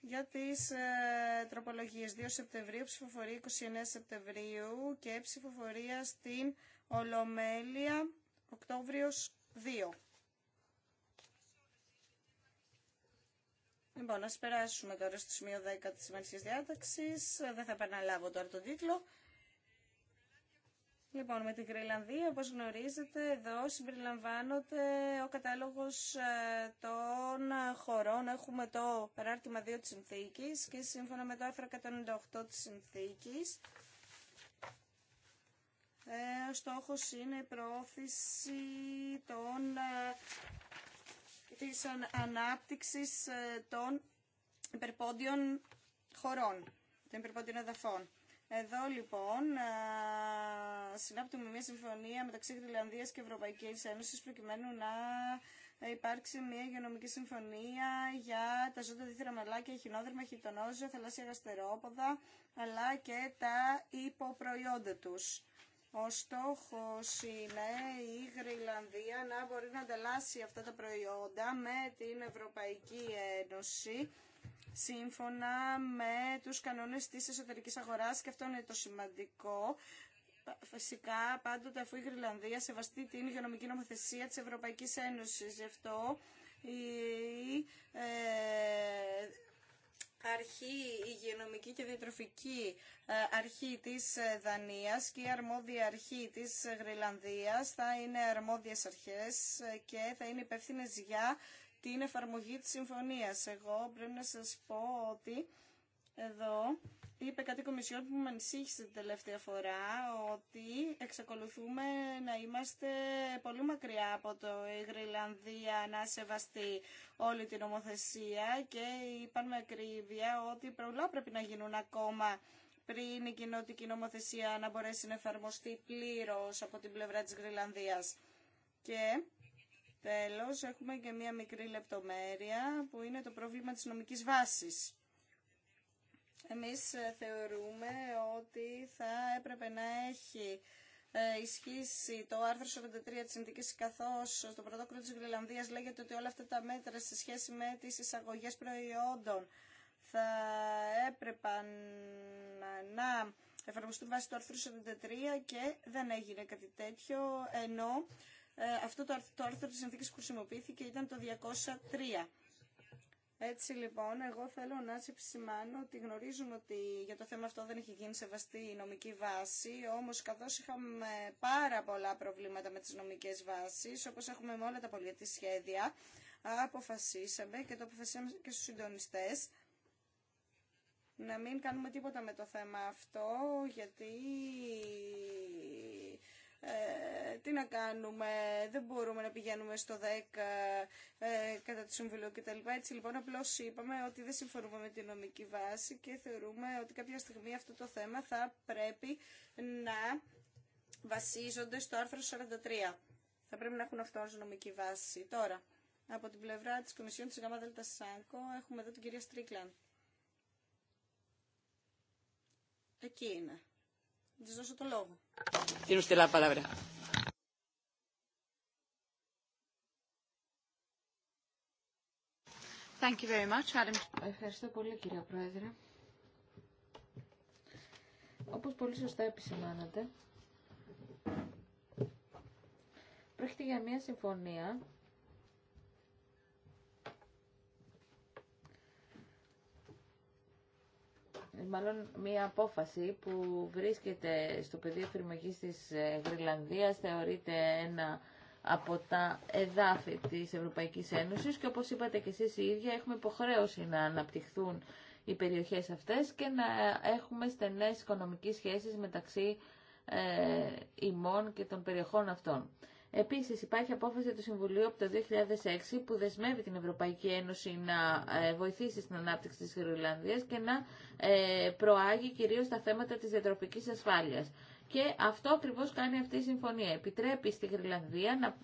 για τι ε, τροπολογίες 2 Σεπτεμβρίου, ψηφοφορία 29 Σεπτεμβρίου και ψηφοφορία στην Ολομέλεια Οκτώβριο 2. Λοιπόν, ας περάσουμε τώρα στο σημείο 10 της σημερινής διάταξης. Ε, δεν θα επαναλάβω τώρα τον τίτλο. Λοιπόν, με την Γρυλανδία, όπως γνωρίζετε, εδώ συμπεριλαμβάνονται ο κατάλογος ε, των χωρών. Έχουμε το παράρτημα 2 της συνθήκης και σύμφωνα με το άρθρο 198 της συνθήκης, ε, ο στόχος είναι η προώθηση των, ε, της ανάπτυξης των υπερπόντιων χωρών, των υπερπόντιων εδαφών. Εδώ λοιπόν συνάπτουμε μια συμφωνία μεταξύ Γρυλανδίας και Ευρωπαϊκής Ένωσης προκειμένου να υπάρξει μια υγειονομική συμφωνία για τα ζώτα δίθυρα μαλάκια, χινόδερμα, χιτονόζια, θαλάσσια γαστερόποδα αλλά και τα υποπροϊόντα τους. Ο στόχος είναι η Γρυλανδία να μπορεί να ανταλλάσσει αυτά τα προϊόντα με την Ευρωπαϊκή Ένωση σύμφωνα με τους κανόνες της εσωτερικής αγοράς και αυτό είναι το σημαντικό. Φυσικά, πάντοτε αφού η Γρυλανδία σεβαστεί την υγειονομική νομοθεσία της Ευρωπαϊκής Ένωσης. Γι' αυτό η ε, αρχή υγειονομική και διατροφική ε, αρχή της ε, Δανίας και η αρμόδια αρχή της Γρυλανδίας θα είναι αρμόδιες αρχές και θα είναι υπεύθυνε για την εφαρμογή της συμφωνίας. Εγώ πρέπει να σας πω ότι εδώ είπε κάτι η Κομισιόν που με ανησύχησε την τελευταία φορά ότι εξακολουθούμε να είμαστε πολύ μακριά από το η να σεβαστεί όλη την νομοθεσία και είπαν με ακρίβεια ότι πολλά πρέπει να γίνουν ακόμα πριν η κοινότικη νομοθεσία να μπορέσει να εφαρμοστεί πλήρως από την πλευρά της Γρυλανδίας. Και Τέλος, έχουμε και μία μικρή λεπτομέρεια που είναι το πρόβλημα της νομικής βάσης. Εμείς ε, θεωρούμε ότι θα έπρεπε να έχει ε, ισχύσει το άρθρο 43 της συνθήκης καθώς στο πρωτόκολλο της Γρυλανδίας λέγεται ότι όλα αυτά τα μέτρα σε σχέση με τις εισαγωγές προϊόντων θα έπρεπε να εφαρμοστούν βάσει του άρθρου 43 και δεν έγινε κάτι τέτοιο ενώ ε, αυτό το άρθρο της συνθήκης που χρησιμοποιήθηκε ήταν το 203. Έτσι λοιπόν, εγώ θέλω να σε επισημάνω ότι γνωρίζουμε ότι για το θέμα αυτό δεν έχει γίνει σεβαστή η νομική βάση, όμως καθώς είχαμε πάρα πολλά προβλήματα με τις νομικές βάσεις, όπως έχουμε με όλα τα πολιετή σχέδια, αποφασίσαμε και το αποφασίσαμε και στους συντονιστές, να μην κάνουμε τίποτα με το θέμα αυτό, γιατί ε, τι να κάνουμε, δεν μπορούμε να πηγαίνουμε στο 10 ε, κατά τη συμβουλή κτλ. Έτσι λοιπόν απλώς είπαμε ότι δεν συμφωνούμε με τη νομική βάση και θεωρούμε ότι κάποια στιγμή αυτό το θέμα θα πρέπει να βασίζονται στο άρθρο 43. Θα πρέπει να έχουν αυτό ως νομική βάση. Τώρα, από την πλευρά της Κομισιόν της ΓΔ ΣΑΝΚΟ έχουμε εδώ την κυρία Στρίκλαν. Εκεί είναι. Les doy δώσω το λόγο. Tiene usted la palabra. Thank you very much, Adam. Ευχαριστώ πολύ, κυρία Πρόεδρε. Όπως πολύ σωστά επισημάνατε, πρόκειται για μια συμφωνία μάλλον μία απόφαση που βρίσκεται στο πεδίο εφαρμογής της ε, Γρυλανδίας, θεωρείται ένα από τα εδάφη της Ευρωπαϊκής Ένωσης και όπως είπατε και εσείς οι ίδιοι έχουμε υποχρέωση να αναπτυχθούν οι περιοχές αυτές και να έχουμε στενές οικονομικές σχέσεις μεταξύ ε, ημών και των περιοχών αυτών. Επίσης υπάρχει απόφαση του Συμβουλίου από το 2006 που δεσμεύει την Ευρωπαϊκή Ένωση να ε, βοηθήσει στην ανάπτυξη της Γροιλανδία και να ε, προάγει κυρίως τα θέματα της διατροφικής ασφάλειας. Και αυτό ακριβώς κάνει αυτή η συμφωνία. Επιτρέπει στη Γρυλανδία να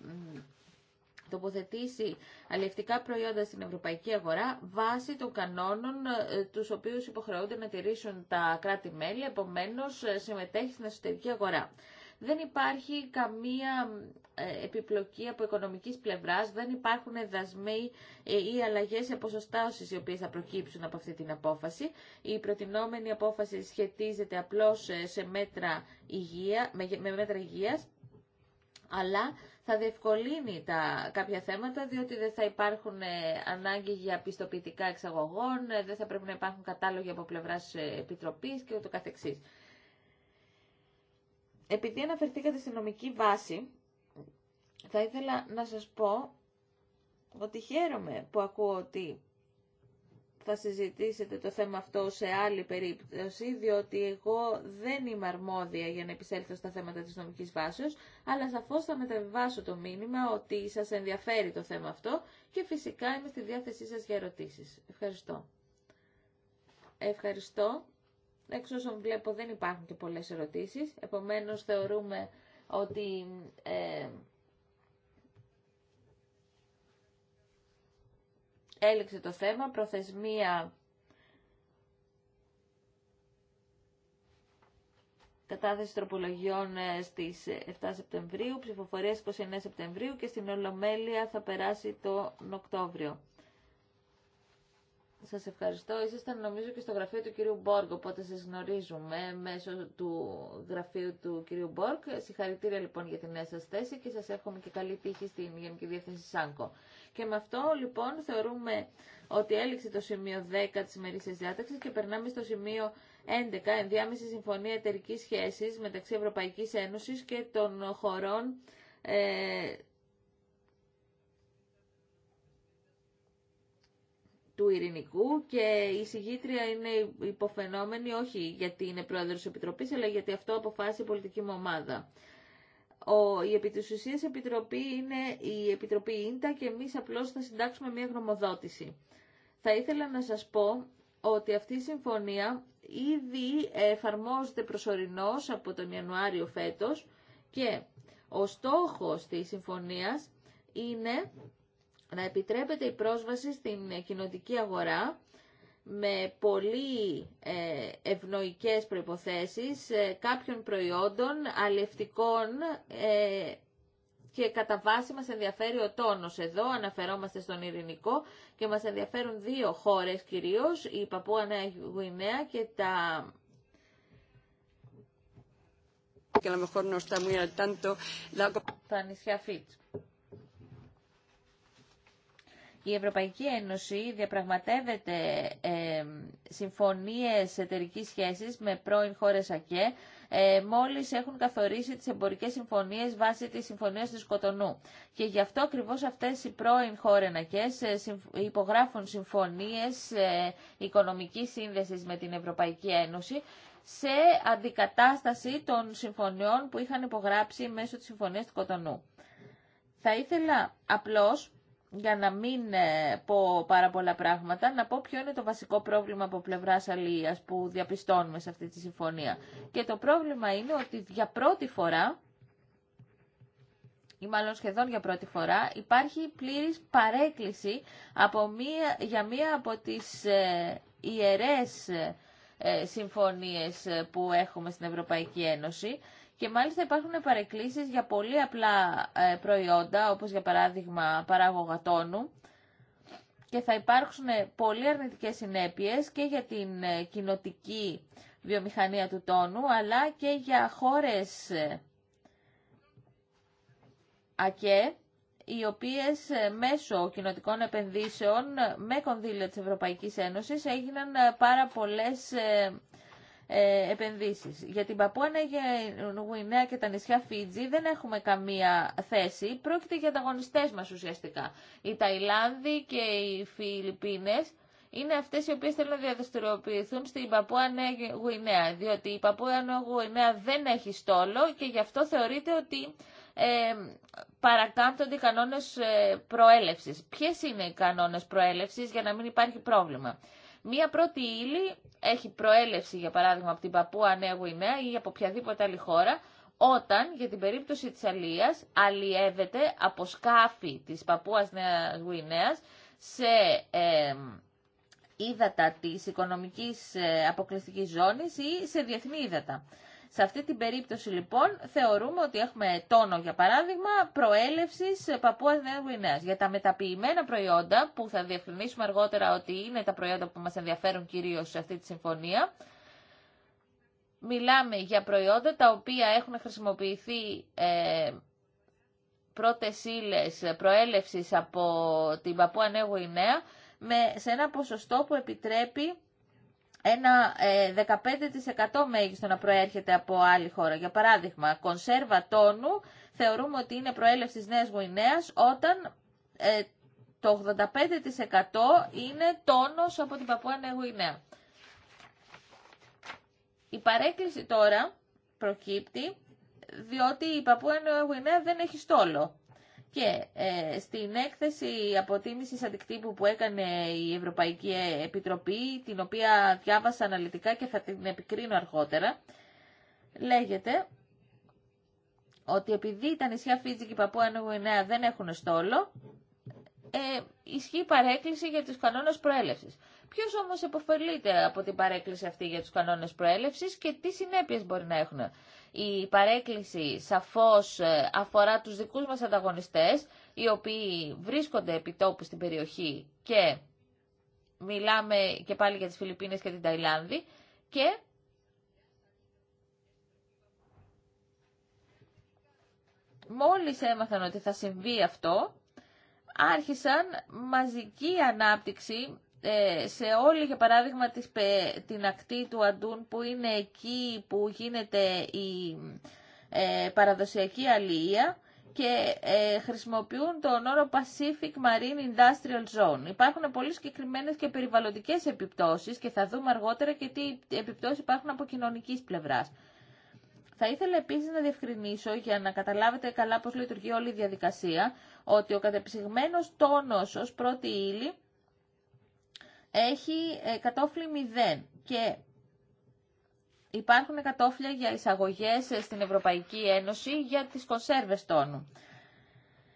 τοποθετήσει αλληλευτικά προϊόντα στην ευρωπαϊκή αγορά βάσει των κανόνων ε, τους οποίους υποχρεούνται να τηρήσουν τα κράτη-μέλη, επομένως συμμετέχει στην εσωτερική αγορά δεν υπάρχει καμία ε, επιπλοκή από οικονομικής πλευράς, δεν υπάρχουν δασμοί ε, ή αλλαγές σε ποσοστά οι οποίες θα προκύψουν από αυτή την απόφαση. Η προτινόμενη απόφαση σχετίζεται απλώς ε, σε μέτρα υγεία, με μέτρα υγείας, αλλά θα διευκολύνει τα κάποια θέματα, διότι δεν θα υπάρχουν ανάγκη για πιστοποιητικά εξαγωγών, δεν θα πρέπει να υπάρχουν κατάλογοι από πλευράς επιτροπής και ούτω καθεξής επειδή αναφερθήκατε στην νομική βάση, θα ήθελα να σας πω ότι χαίρομαι που ακούω ότι θα συζητήσετε το θέμα αυτό σε άλλη περίπτωση, διότι εγώ δεν είμαι αρμόδια για να επισέλθω στα θέματα της νομικής βάσεως, αλλά σαφώς θα μεταβιβάσω το μήνυμα ότι σας ενδιαφέρει το θέμα αυτό και φυσικά είμαι στη διάθεσή σας για ερωτήσεις. Ευχαριστώ. Ευχαριστώ. Εξ όσων βλέπω δεν υπάρχουν και πολλές ερωτήσεις, επομένως θεωρούμε ότι ε, έλεξε το θέμα, προθεσμία κατάθεση τροπολογιών ε, στις 7 ε, Σεπτεμβρίου, ψηφοφορία 29 Σεπτεμβρίου και στην Ολομέλεια θα περάσει τον Οκτώβριο. Σας ευχαριστώ. Ήσασταν νομίζω και στο γραφείο του κυρίου Μπόργκ, οπότε σας γνωρίζουμε μέσω του γραφείου του κυρίου Μπόργκ. Συγχαρητήρια λοιπόν για την νέα σας θέση και σας εύχομαι και καλή τύχη στην Γενική Διεύθυνση ΣΑΝΚΟ. Και με αυτό λοιπόν θεωρούμε ότι έληξε το σημείο 10 της ημερήσιας διάταξης και περνάμε στο σημείο 11, ενδιάμεση συμφωνία εταιρική σχέσης μεταξύ Ευρωπαϊκής Ένωσης και των χωρών ε, του Ειρηνικού και η συγγήτρια είναι υποφαινόμενη όχι γιατί είναι πρόεδρος της Επιτροπής αλλά γιατί αυτό αποφάσισε η πολιτική μου ομάδα. Ο, η επί Επιτροπή είναι η Επιτροπή Ίντα και εμείς απλώς θα συντάξουμε μια γνωμοδότηση. Θα ήθελα να σας πω ότι αυτή η συμφωνία ήδη εφαρμόζεται προσωρινώς από τον Ιανουάριο φέτος και ο στόχος της συμφωνίας είναι να επιτρέπεται η πρόσβαση στην κοινοτική αγορά με πολύ ε, ευνοϊκές προϋποθέσεις ε, κάποιων προϊόντων, αλληλευτικών ε, και κατά βάση μας ενδιαφέρει ο τόνος εδώ, αναφερόμαστε στον ειρηνικό και μας ενδιαφέρουν δύο χώρες κυρίως, η Παππούα Νέα και τα και Τα η Ευρωπαϊκή Ένωση διαπραγματεύεται ε, συμφωνίες εταιρικής σχέσης με πρώην χώρες ΑΚΕ, ε, μόλις έχουν καθορίσει τις εμπορικές συμφωνίες βάσει της Συμφωνίας της Κοτονού. Και γι' αυτό ακριβώς αυτές οι πρώην ΑΚΕ ε, υπογράφουν συμφωνίες ε, οικονομικής σύνδεσης με την Ευρωπαϊκή Ένωση σε αντικατάσταση των συμφωνιών που είχαν υπογράψει μέσω της Συμφωνίας του Κοτονού. Θα ήθελα απλώς για να μην ε, πω πάρα πολλά πράγματα, να πω ποιο είναι το βασικό πρόβλημα από πλευρά αλληλεία που διαπιστώνουμε σε αυτή τη συμφωνία. Και το πρόβλημα είναι ότι για πρώτη φορά, ή μάλλον σχεδόν για πρώτη φορά, υπάρχει πλήρης παρέκκληση από μία, για μία από τις ε, ιερές ε, συμφωνίες που έχουμε στην Ευρωπαϊκή Ένωση και μάλιστα υπάρχουν παρεκκλήσει για πολύ απλά ε, προϊόντα, όπως για παράδειγμα παράγωγα τόνου, και θα υπάρξουν πολύ αρνητικέ συνέπειες και για την ε, κοινοτική βιομηχανία του τόνου, αλλά και για χώρες ε, ΑΚΕ, οι οποίες μέσω κοινοτικών επενδύσεων με κονδύλια της Ευρωπαϊκής Ένωσης έγιναν πάρα πολλές ε, Επενδύσει. Για την Παππούα Γουινέα και τα νησιά Φίτζη δεν έχουμε καμία θέση. Πρόκειται για ανταγωνιστέ μα ουσιαστικά. Οι Ταϊλάνδη και οι Φιλιππίνες είναι αυτέ οι οποίε θέλουν να διαδραστηριοποιηθούν στην Παππούα Νέα Γουινέα. Διότι η Παππούα Νέα Γουινέα δεν έχει στόλο και γι' αυτό θεωρείται ότι ε, παρακάμπτονται οι κανόνες ε, προέλευσης. Ποιες είναι οι κανόνες προέλευσης για να μην υπάρχει πρόβλημα. Μία πρώτη ύλη έχει προέλευση, για παράδειγμα, από την Παππούα Νέα Γουινέα ή από οποιαδήποτε άλλη χώρα, όταν, για την περίπτωση της αλίας, αλλιεύεται από σκάφη της παππού Νέας Γουινέας σε ε, ύδατα της οικονομικής ε, αποκλειστικής ζώνης ή σε διεθνή ύδατα. Σε αυτή την περίπτωση λοιπόν θεωρούμε ότι έχουμε τόνο για παράδειγμα προέλευσης παππού Νέα Γουινέας. Για τα μεταποιημένα προϊόντα που θα διευκρινίσουμε αργότερα ότι είναι τα προϊόντα που μας ενδιαφέρουν κυρίως σε αυτή τη συμφωνία μιλάμε για προϊόντα τα οποία έχουν χρησιμοποιηθεί ε, πρώτες ύλες προέλευσης από την παππού Νέα με, σε ένα ποσοστό που επιτρέπει ένα 15% ε, μέγιστο να προέρχεται από άλλη χώρα. Για παράδειγμα, κονσέρβα τόνου θεωρούμε ότι είναι προέλευση της Νέας Γουινέας όταν ε, το 85% είναι τόνος από την Παππούα Νέα Γουινέα. Η παρέκκληση τώρα προκύπτει διότι η Παππούα Νέα Γουινέα δεν έχει στόλο. Και ε, στην έκθεση αποτίμηση αντικτύπου που έκανε η Ευρωπαϊκή Επιτροπή, την οποία διάβασα αναλυτικά και θα την επικρίνω αργότερα, λέγεται ότι επειδή τα νησιά Φίτζη και η Παππούα Νέα δεν έχουν στόλο, ε, ισχύει παρέκκληση για τους κανόνες προέλευσης. Ποιος όμως επωφελείται από την παρέκκληση αυτή για τους κανόνες προέλευσης και τι συνέπειες μπορεί να έχουν η παρέκκληση σαφώς ε, αφορά τους δικούς μας ανταγωνιστές, οι οποίοι βρίσκονται επιτόπου στην περιοχή και μιλάμε και πάλι για τις Φιλιππίνες και την Ταϊλάνδη και μόλις έμαθαν ότι θα συμβεί αυτό, άρχισαν μαζική ανάπτυξη ε, σε όλη για παράδειγμα την ακτή του Αντούν που είναι εκεί που γίνεται η ε, παραδοσιακή αλληλεία και ε, χρησιμοποιούν τον όρο Pacific Marine Industrial Zone. Υπάρχουν πολύ συγκεκριμένε και περιβαλλοντικές επιπτώσεις και θα δούμε αργότερα και τι επιπτώσεις υπάρχουν από κοινωνικής πλευράς. Θα ήθελα επίσης να διευκρινίσω, για να καταλάβετε καλά πώς λειτουργεί όλη η διαδικασία, ότι ο κατεψυγμένος τόνος ως πρώτη ύλη έχει ε, κατόφλι 0 και υπάρχουν κατόφλια για εισαγωγές ε, στην Ευρωπαϊκή Ένωση για τις κονσέρβες τόνου.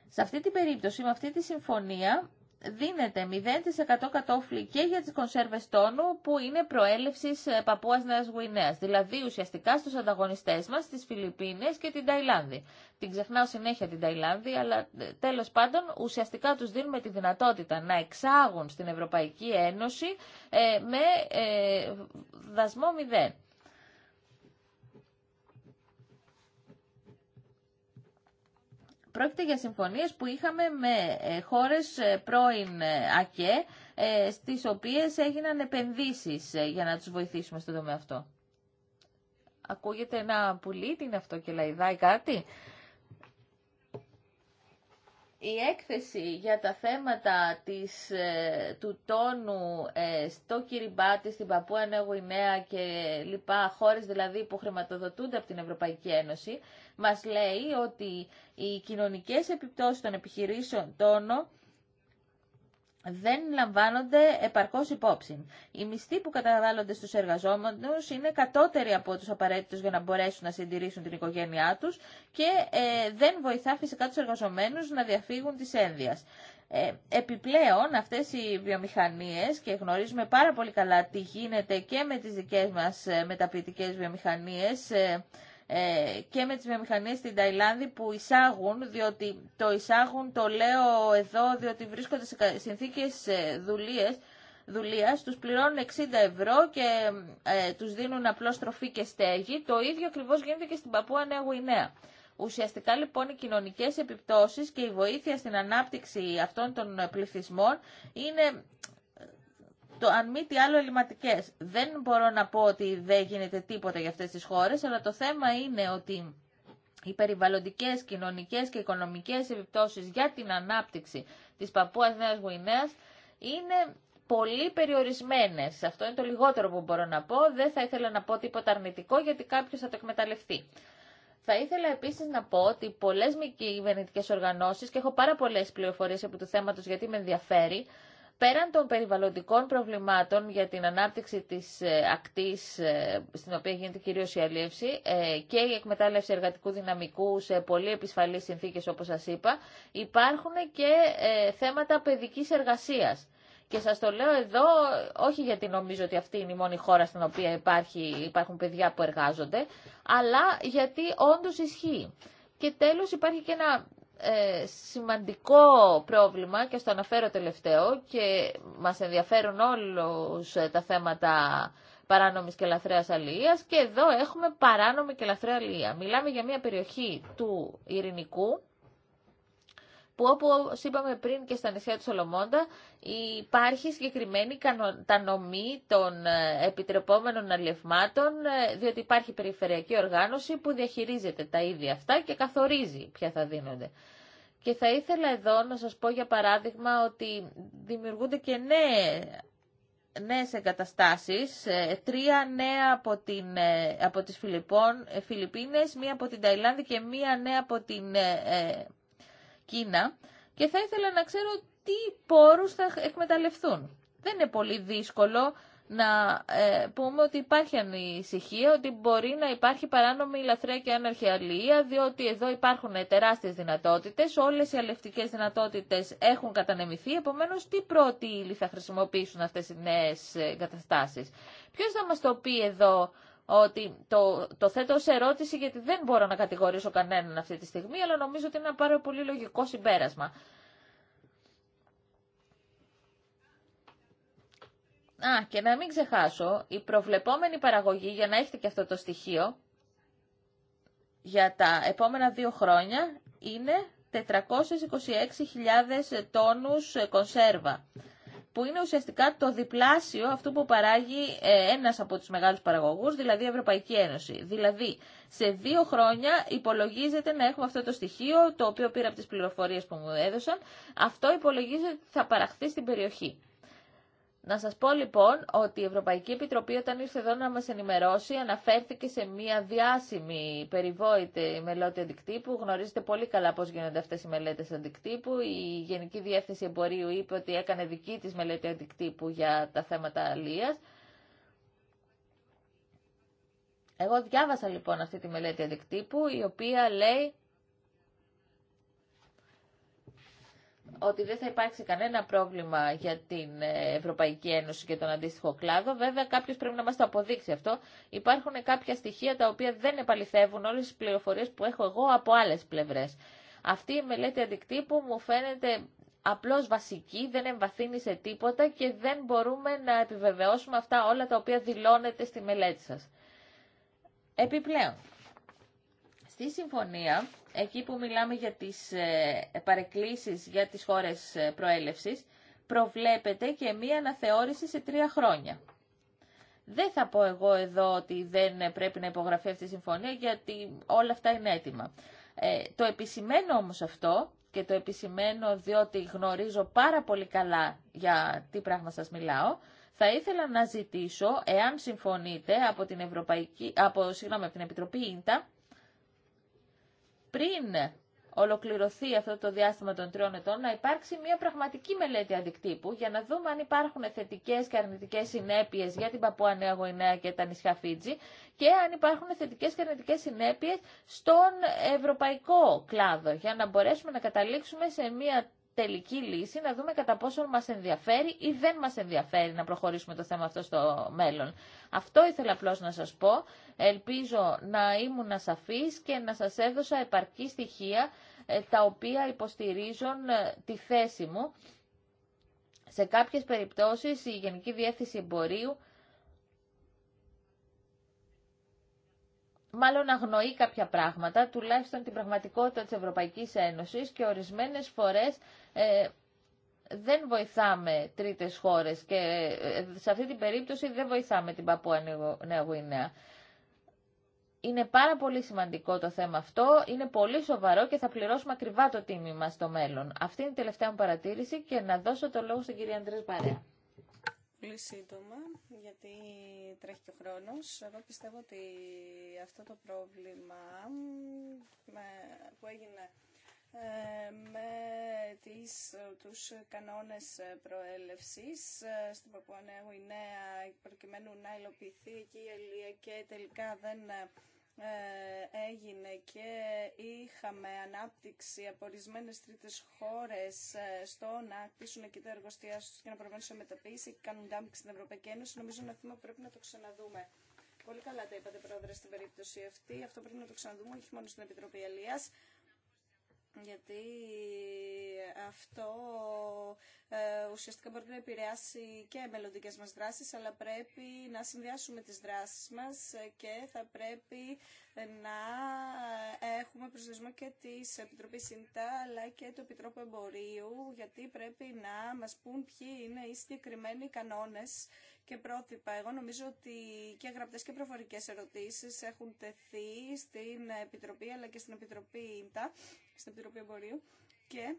Σε αυτή την περίπτωση, με αυτή τη συμφωνία, δίνεται 0% κατόφλι και για τις κονσέρβες τόνου που είναι προέλευσης ε, Παππούας Νέας Γουινέας, δηλαδή ουσιαστικά στους ανταγωνιστές μας, τις Φιλιππίνες και την Ταϊλάνδη. Την ξεχνάω συνέχεια την Ταϊλάνδη, αλλά ε, τέλος πάντων ουσιαστικά τους δίνουμε τη δυνατότητα να εξάγουν στην Ευρωπαϊκή Ένωση ε, με δασμό 0. Πρόκειται για συμφωνίες που είχαμε με ε, χώρες ε, πρώην ε, ΑΚΕ, στις οποίες έγιναν επενδύσεις για να τους βοηθήσουμε στον τομέα αυτό. Ακούγεται ένα πουλί, τι είναι αυτό και λαϊδάει κάτι η έκθεση για τα θέματα της, ε, του τόνου ε, στο Κυριμπάτι, στην Παππούα Νέα και λοιπά χώρες δηλαδή που χρηματοδοτούνται από την Ευρωπαϊκή Ένωση, μας λέει ότι οι κοινωνικές επιπτώσεις των επιχειρήσεων τόνο δεν λαμβάνονται επαρκώς υπόψη. Οι μισθοί που καταβάλλονται στους εργαζόμενους είναι κατώτεροι από τους απαραίτητους για να μπορέσουν να συντηρήσουν την οικογένειά τους και ε, δεν βοηθά φυσικά τους εργαζομένους να διαφύγουν της ένδυας. Ε, επιπλέον αυτές οι βιομηχανίες και γνωρίζουμε πάρα πολύ καλά τι γίνεται και με τις δικές μας ε, μεταποιητικές βιομηχανίες ε, ε, και με τις βιομηχανίες στην Ταϊλάνδη που εισάγουν, διότι το εισάγουν, το λέω εδώ, διότι βρίσκονται σε συνθήκες ε, δουλείας, δουλείας τους πληρώνουν 60 ευρώ και ε, τους δίνουν απλώς τροφή και στέγη. Το ίδιο ακριβώ γίνεται και στην Παππούα Νέα Γουινέα. Ουσιαστικά λοιπόν οι κοινωνικές επιπτώσεις και η βοήθεια στην ανάπτυξη αυτών των πληθυσμών είναι το, αν μη τι άλλο ελληματικέ. Δεν μπορώ να πω ότι δεν γίνεται τίποτα για αυτέ τι χώρε, αλλά το θέμα είναι ότι οι περιβαλλοντικέ κοινωνικέ και οικονομικέ επιπτώσει για την ανάπτυξη τη παππού νέα Γουινέα είναι πολύ περιορισμένε. Αυτό είναι το λιγότερο που μπορώ να πω. Δεν θα ήθελα να πω τίποτα αρνητικό γιατί κάποιο θα το εκμεταλλευτεί. Θα ήθελα επίση να πω ότι πολλέ μη κυβερνητικέ οργανώσεις και έχω πάρα πολλέ πληροφορίε από του γιατί με ενδιαφέρει πέραν των περιβαλλοντικών προβλημάτων για την ανάπτυξη της ε, ακτής ε, στην οποία γίνεται κυρίως η αλίευση ε, και η εκμετάλλευση εργατικού δυναμικού σε πολύ επισφαλείς συνθήκες όπως σας είπα, υπάρχουν και θέματα παιδικής εργασίας. Και σας το λέω εδώ, όχι γιατί νομίζω ότι αυτή είναι η μόνη χώρα στην οποία υπάρχει, υπάρχουν παιδιά που εργάζονται, αλλά γιατί όντως ισχύει. Και τέλος υπάρχει και ένα ε, σημαντικό πρόβλημα και στο αναφέρω τελευταίο και μας ενδιαφέρουν όλους ε, τα θέματα παράνομης και λαθρέας αλληλείας και εδώ έχουμε παράνομη και λαθρέα αλληλεία. Μιλάμε για μια περιοχή του Ειρηνικού που όπως είπαμε πριν και στα νησιά του Σολομώντα υπάρχει συγκεκριμένη κατανομή των ε, επιτρεπόμενων αλλευμάτων ε, διότι υπάρχει περιφερειακή οργάνωση που διαχειρίζεται τα ίδια αυτά και καθορίζει ποια θα δίνονται. Και θα ήθελα εδώ να σας πω για παράδειγμα ότι δημιουργούνται και νέε νέες εγκαταστάσεις, ε, τρία νέα από, την, από τις Φιλιππίνες, μία από την Ταϊλάνδη και μία νέα από την Κίνα και θα ήθελα να ξέρω τι πόρους θα εκμεταλλευτούν. Δεν είναι πολύ δύσκολο να ε, πούμε ότι υπάρχει ανησυχία, ότι μπορεί να υπάρχει παράνομη λαθρέα και άναρχη αλληλεία, διότι εδώ υπάρχουν τεράστιες δυνατότητες, όλες οι αλευτικές δυνατότητες έχουν κατανεμηθεί, επομένως τι πρώτη θα χρησιμοποιήσουν αυτές οι νέες εγκαταστάσεις. Ποιος θα μας το πει εδώ ότι το, το θέτω ως ερώτηση γιατί δεν μπορώ να κατηγορήσω κανέναν αυτή τη στιγμή, αλλά νομίζω ότι είναι ένα πάρα πολύ λογικό συμπέρασμα. Α, και να μην ξεχάσω, η προβλεπόμενη παραγωγή, για να έχετε και αυτό το στοιχείο, για τα επόμενα δύο χρόνια είναι 426.000 τόνους κονσέρβα που είναι ουσιαστικά το διπλάσιο αυτού που παράγει ε, ένας από τους μεγάλους παραγωγούς, δηλαδή η Ευρωπαϊκή Ένωση. Δηλαδή, σε δύο χρόνια υπολογίζεται να έχουμε αυτό το στοιχείο, το οποίο πήρα από τις πληροφορίες που μου έδωσαν, αυτό υπολογίζεται ότι θα παραχθεί στην περιοχή. Να σας πω λοιπόν ότι η Ευρωπαϊκή Επιτροπή όταν ήρθε εδώ να μας ενημερώσει αναφέρθηκε σε μια διάσημη περιβόητη μελέτη αντικτύπου. Γνωρίζετε πολύ καλά πώς γίνονται αυτές οι μελέτες αντικτύπου. Η Γενική Διεύθυνση Εμπορίου είπε ότι έκανε δική της μελέτη αντικτύπου για τα θέματα αλίας. Εγώ διάβασα λοιπόν αυτή τη μελέτη αντικτύπου η οποία λέει ότι δεν θα υπάρξει κανένα πρόβλημα για την ε, Ευρωπαϊκή Ένωση και τον αντίστοιχο κλάδο. Βέβαια, κάποιο πρέπει να μα το αποδείξει αυτό. Υπάρχουν κάποια στοιχεία τα οποία δεν επαληθεύουν όλε τι πληροφορίε που έχω εγώ από άλλε πλευρέ. Αυτή η μελέτη αντικτύπου μου φαίνεται απλώς βασική, δεν εμβαθύνει σε τίποτα και δεν μπορούμε να επιβεβαιώσουμε αυτά όλα τα οποία δηλώνεται στη μελέτη σα. Επιπλέον, στη συμφωνία εκεί που μιλάμε για τις ε, παρεκκλήσεις για τις χώρες ε, προέλευσης, προβλέπεται και μία αναθεώρηση σε τρία χρόνια. Δεν θα πω εγώ εδώ ότι δεν πρέπει να υπογραφεί αυτή η συμφωνία, γιατί όλα αυτά είναι έτοιμα. Ε, το επισημένο όμως αυτό, και το επισημένο διότι γνωρίζω πάρα πολύ καλά για τι πράγμα σας μιλάω, θα ήθελα να ζητήσω, εάν συμφωνείτε, από την, Ευρωπαϊκή, από, συγγνώμη, από την Επιτροπή ΙΝΤΑ, πριν ολοκληρωθεί αυτό το διάστημα των τριών ετών, να υπάρξει μια πραγματική μελέτη αντικτύπου για να δούμε αν υπάρχουν θετικέ και αρνητικέ συνέπειε για την Παππούα Νέα Γουινέα και τα νησιά Φίτζη και αν υπάρχουν θετικέ και αρνητικέ συνέπειε στον ευρωπαϊκό κλάδο, για να μπορέσουμε να καταλήξουμε σε μια τελική λύση, να δούμε κατά πόσο μας ενδιαφέρει ή δεν μας ενδιαφέρει να προχωρήσουμε το θέμα αυτό στο μέλλον. Αυτό ήθελα απλώς να σας πω. Ελπίζω να ήμουν σαφής και να σας έδωσα επαρκή στοιχεία ε, τα οποία υποστηρίζουν ε, τη θέση μου. Σε κάποιες περιπτώσεις η Γενική Διεύθυνση Εμπορίου μάλλον αγνοεί κάποια πράγματα, τουλάχιστον την πραγματικότητα της Ευρωπαϊκής Ένωσης και ορισμένες φορές ε, δεν βοηθάμε τρίτες χώρες και ε, σε αυτή την περίπτωση δεν βοηθάμε την Παππούα Νέα Γουινέα. Είναι πάρα πολύ σημαντικό το θέμα αυτό, είναι πολύ σοβαρό και θα πληρώσουμε ακριβά το τίμημα στο μέλλον. Αυτή είναι η τελευταία μου παρατήρηση και να δώσω το λόγο στην κυρία Αντρέα Μπαρέα πολύ σύντομα, γιατί τρέχει και ο χρόνος. Εγώ πιστεύω ότι αυτό το πρόβλημα που έγινε ε, με τις, τους κανόνες προέλευσης ε, στην Παπουανέου η νέα προκειμένου να υλοποιηθεί και η Ελία και τελικά δεν ε, έγινε και είχαμε ανάπτυξη από ορισμένε τρίτες χώρες ε, στο να κτίσουν εκεί τα εργοστία και να προβαίνουν σε μεταποίηση και κάνουν ντάμπιξ στην Ευρωπαϊκή Ένωση. Νομίζω ένα θέμα που πρέπει να το ξαναδούμε. Πολύ καλά τα είπατε, Πρόεδρε, στην περίπτωση αυτή. Αυτό πρέπει να το ξαναδούμε, όχι μόνο στην Επιτροπή Αλία γιατί αυτό ε, ουσιαστικά μπορεί να επηρεάσει και μελλοντικέ μας δράσεις, αλλά πρέπει να συνδυάσουμε τις δράσεις μας και θα πρέπει να έχουμε προσδιορισμό και της Επιτροπή ΣΥΝΤΑ, αλλά και του Επιτρόπου Εμπορίου, γιατί πρέπει να μας πούν ποιοι είναι οι συγκεκριμένοι κανόνες και πρότυπα. Εγώ νομίζω ότι και γραπτές και προφορικές ερωτήσεις έχουν τεθεί στην Επιτροπή αλλά και στην Επιτροπή ΙΝΤΑ στην Επιτροπή Εμπορίου και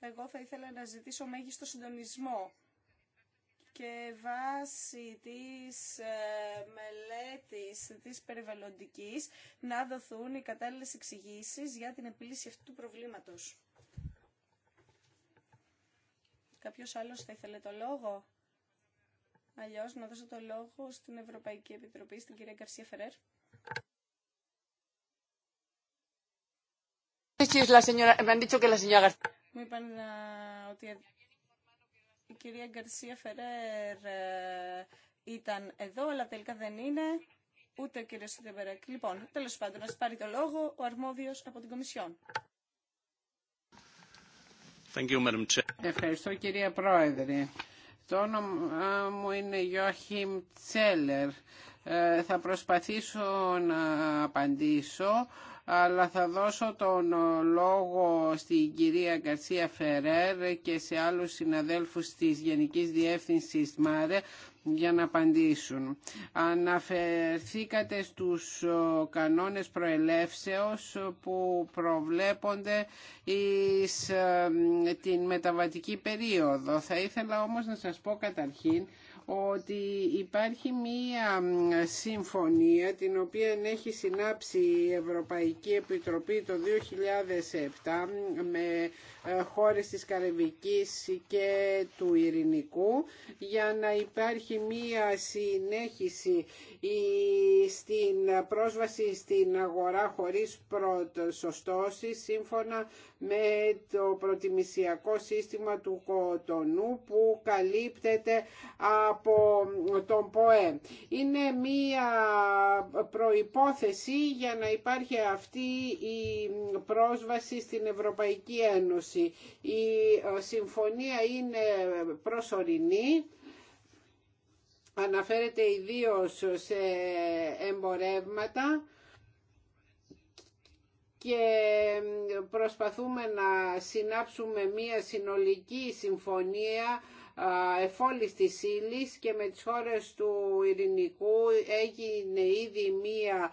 εγώ θα ήθελα να ζητήσω μέγιστο συντονισμό και βάσει της ε, μελέτης της περιβαλλοντικής να δοθούν οι κατάλληλες εξηγήσει για την επίλυση αυτού του προβλήματος. Κάποιος άλλος θα ήθελε το λόγο. Αλλιώς να δώσω το λόγο στην Ευρωπαϊκή Επιτροπή, στην κυρία Καρσία Φερέρ. Μου είπαν ε, ότι η κυρία Γκαρσία Φερέρ ε, ήταν εδώ, αλλά τελικά δεν είναι. Ούτε ο κύριο Σιδεμπερέκ. Λοιπόν, τέλο πάντων, να πάρει το λόγο ο αρμόδιο από την Κομισιόν. Ευχαριστώ, κυρία Πρόεδρε. Το όνομά μου είναι Γιώχιμ Τσέλερ. Ε, θα προσπαθήσω να απαντήσω αλλά θα δώσω τον ε, λόγο στην κυρία Γκαρσία Φερέρ και σε άλλους συναδέλφους της Γενικής Διεύθυνσης ΜΑΡΕ για να απαντήσουν. Αναφερθήκατε στους κανόνες προελεύσεως που προβλέπονται εις ε, την μεταβατική περίοδο. Θα ήθελα όμως να σας πω καταρχήν ότι υπάρχει μία συμφωνία την οποία έχει συνάψει η Ευρωπαϊκή Επιτροπή το 2007 με ε, χώρες της Καρεβικής και του Ειρηνικού για να υπάρχει μία συνέχιση στην πρόσβαση στην αγορά χωρίς προσωστώσει σύμφωνα με το προτιμησιακό σύστημα του Κοτονού που καλύπτεται από τον ΠΟΕ. Είναι μία προϋπόθεση για να υπάρχει αυτή η πρόσβαση στην Ευρωπαϊκή Ένωση. Η ε, συμφωνία είναι προσωρινή αναφέρεται ιδίως σε εμπορεύματα και προσπαθούμε να συνάψουμε μία συνολική συμφωνία εφόλης της ύλη και με τις χώρες του Ειρηνικού έγινε ήδη μία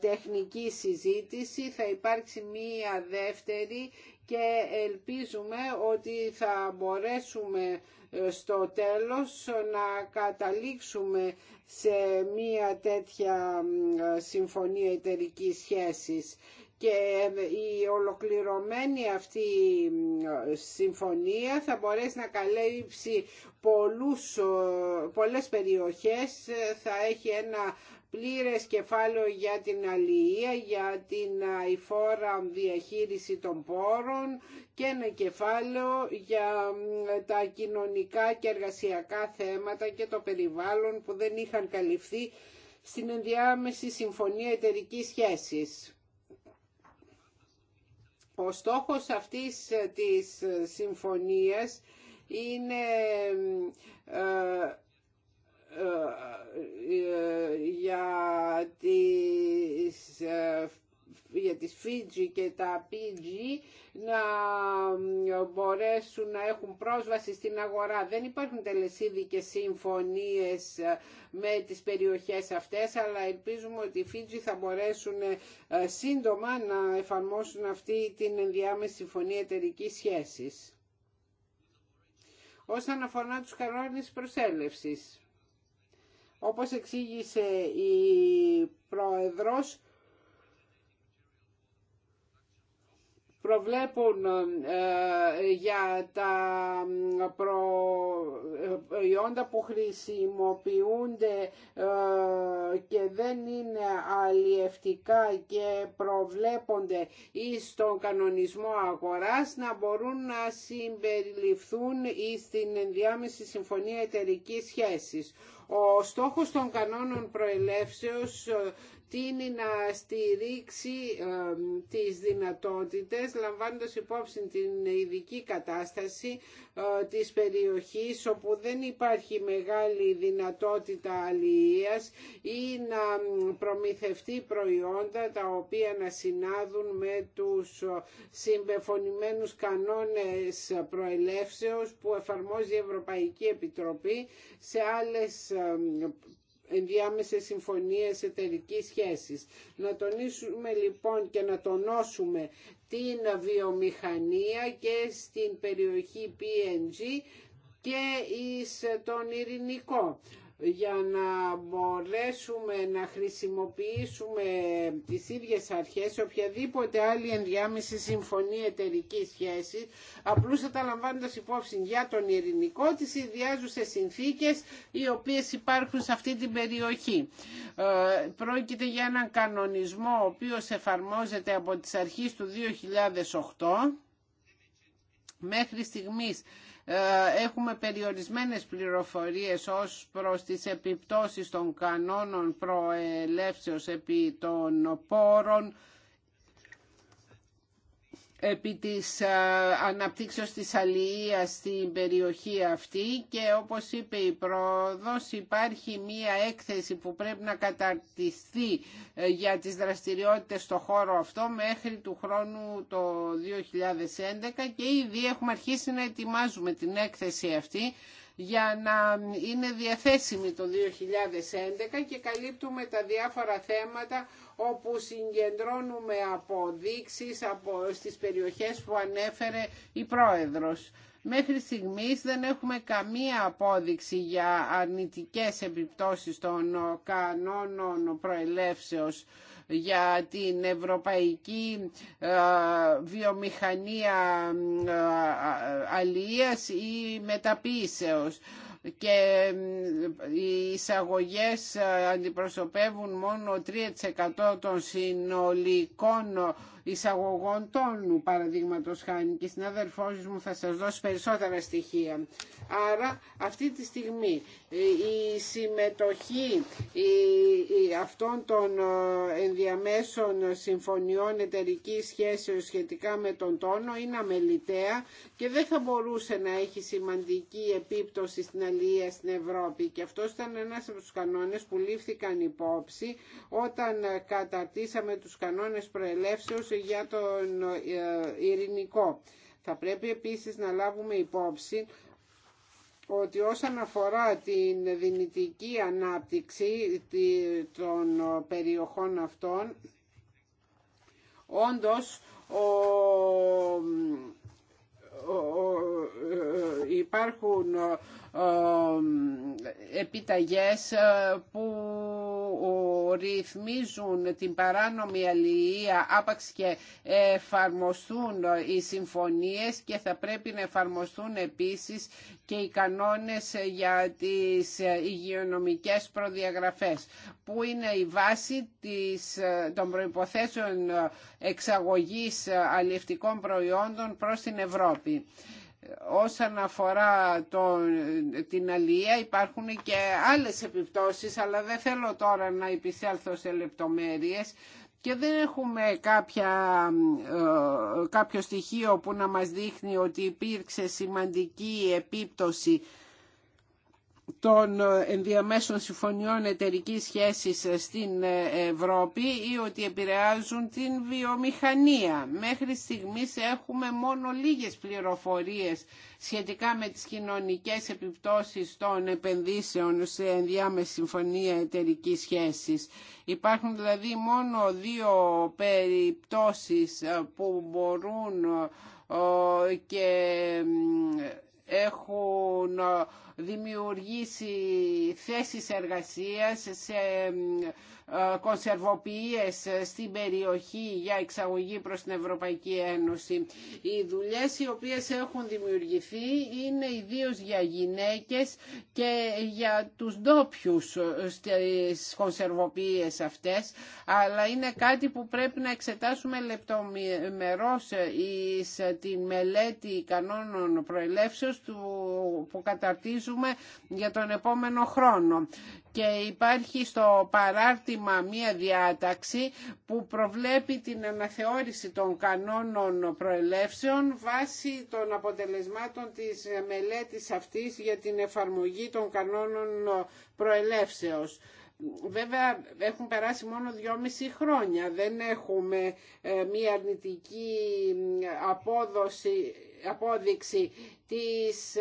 τεχνική συζήτηση, θα υπάρξει μία δεύτερη και ελπίζουμε ότι θα μπορέσουμε ε, στο τέλος να καταλήξουμε σε μία τέτοια ε, συμφωνία εταιρική σχέσης και ε, η ολοκληρωμένη αυτή συμφωνία θα μπορέσει να καλύψει πολλούς, πολλές περιοχές, θα έχει ένα πλήρες κεφάλαιο για την αλληλεία, για την αηφόρα διαχείριση των πόρων και ένα κεφάλαιο για τα κοινωνικά και εργασιακά θέματα και το περιβάλλον που δεν είχαν καλυφθεί στην ενδιάμεση συμφωνία εταιρική σχέσης. Ο στόχος αυτής ε, της ε, συμφωνίας είναι ε, για τις για τις Φίτζι και τα PG να μπορέσουν να έχουν πρόσβαση στην αγορά. Δεν υπάρχουν τελεσίδικες συμφωνίες με τις περιοχές αυτές, αλλά ελπίζουμε ότι οι Φίτζι θα μπορέσουν ε, σύντομα να εφαρμόσουν αυτή την ενδιάμεση συμφωνία εταιρική σχέσης. Όσον αφορά τους κανόνες προσέλευσης. Όπως εξήγησε η Πρόεδρος, προβλέπουν ε, για τα ε, ε, προϊόντα που χρησιμοποιούνται και δεν είναι αλλιευτικά και προβλέπονται ή στον κανονισμό αγοράς να μπορούν να συμπεριληφθούν ή στην ενδιάμεση συμφωνία εταιρικής σχέσης. Ο στόχος των κανόνων προελεύσεως ε, προτείνει να στηρίξει τις δυνατότητες λαμβάνοντας υπόψη την ειδική κατάσταση ε, της περιοχής όπου δεν υπάρχει μεγάλη δυνατότητα αλληλείας ή να προμηθευτεί προϊόντα τα οποία να συνάδουν με τους ε, συμπεφωνημένους κανόνες προελεύσεως που εφαρμόζει η Ευρωπαϊκή Επιτροπή σε άλλες ενδιάμεσες συμφωνίες εταιρική σχέσης. Να τονίσουμε λοιπόν και να τονώσουμε την βιομηχανία και στην περιοχή PNG και εις τον ειρηνικό για να μπορέσουμε να χρησιμοποιήσουμε τις ίδιες αρχές οποιαδήποτε άλλη ενδιάμεση συμφωνία εταιρική σχέση απλούστατα λαμβάνοντας υπόψη για τον ειρηνικό τις ιδιάζουσες συνθήκες οι οποίες υπάρχουν σε αυτή την περιοχή. Ε, πρόκειται για έναν κανονισμό ο οποίος εφαρμόζεται από τις αρχές του 2008 μέχρι στιγμής ε, έχουμε περιορισμένες πληροφορίες ως προς τις επιπτώσεις των κανόνων προελεύσεως επί των πόρων επί της αναπτύξεως της αλληλείας στην περιοχή αυτή και όπως είπε η πρόοδος υπάρχει μία έκθεση που πρέπει να καταρτιστεί ε, για τις δραστηριότητες στο χώρο αυτό μέχρι του χρόνου το 2011 και ήδη έχουμε αρχίσει να ετοιμάζουμε την έκθεση αυτή για να είναι διαθέσιμη το 2011 και καλύπτουμε τα διάφορα θέματα όπου συγκεντρώνουμε αποδείξεις από, στις περιοχές που ανέφερε η Πρόεδρος. Μέχρι στιγμής δεν έχουμε καμία απόδειξη για αρνητικές επιπτώσεις των κανόνων προελεύσεως για την ευρωπαϊκή ε, βιομηχανία ε, αλίας ή μεταποίησεως και οι εισαγωγές ε, αντιπροσωπεύουν μόνο 3% των συνολικών εισαγωγών τόνου παραδείγματος χάνει και συναδελφός μου θα σας δώσει περισσότερα στοιχεία. Άρα αυτή τη στιγμή ε, η συμμετοχή αυτών των ε, ενδιαμέσων συμφωνιών εταιρική σχέση σχετικά με τον τόνο είναι αμεληταία και δεν θα μπορούσε να έχει σημαντική επίπτωση στην αλληλεία στην Ευρώπη και αυτό ήταν ένας από τους κανόνες που λήφθηκαν υπόψη όταν ε, καταρτήσαμε τους κανόνες προελεύσεως για τον ε, ειρηνικό. Θα πρέπει επίσης να λάβουμε υπόψη ότι όσον αφορά την δυνητική ανάπτυξη των περιοχών αυτών, όντως ε, υπάρχουν ε, επιταγές ε, που ρυθμίζουν την παράνομη αλληλεία άπαξ και εφαρμοστούν οι συμφωνίες και θα πρέπει να εφαρμοστούν επίσης και οι κανόνες για τις υγειονομικές προδιαγραφές που είναι η βάση της, των προϋποθέσεων εξαγωγής αλληλευτικών προϊόντων προς την Ευρώπη όσον αφορά το, την αλία υπάρχουν και άλλες επιπτώσεις αλλά δεν θέλω τώρα να επισέλθω σε λεπτομέρειες και δεν έχουμε κάποια, ε, κάποιο στοιχείο που να μας δείχνει ότι υπήρξε σημαντική επίπτωση των ε, ενδιαμέσων συμφωνιών εταιρικής σχέσης ε, στην ε, Ευρώπη ή ότι επηρεάζουν την βιομηχανία. Μέχρι στιγμής έχουμε μόνο λίγες πληροφορίες σχετικά με τις κοινωνικές επιπτώσεις των επενδύσεων σε ενδιάμεση συμφωνία εταιρικής σχέσης. Υπάρχουν δηλαδή μόνο δύο περιπτώσεις που μπορούν και έχουν δημιουργήσει θέσεις εργασίας σε ε, κονσερβοποιίες στην περιοχή για εξαγωγή προς την Ευρωπαϊκή Ένωση. Οι δουλειές οι οποίες έχουν δημιουργηθεί είναι ιδίως για γυναίκες και για τους ντόπιου στις κονσερβοποιίες αυτές, αλλά είναι κάτι που πρέπει να εξετάσουμε λεπτομερώς εις την μελέτη κανόνων προελεύσεως που καταρτίζουν για τον επόμενο χρόνο. Και υπάρχει στο παράρτημα μία διάταξη που προβλέπει την αναθεώρηση των κανόνων προελεύσεων βάσει των αποτελεσμάτων της μελέτης αυτής για την εφαρμογή των κανόνων προελεύσεως. Βέβαια έχουν περάσει μόνο δυόμιση χρόνια, δεν έχουμε ε, μία αρνητική απόδοση απόδειξη της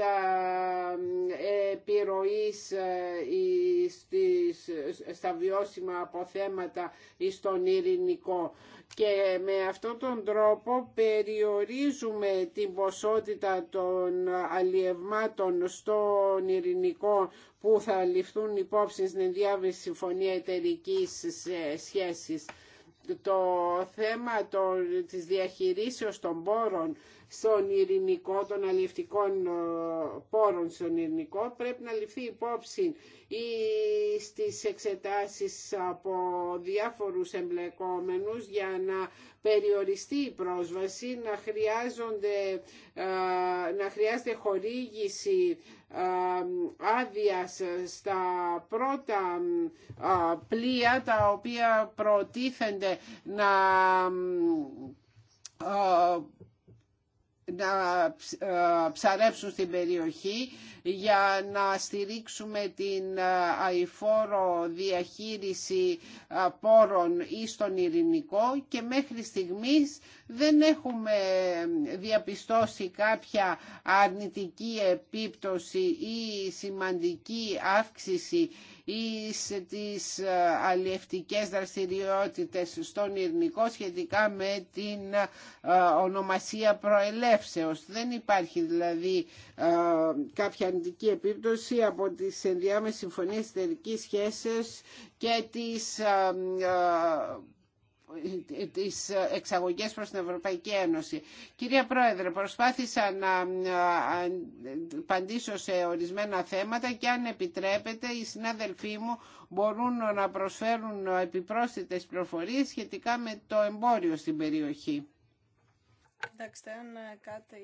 επιρροής στα βιώσιμα αποθέματα στον ειρηνικό και με αυτόν τον τρόπο περιορίζουμε την ποσότητα των αλλιευμάτων στον ειρηνικό που θα ληφθούν υπόψη στην ενδιάμεση συμφωνία εταιρική σχέσης. Το θέμα το, της διαχειρίσεως των πόρων στον ειρηνικό, των αλληλευτικών ε, πόρων στον ειρηνικό, πρέπει να ληφθεί υπόψη ή στις εξετάσεις από διάφορους εμπλεκόμενους για να περιοριστεί η πρόσβαση, να, χρειάζονται, ε, να χρειάζεται χορήγηση ε, άδεια στα πρώτα πλοία τα οποία προτίθενται να να ε, ψαρέψουν στην περιοχή για να στηρίξουμε την ε, αηφόρο διαχείριση ε, πόρων ή στον ειρηνικό και μέχρι στιγμής δεν έχουμε διαπιστώσει κάποια αρνητική επίπτωση ή σημαντική αύξηση ή στις τις ε, αλλιευτικές δραστηριότητες στον Ειρηνικό σχετικά με την ε, ονομασία προελεύσεως. Δεν υπάρχει δηλαδή ε, κάποια αντική επίπτωση από τις ενδιάμεσες συμφωνίες εταιρικής σχέσεως και τις τις εξαγωγές προς την Ευρωπαϊκή Ένωση. Κυρία Πρόεδρε, προσπάθησα να ε, απαντήσω σε ορισμένα θέματα και αν επιτρέπετε οι συνάδελφοί μου μπορούν να προσφέρουν επιπρόσθετες πληροφορίες σχετικά με το εμπόριο στην περιοχή. Εντάξει, αν κάτι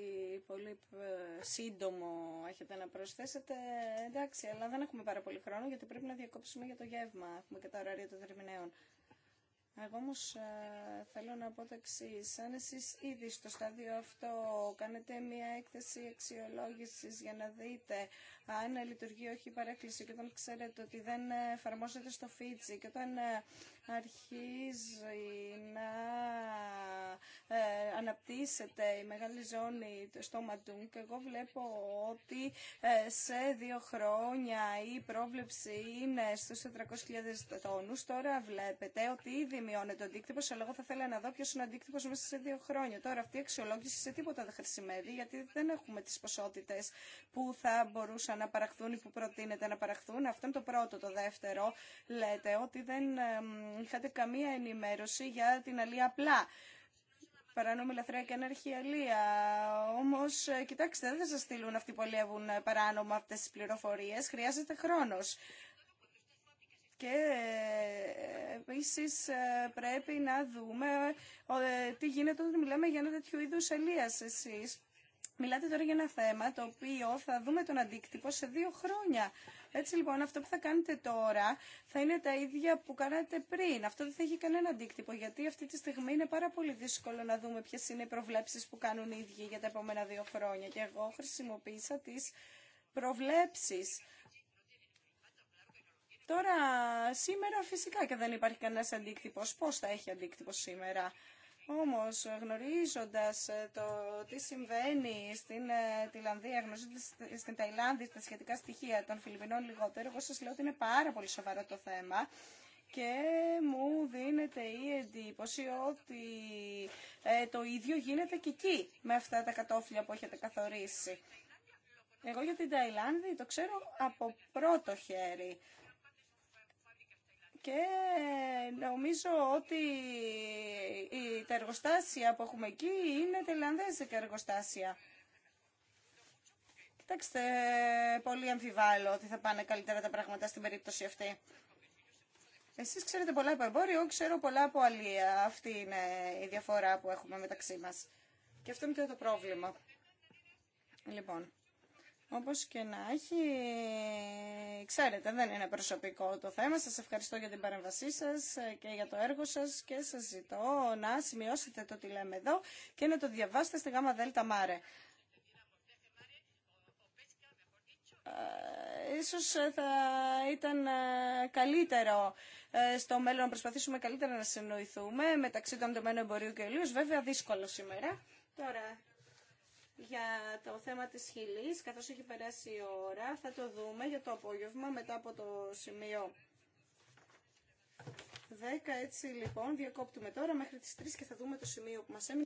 πολύ ε, σύντομο έχετε να προσθέσετε, εντάξει, αλλά δεν έχουμε πάρα πολύ χρόνο γιατί πρέπει να διακόψουμε για το γεύμα. Έχουμε και τα ωράρια των δερμηνέων. Εγώ όμω ε, θέλω να πω το εξή. Αν εσεί ήδη στο στάδιο αυτό κάνετε μια έκθεση αξιολόγηση για να δείτε αν λειτουργεί όχι η παρέκκληση και όταν ξέρετε ότι δεν εφαρμόζεται στο φίτσι και όταν ε, αρχίζει να ε, αναπτύσσεται η μεγάλη ζώνη στο Ματούν. και εγώ βλέπω ότι ε, σε δύο χρόνια η πρόβλεψη είναι στους 400.000 τόνους. Τώρα βλέπετε ότι ήδη μειώνεται ο αντίκτυπος, αλλά εγώ θα ήθελα να δω ποιος είναι ο αντίκτυπος μέσα σε δύο χρόνια. Τώρα αυτή η αξιολόγηση σε τίποτα δεν χρησιμεύει, γιατί δεν έχουμε τις ποσότητες που θα μπορούσαν να παραχθούν ή που προτείνετε να παραχθούν. Αυτό είναι το πρώτο. Το δεύτερο, λέτε ότι δεν είχατε καμία ενημέρωση για την αλία απλά παράνομη λαθρέα και ανάρχη αλεία. Όμω, ε, κοιτάξτε, δεν θα σα στείλουν αυτοί που αλλιεύουν ε, παράνομα αυτέ τι πληροφορίε. Χρειάζεται χρόνο. Και ε, επίση πρέπει να δούμε τι γίνεται όταν μιλάμε για ένα τέτοιο είδου αλεία. Εσεί Μιλάτε τώρα για ένα θέμα το οποίο θα δούμε τον αντίκτυπο σε δύο χρόνια. Έτσι λοιπόν αυτό που θα κάνετε τώρα θα είναι τα ίδια που κάνατε πριν. Αυτό δεν θα έχει κανένα αντίκτυπο γιατί αυτή τη στιγμή είναι πάρα πολύ δύσκολο να δούμε ποιε είναι οι προβλέψεις που κάνουν οι ίδιοι για τα επόμενα δύο χρόνια. Και εγώ χρησιμοποίησα τι προβλέψει. Τώρα σήμερα φυσικά και δεν υπάρχει κανένα αντίκτυπο. Πώ θα έχει αντίκτυπο σήμερα. Όμως γνωρίζοντας ε, το τι συμβαίνει στην ε, Τιλανδία, γνωρίζοντας στην Ταϊλάνδη τα σχετικά στοιχεία των Φιλιππινών λιγότερο, εγώ σας λέω ότι είναι πάρα πολύ σοβαρό το θέμα και μου δίνεται η εντύπωση ότι ε, το ίδιο γίνεται και εκεί με αυτά τα κατόφλια που έχετε καθορίσει. Εγώ για την Ταϊλάνδη το ξέρω από πρώτο χέρι και νομίζω ότι τα εργοστάσια που έχουμε εκεί είναι τελανδέζικα εργοστάσια. Κοιτάξτε, πολύ αμφιβάλλω ότι θα πάνε καλύτερα τα πράγματα στην περίπτωση αυτή. Εσείς ξέρετε πολλά από εμπόριο, ξέρω πολλά από αλία. Αυτή είναι η διαφορά που έχουμε μεταξύ μας. Και αυτό είναι και το πρόβλημα. Λοιπόν, όπως και να έχει, ξέρετε, δεν είναι προσωπικό το θέμα. Σας ευχαριστώ για την παρέμβασή σας και για το έργο σας και σας ζητώ να σημειώσετε το τι λέμε εδώ και να το διαβάσετε στη γάμα δέλτα μάρε. Ε, ίσως θα ήταν ε, καλύτερο ε, στο μέλλον να προσπαθήσουμε καλύτερα να συνοηθούμε μεταξύ των δεμένων εμπορίου και ελίου. Βέβαια δύσκολο σήμερα. Τώρα, για το θέμα της χιλής, καθώς έχει περάσει η ώρα, θα το δούμε για το απόγευμα μετά από το σημείο 10. Έτσι λοιπόν διακόπτουμε τώρα μέχρι τις 3 και θα δούμε το σημείο που μας έμεινε.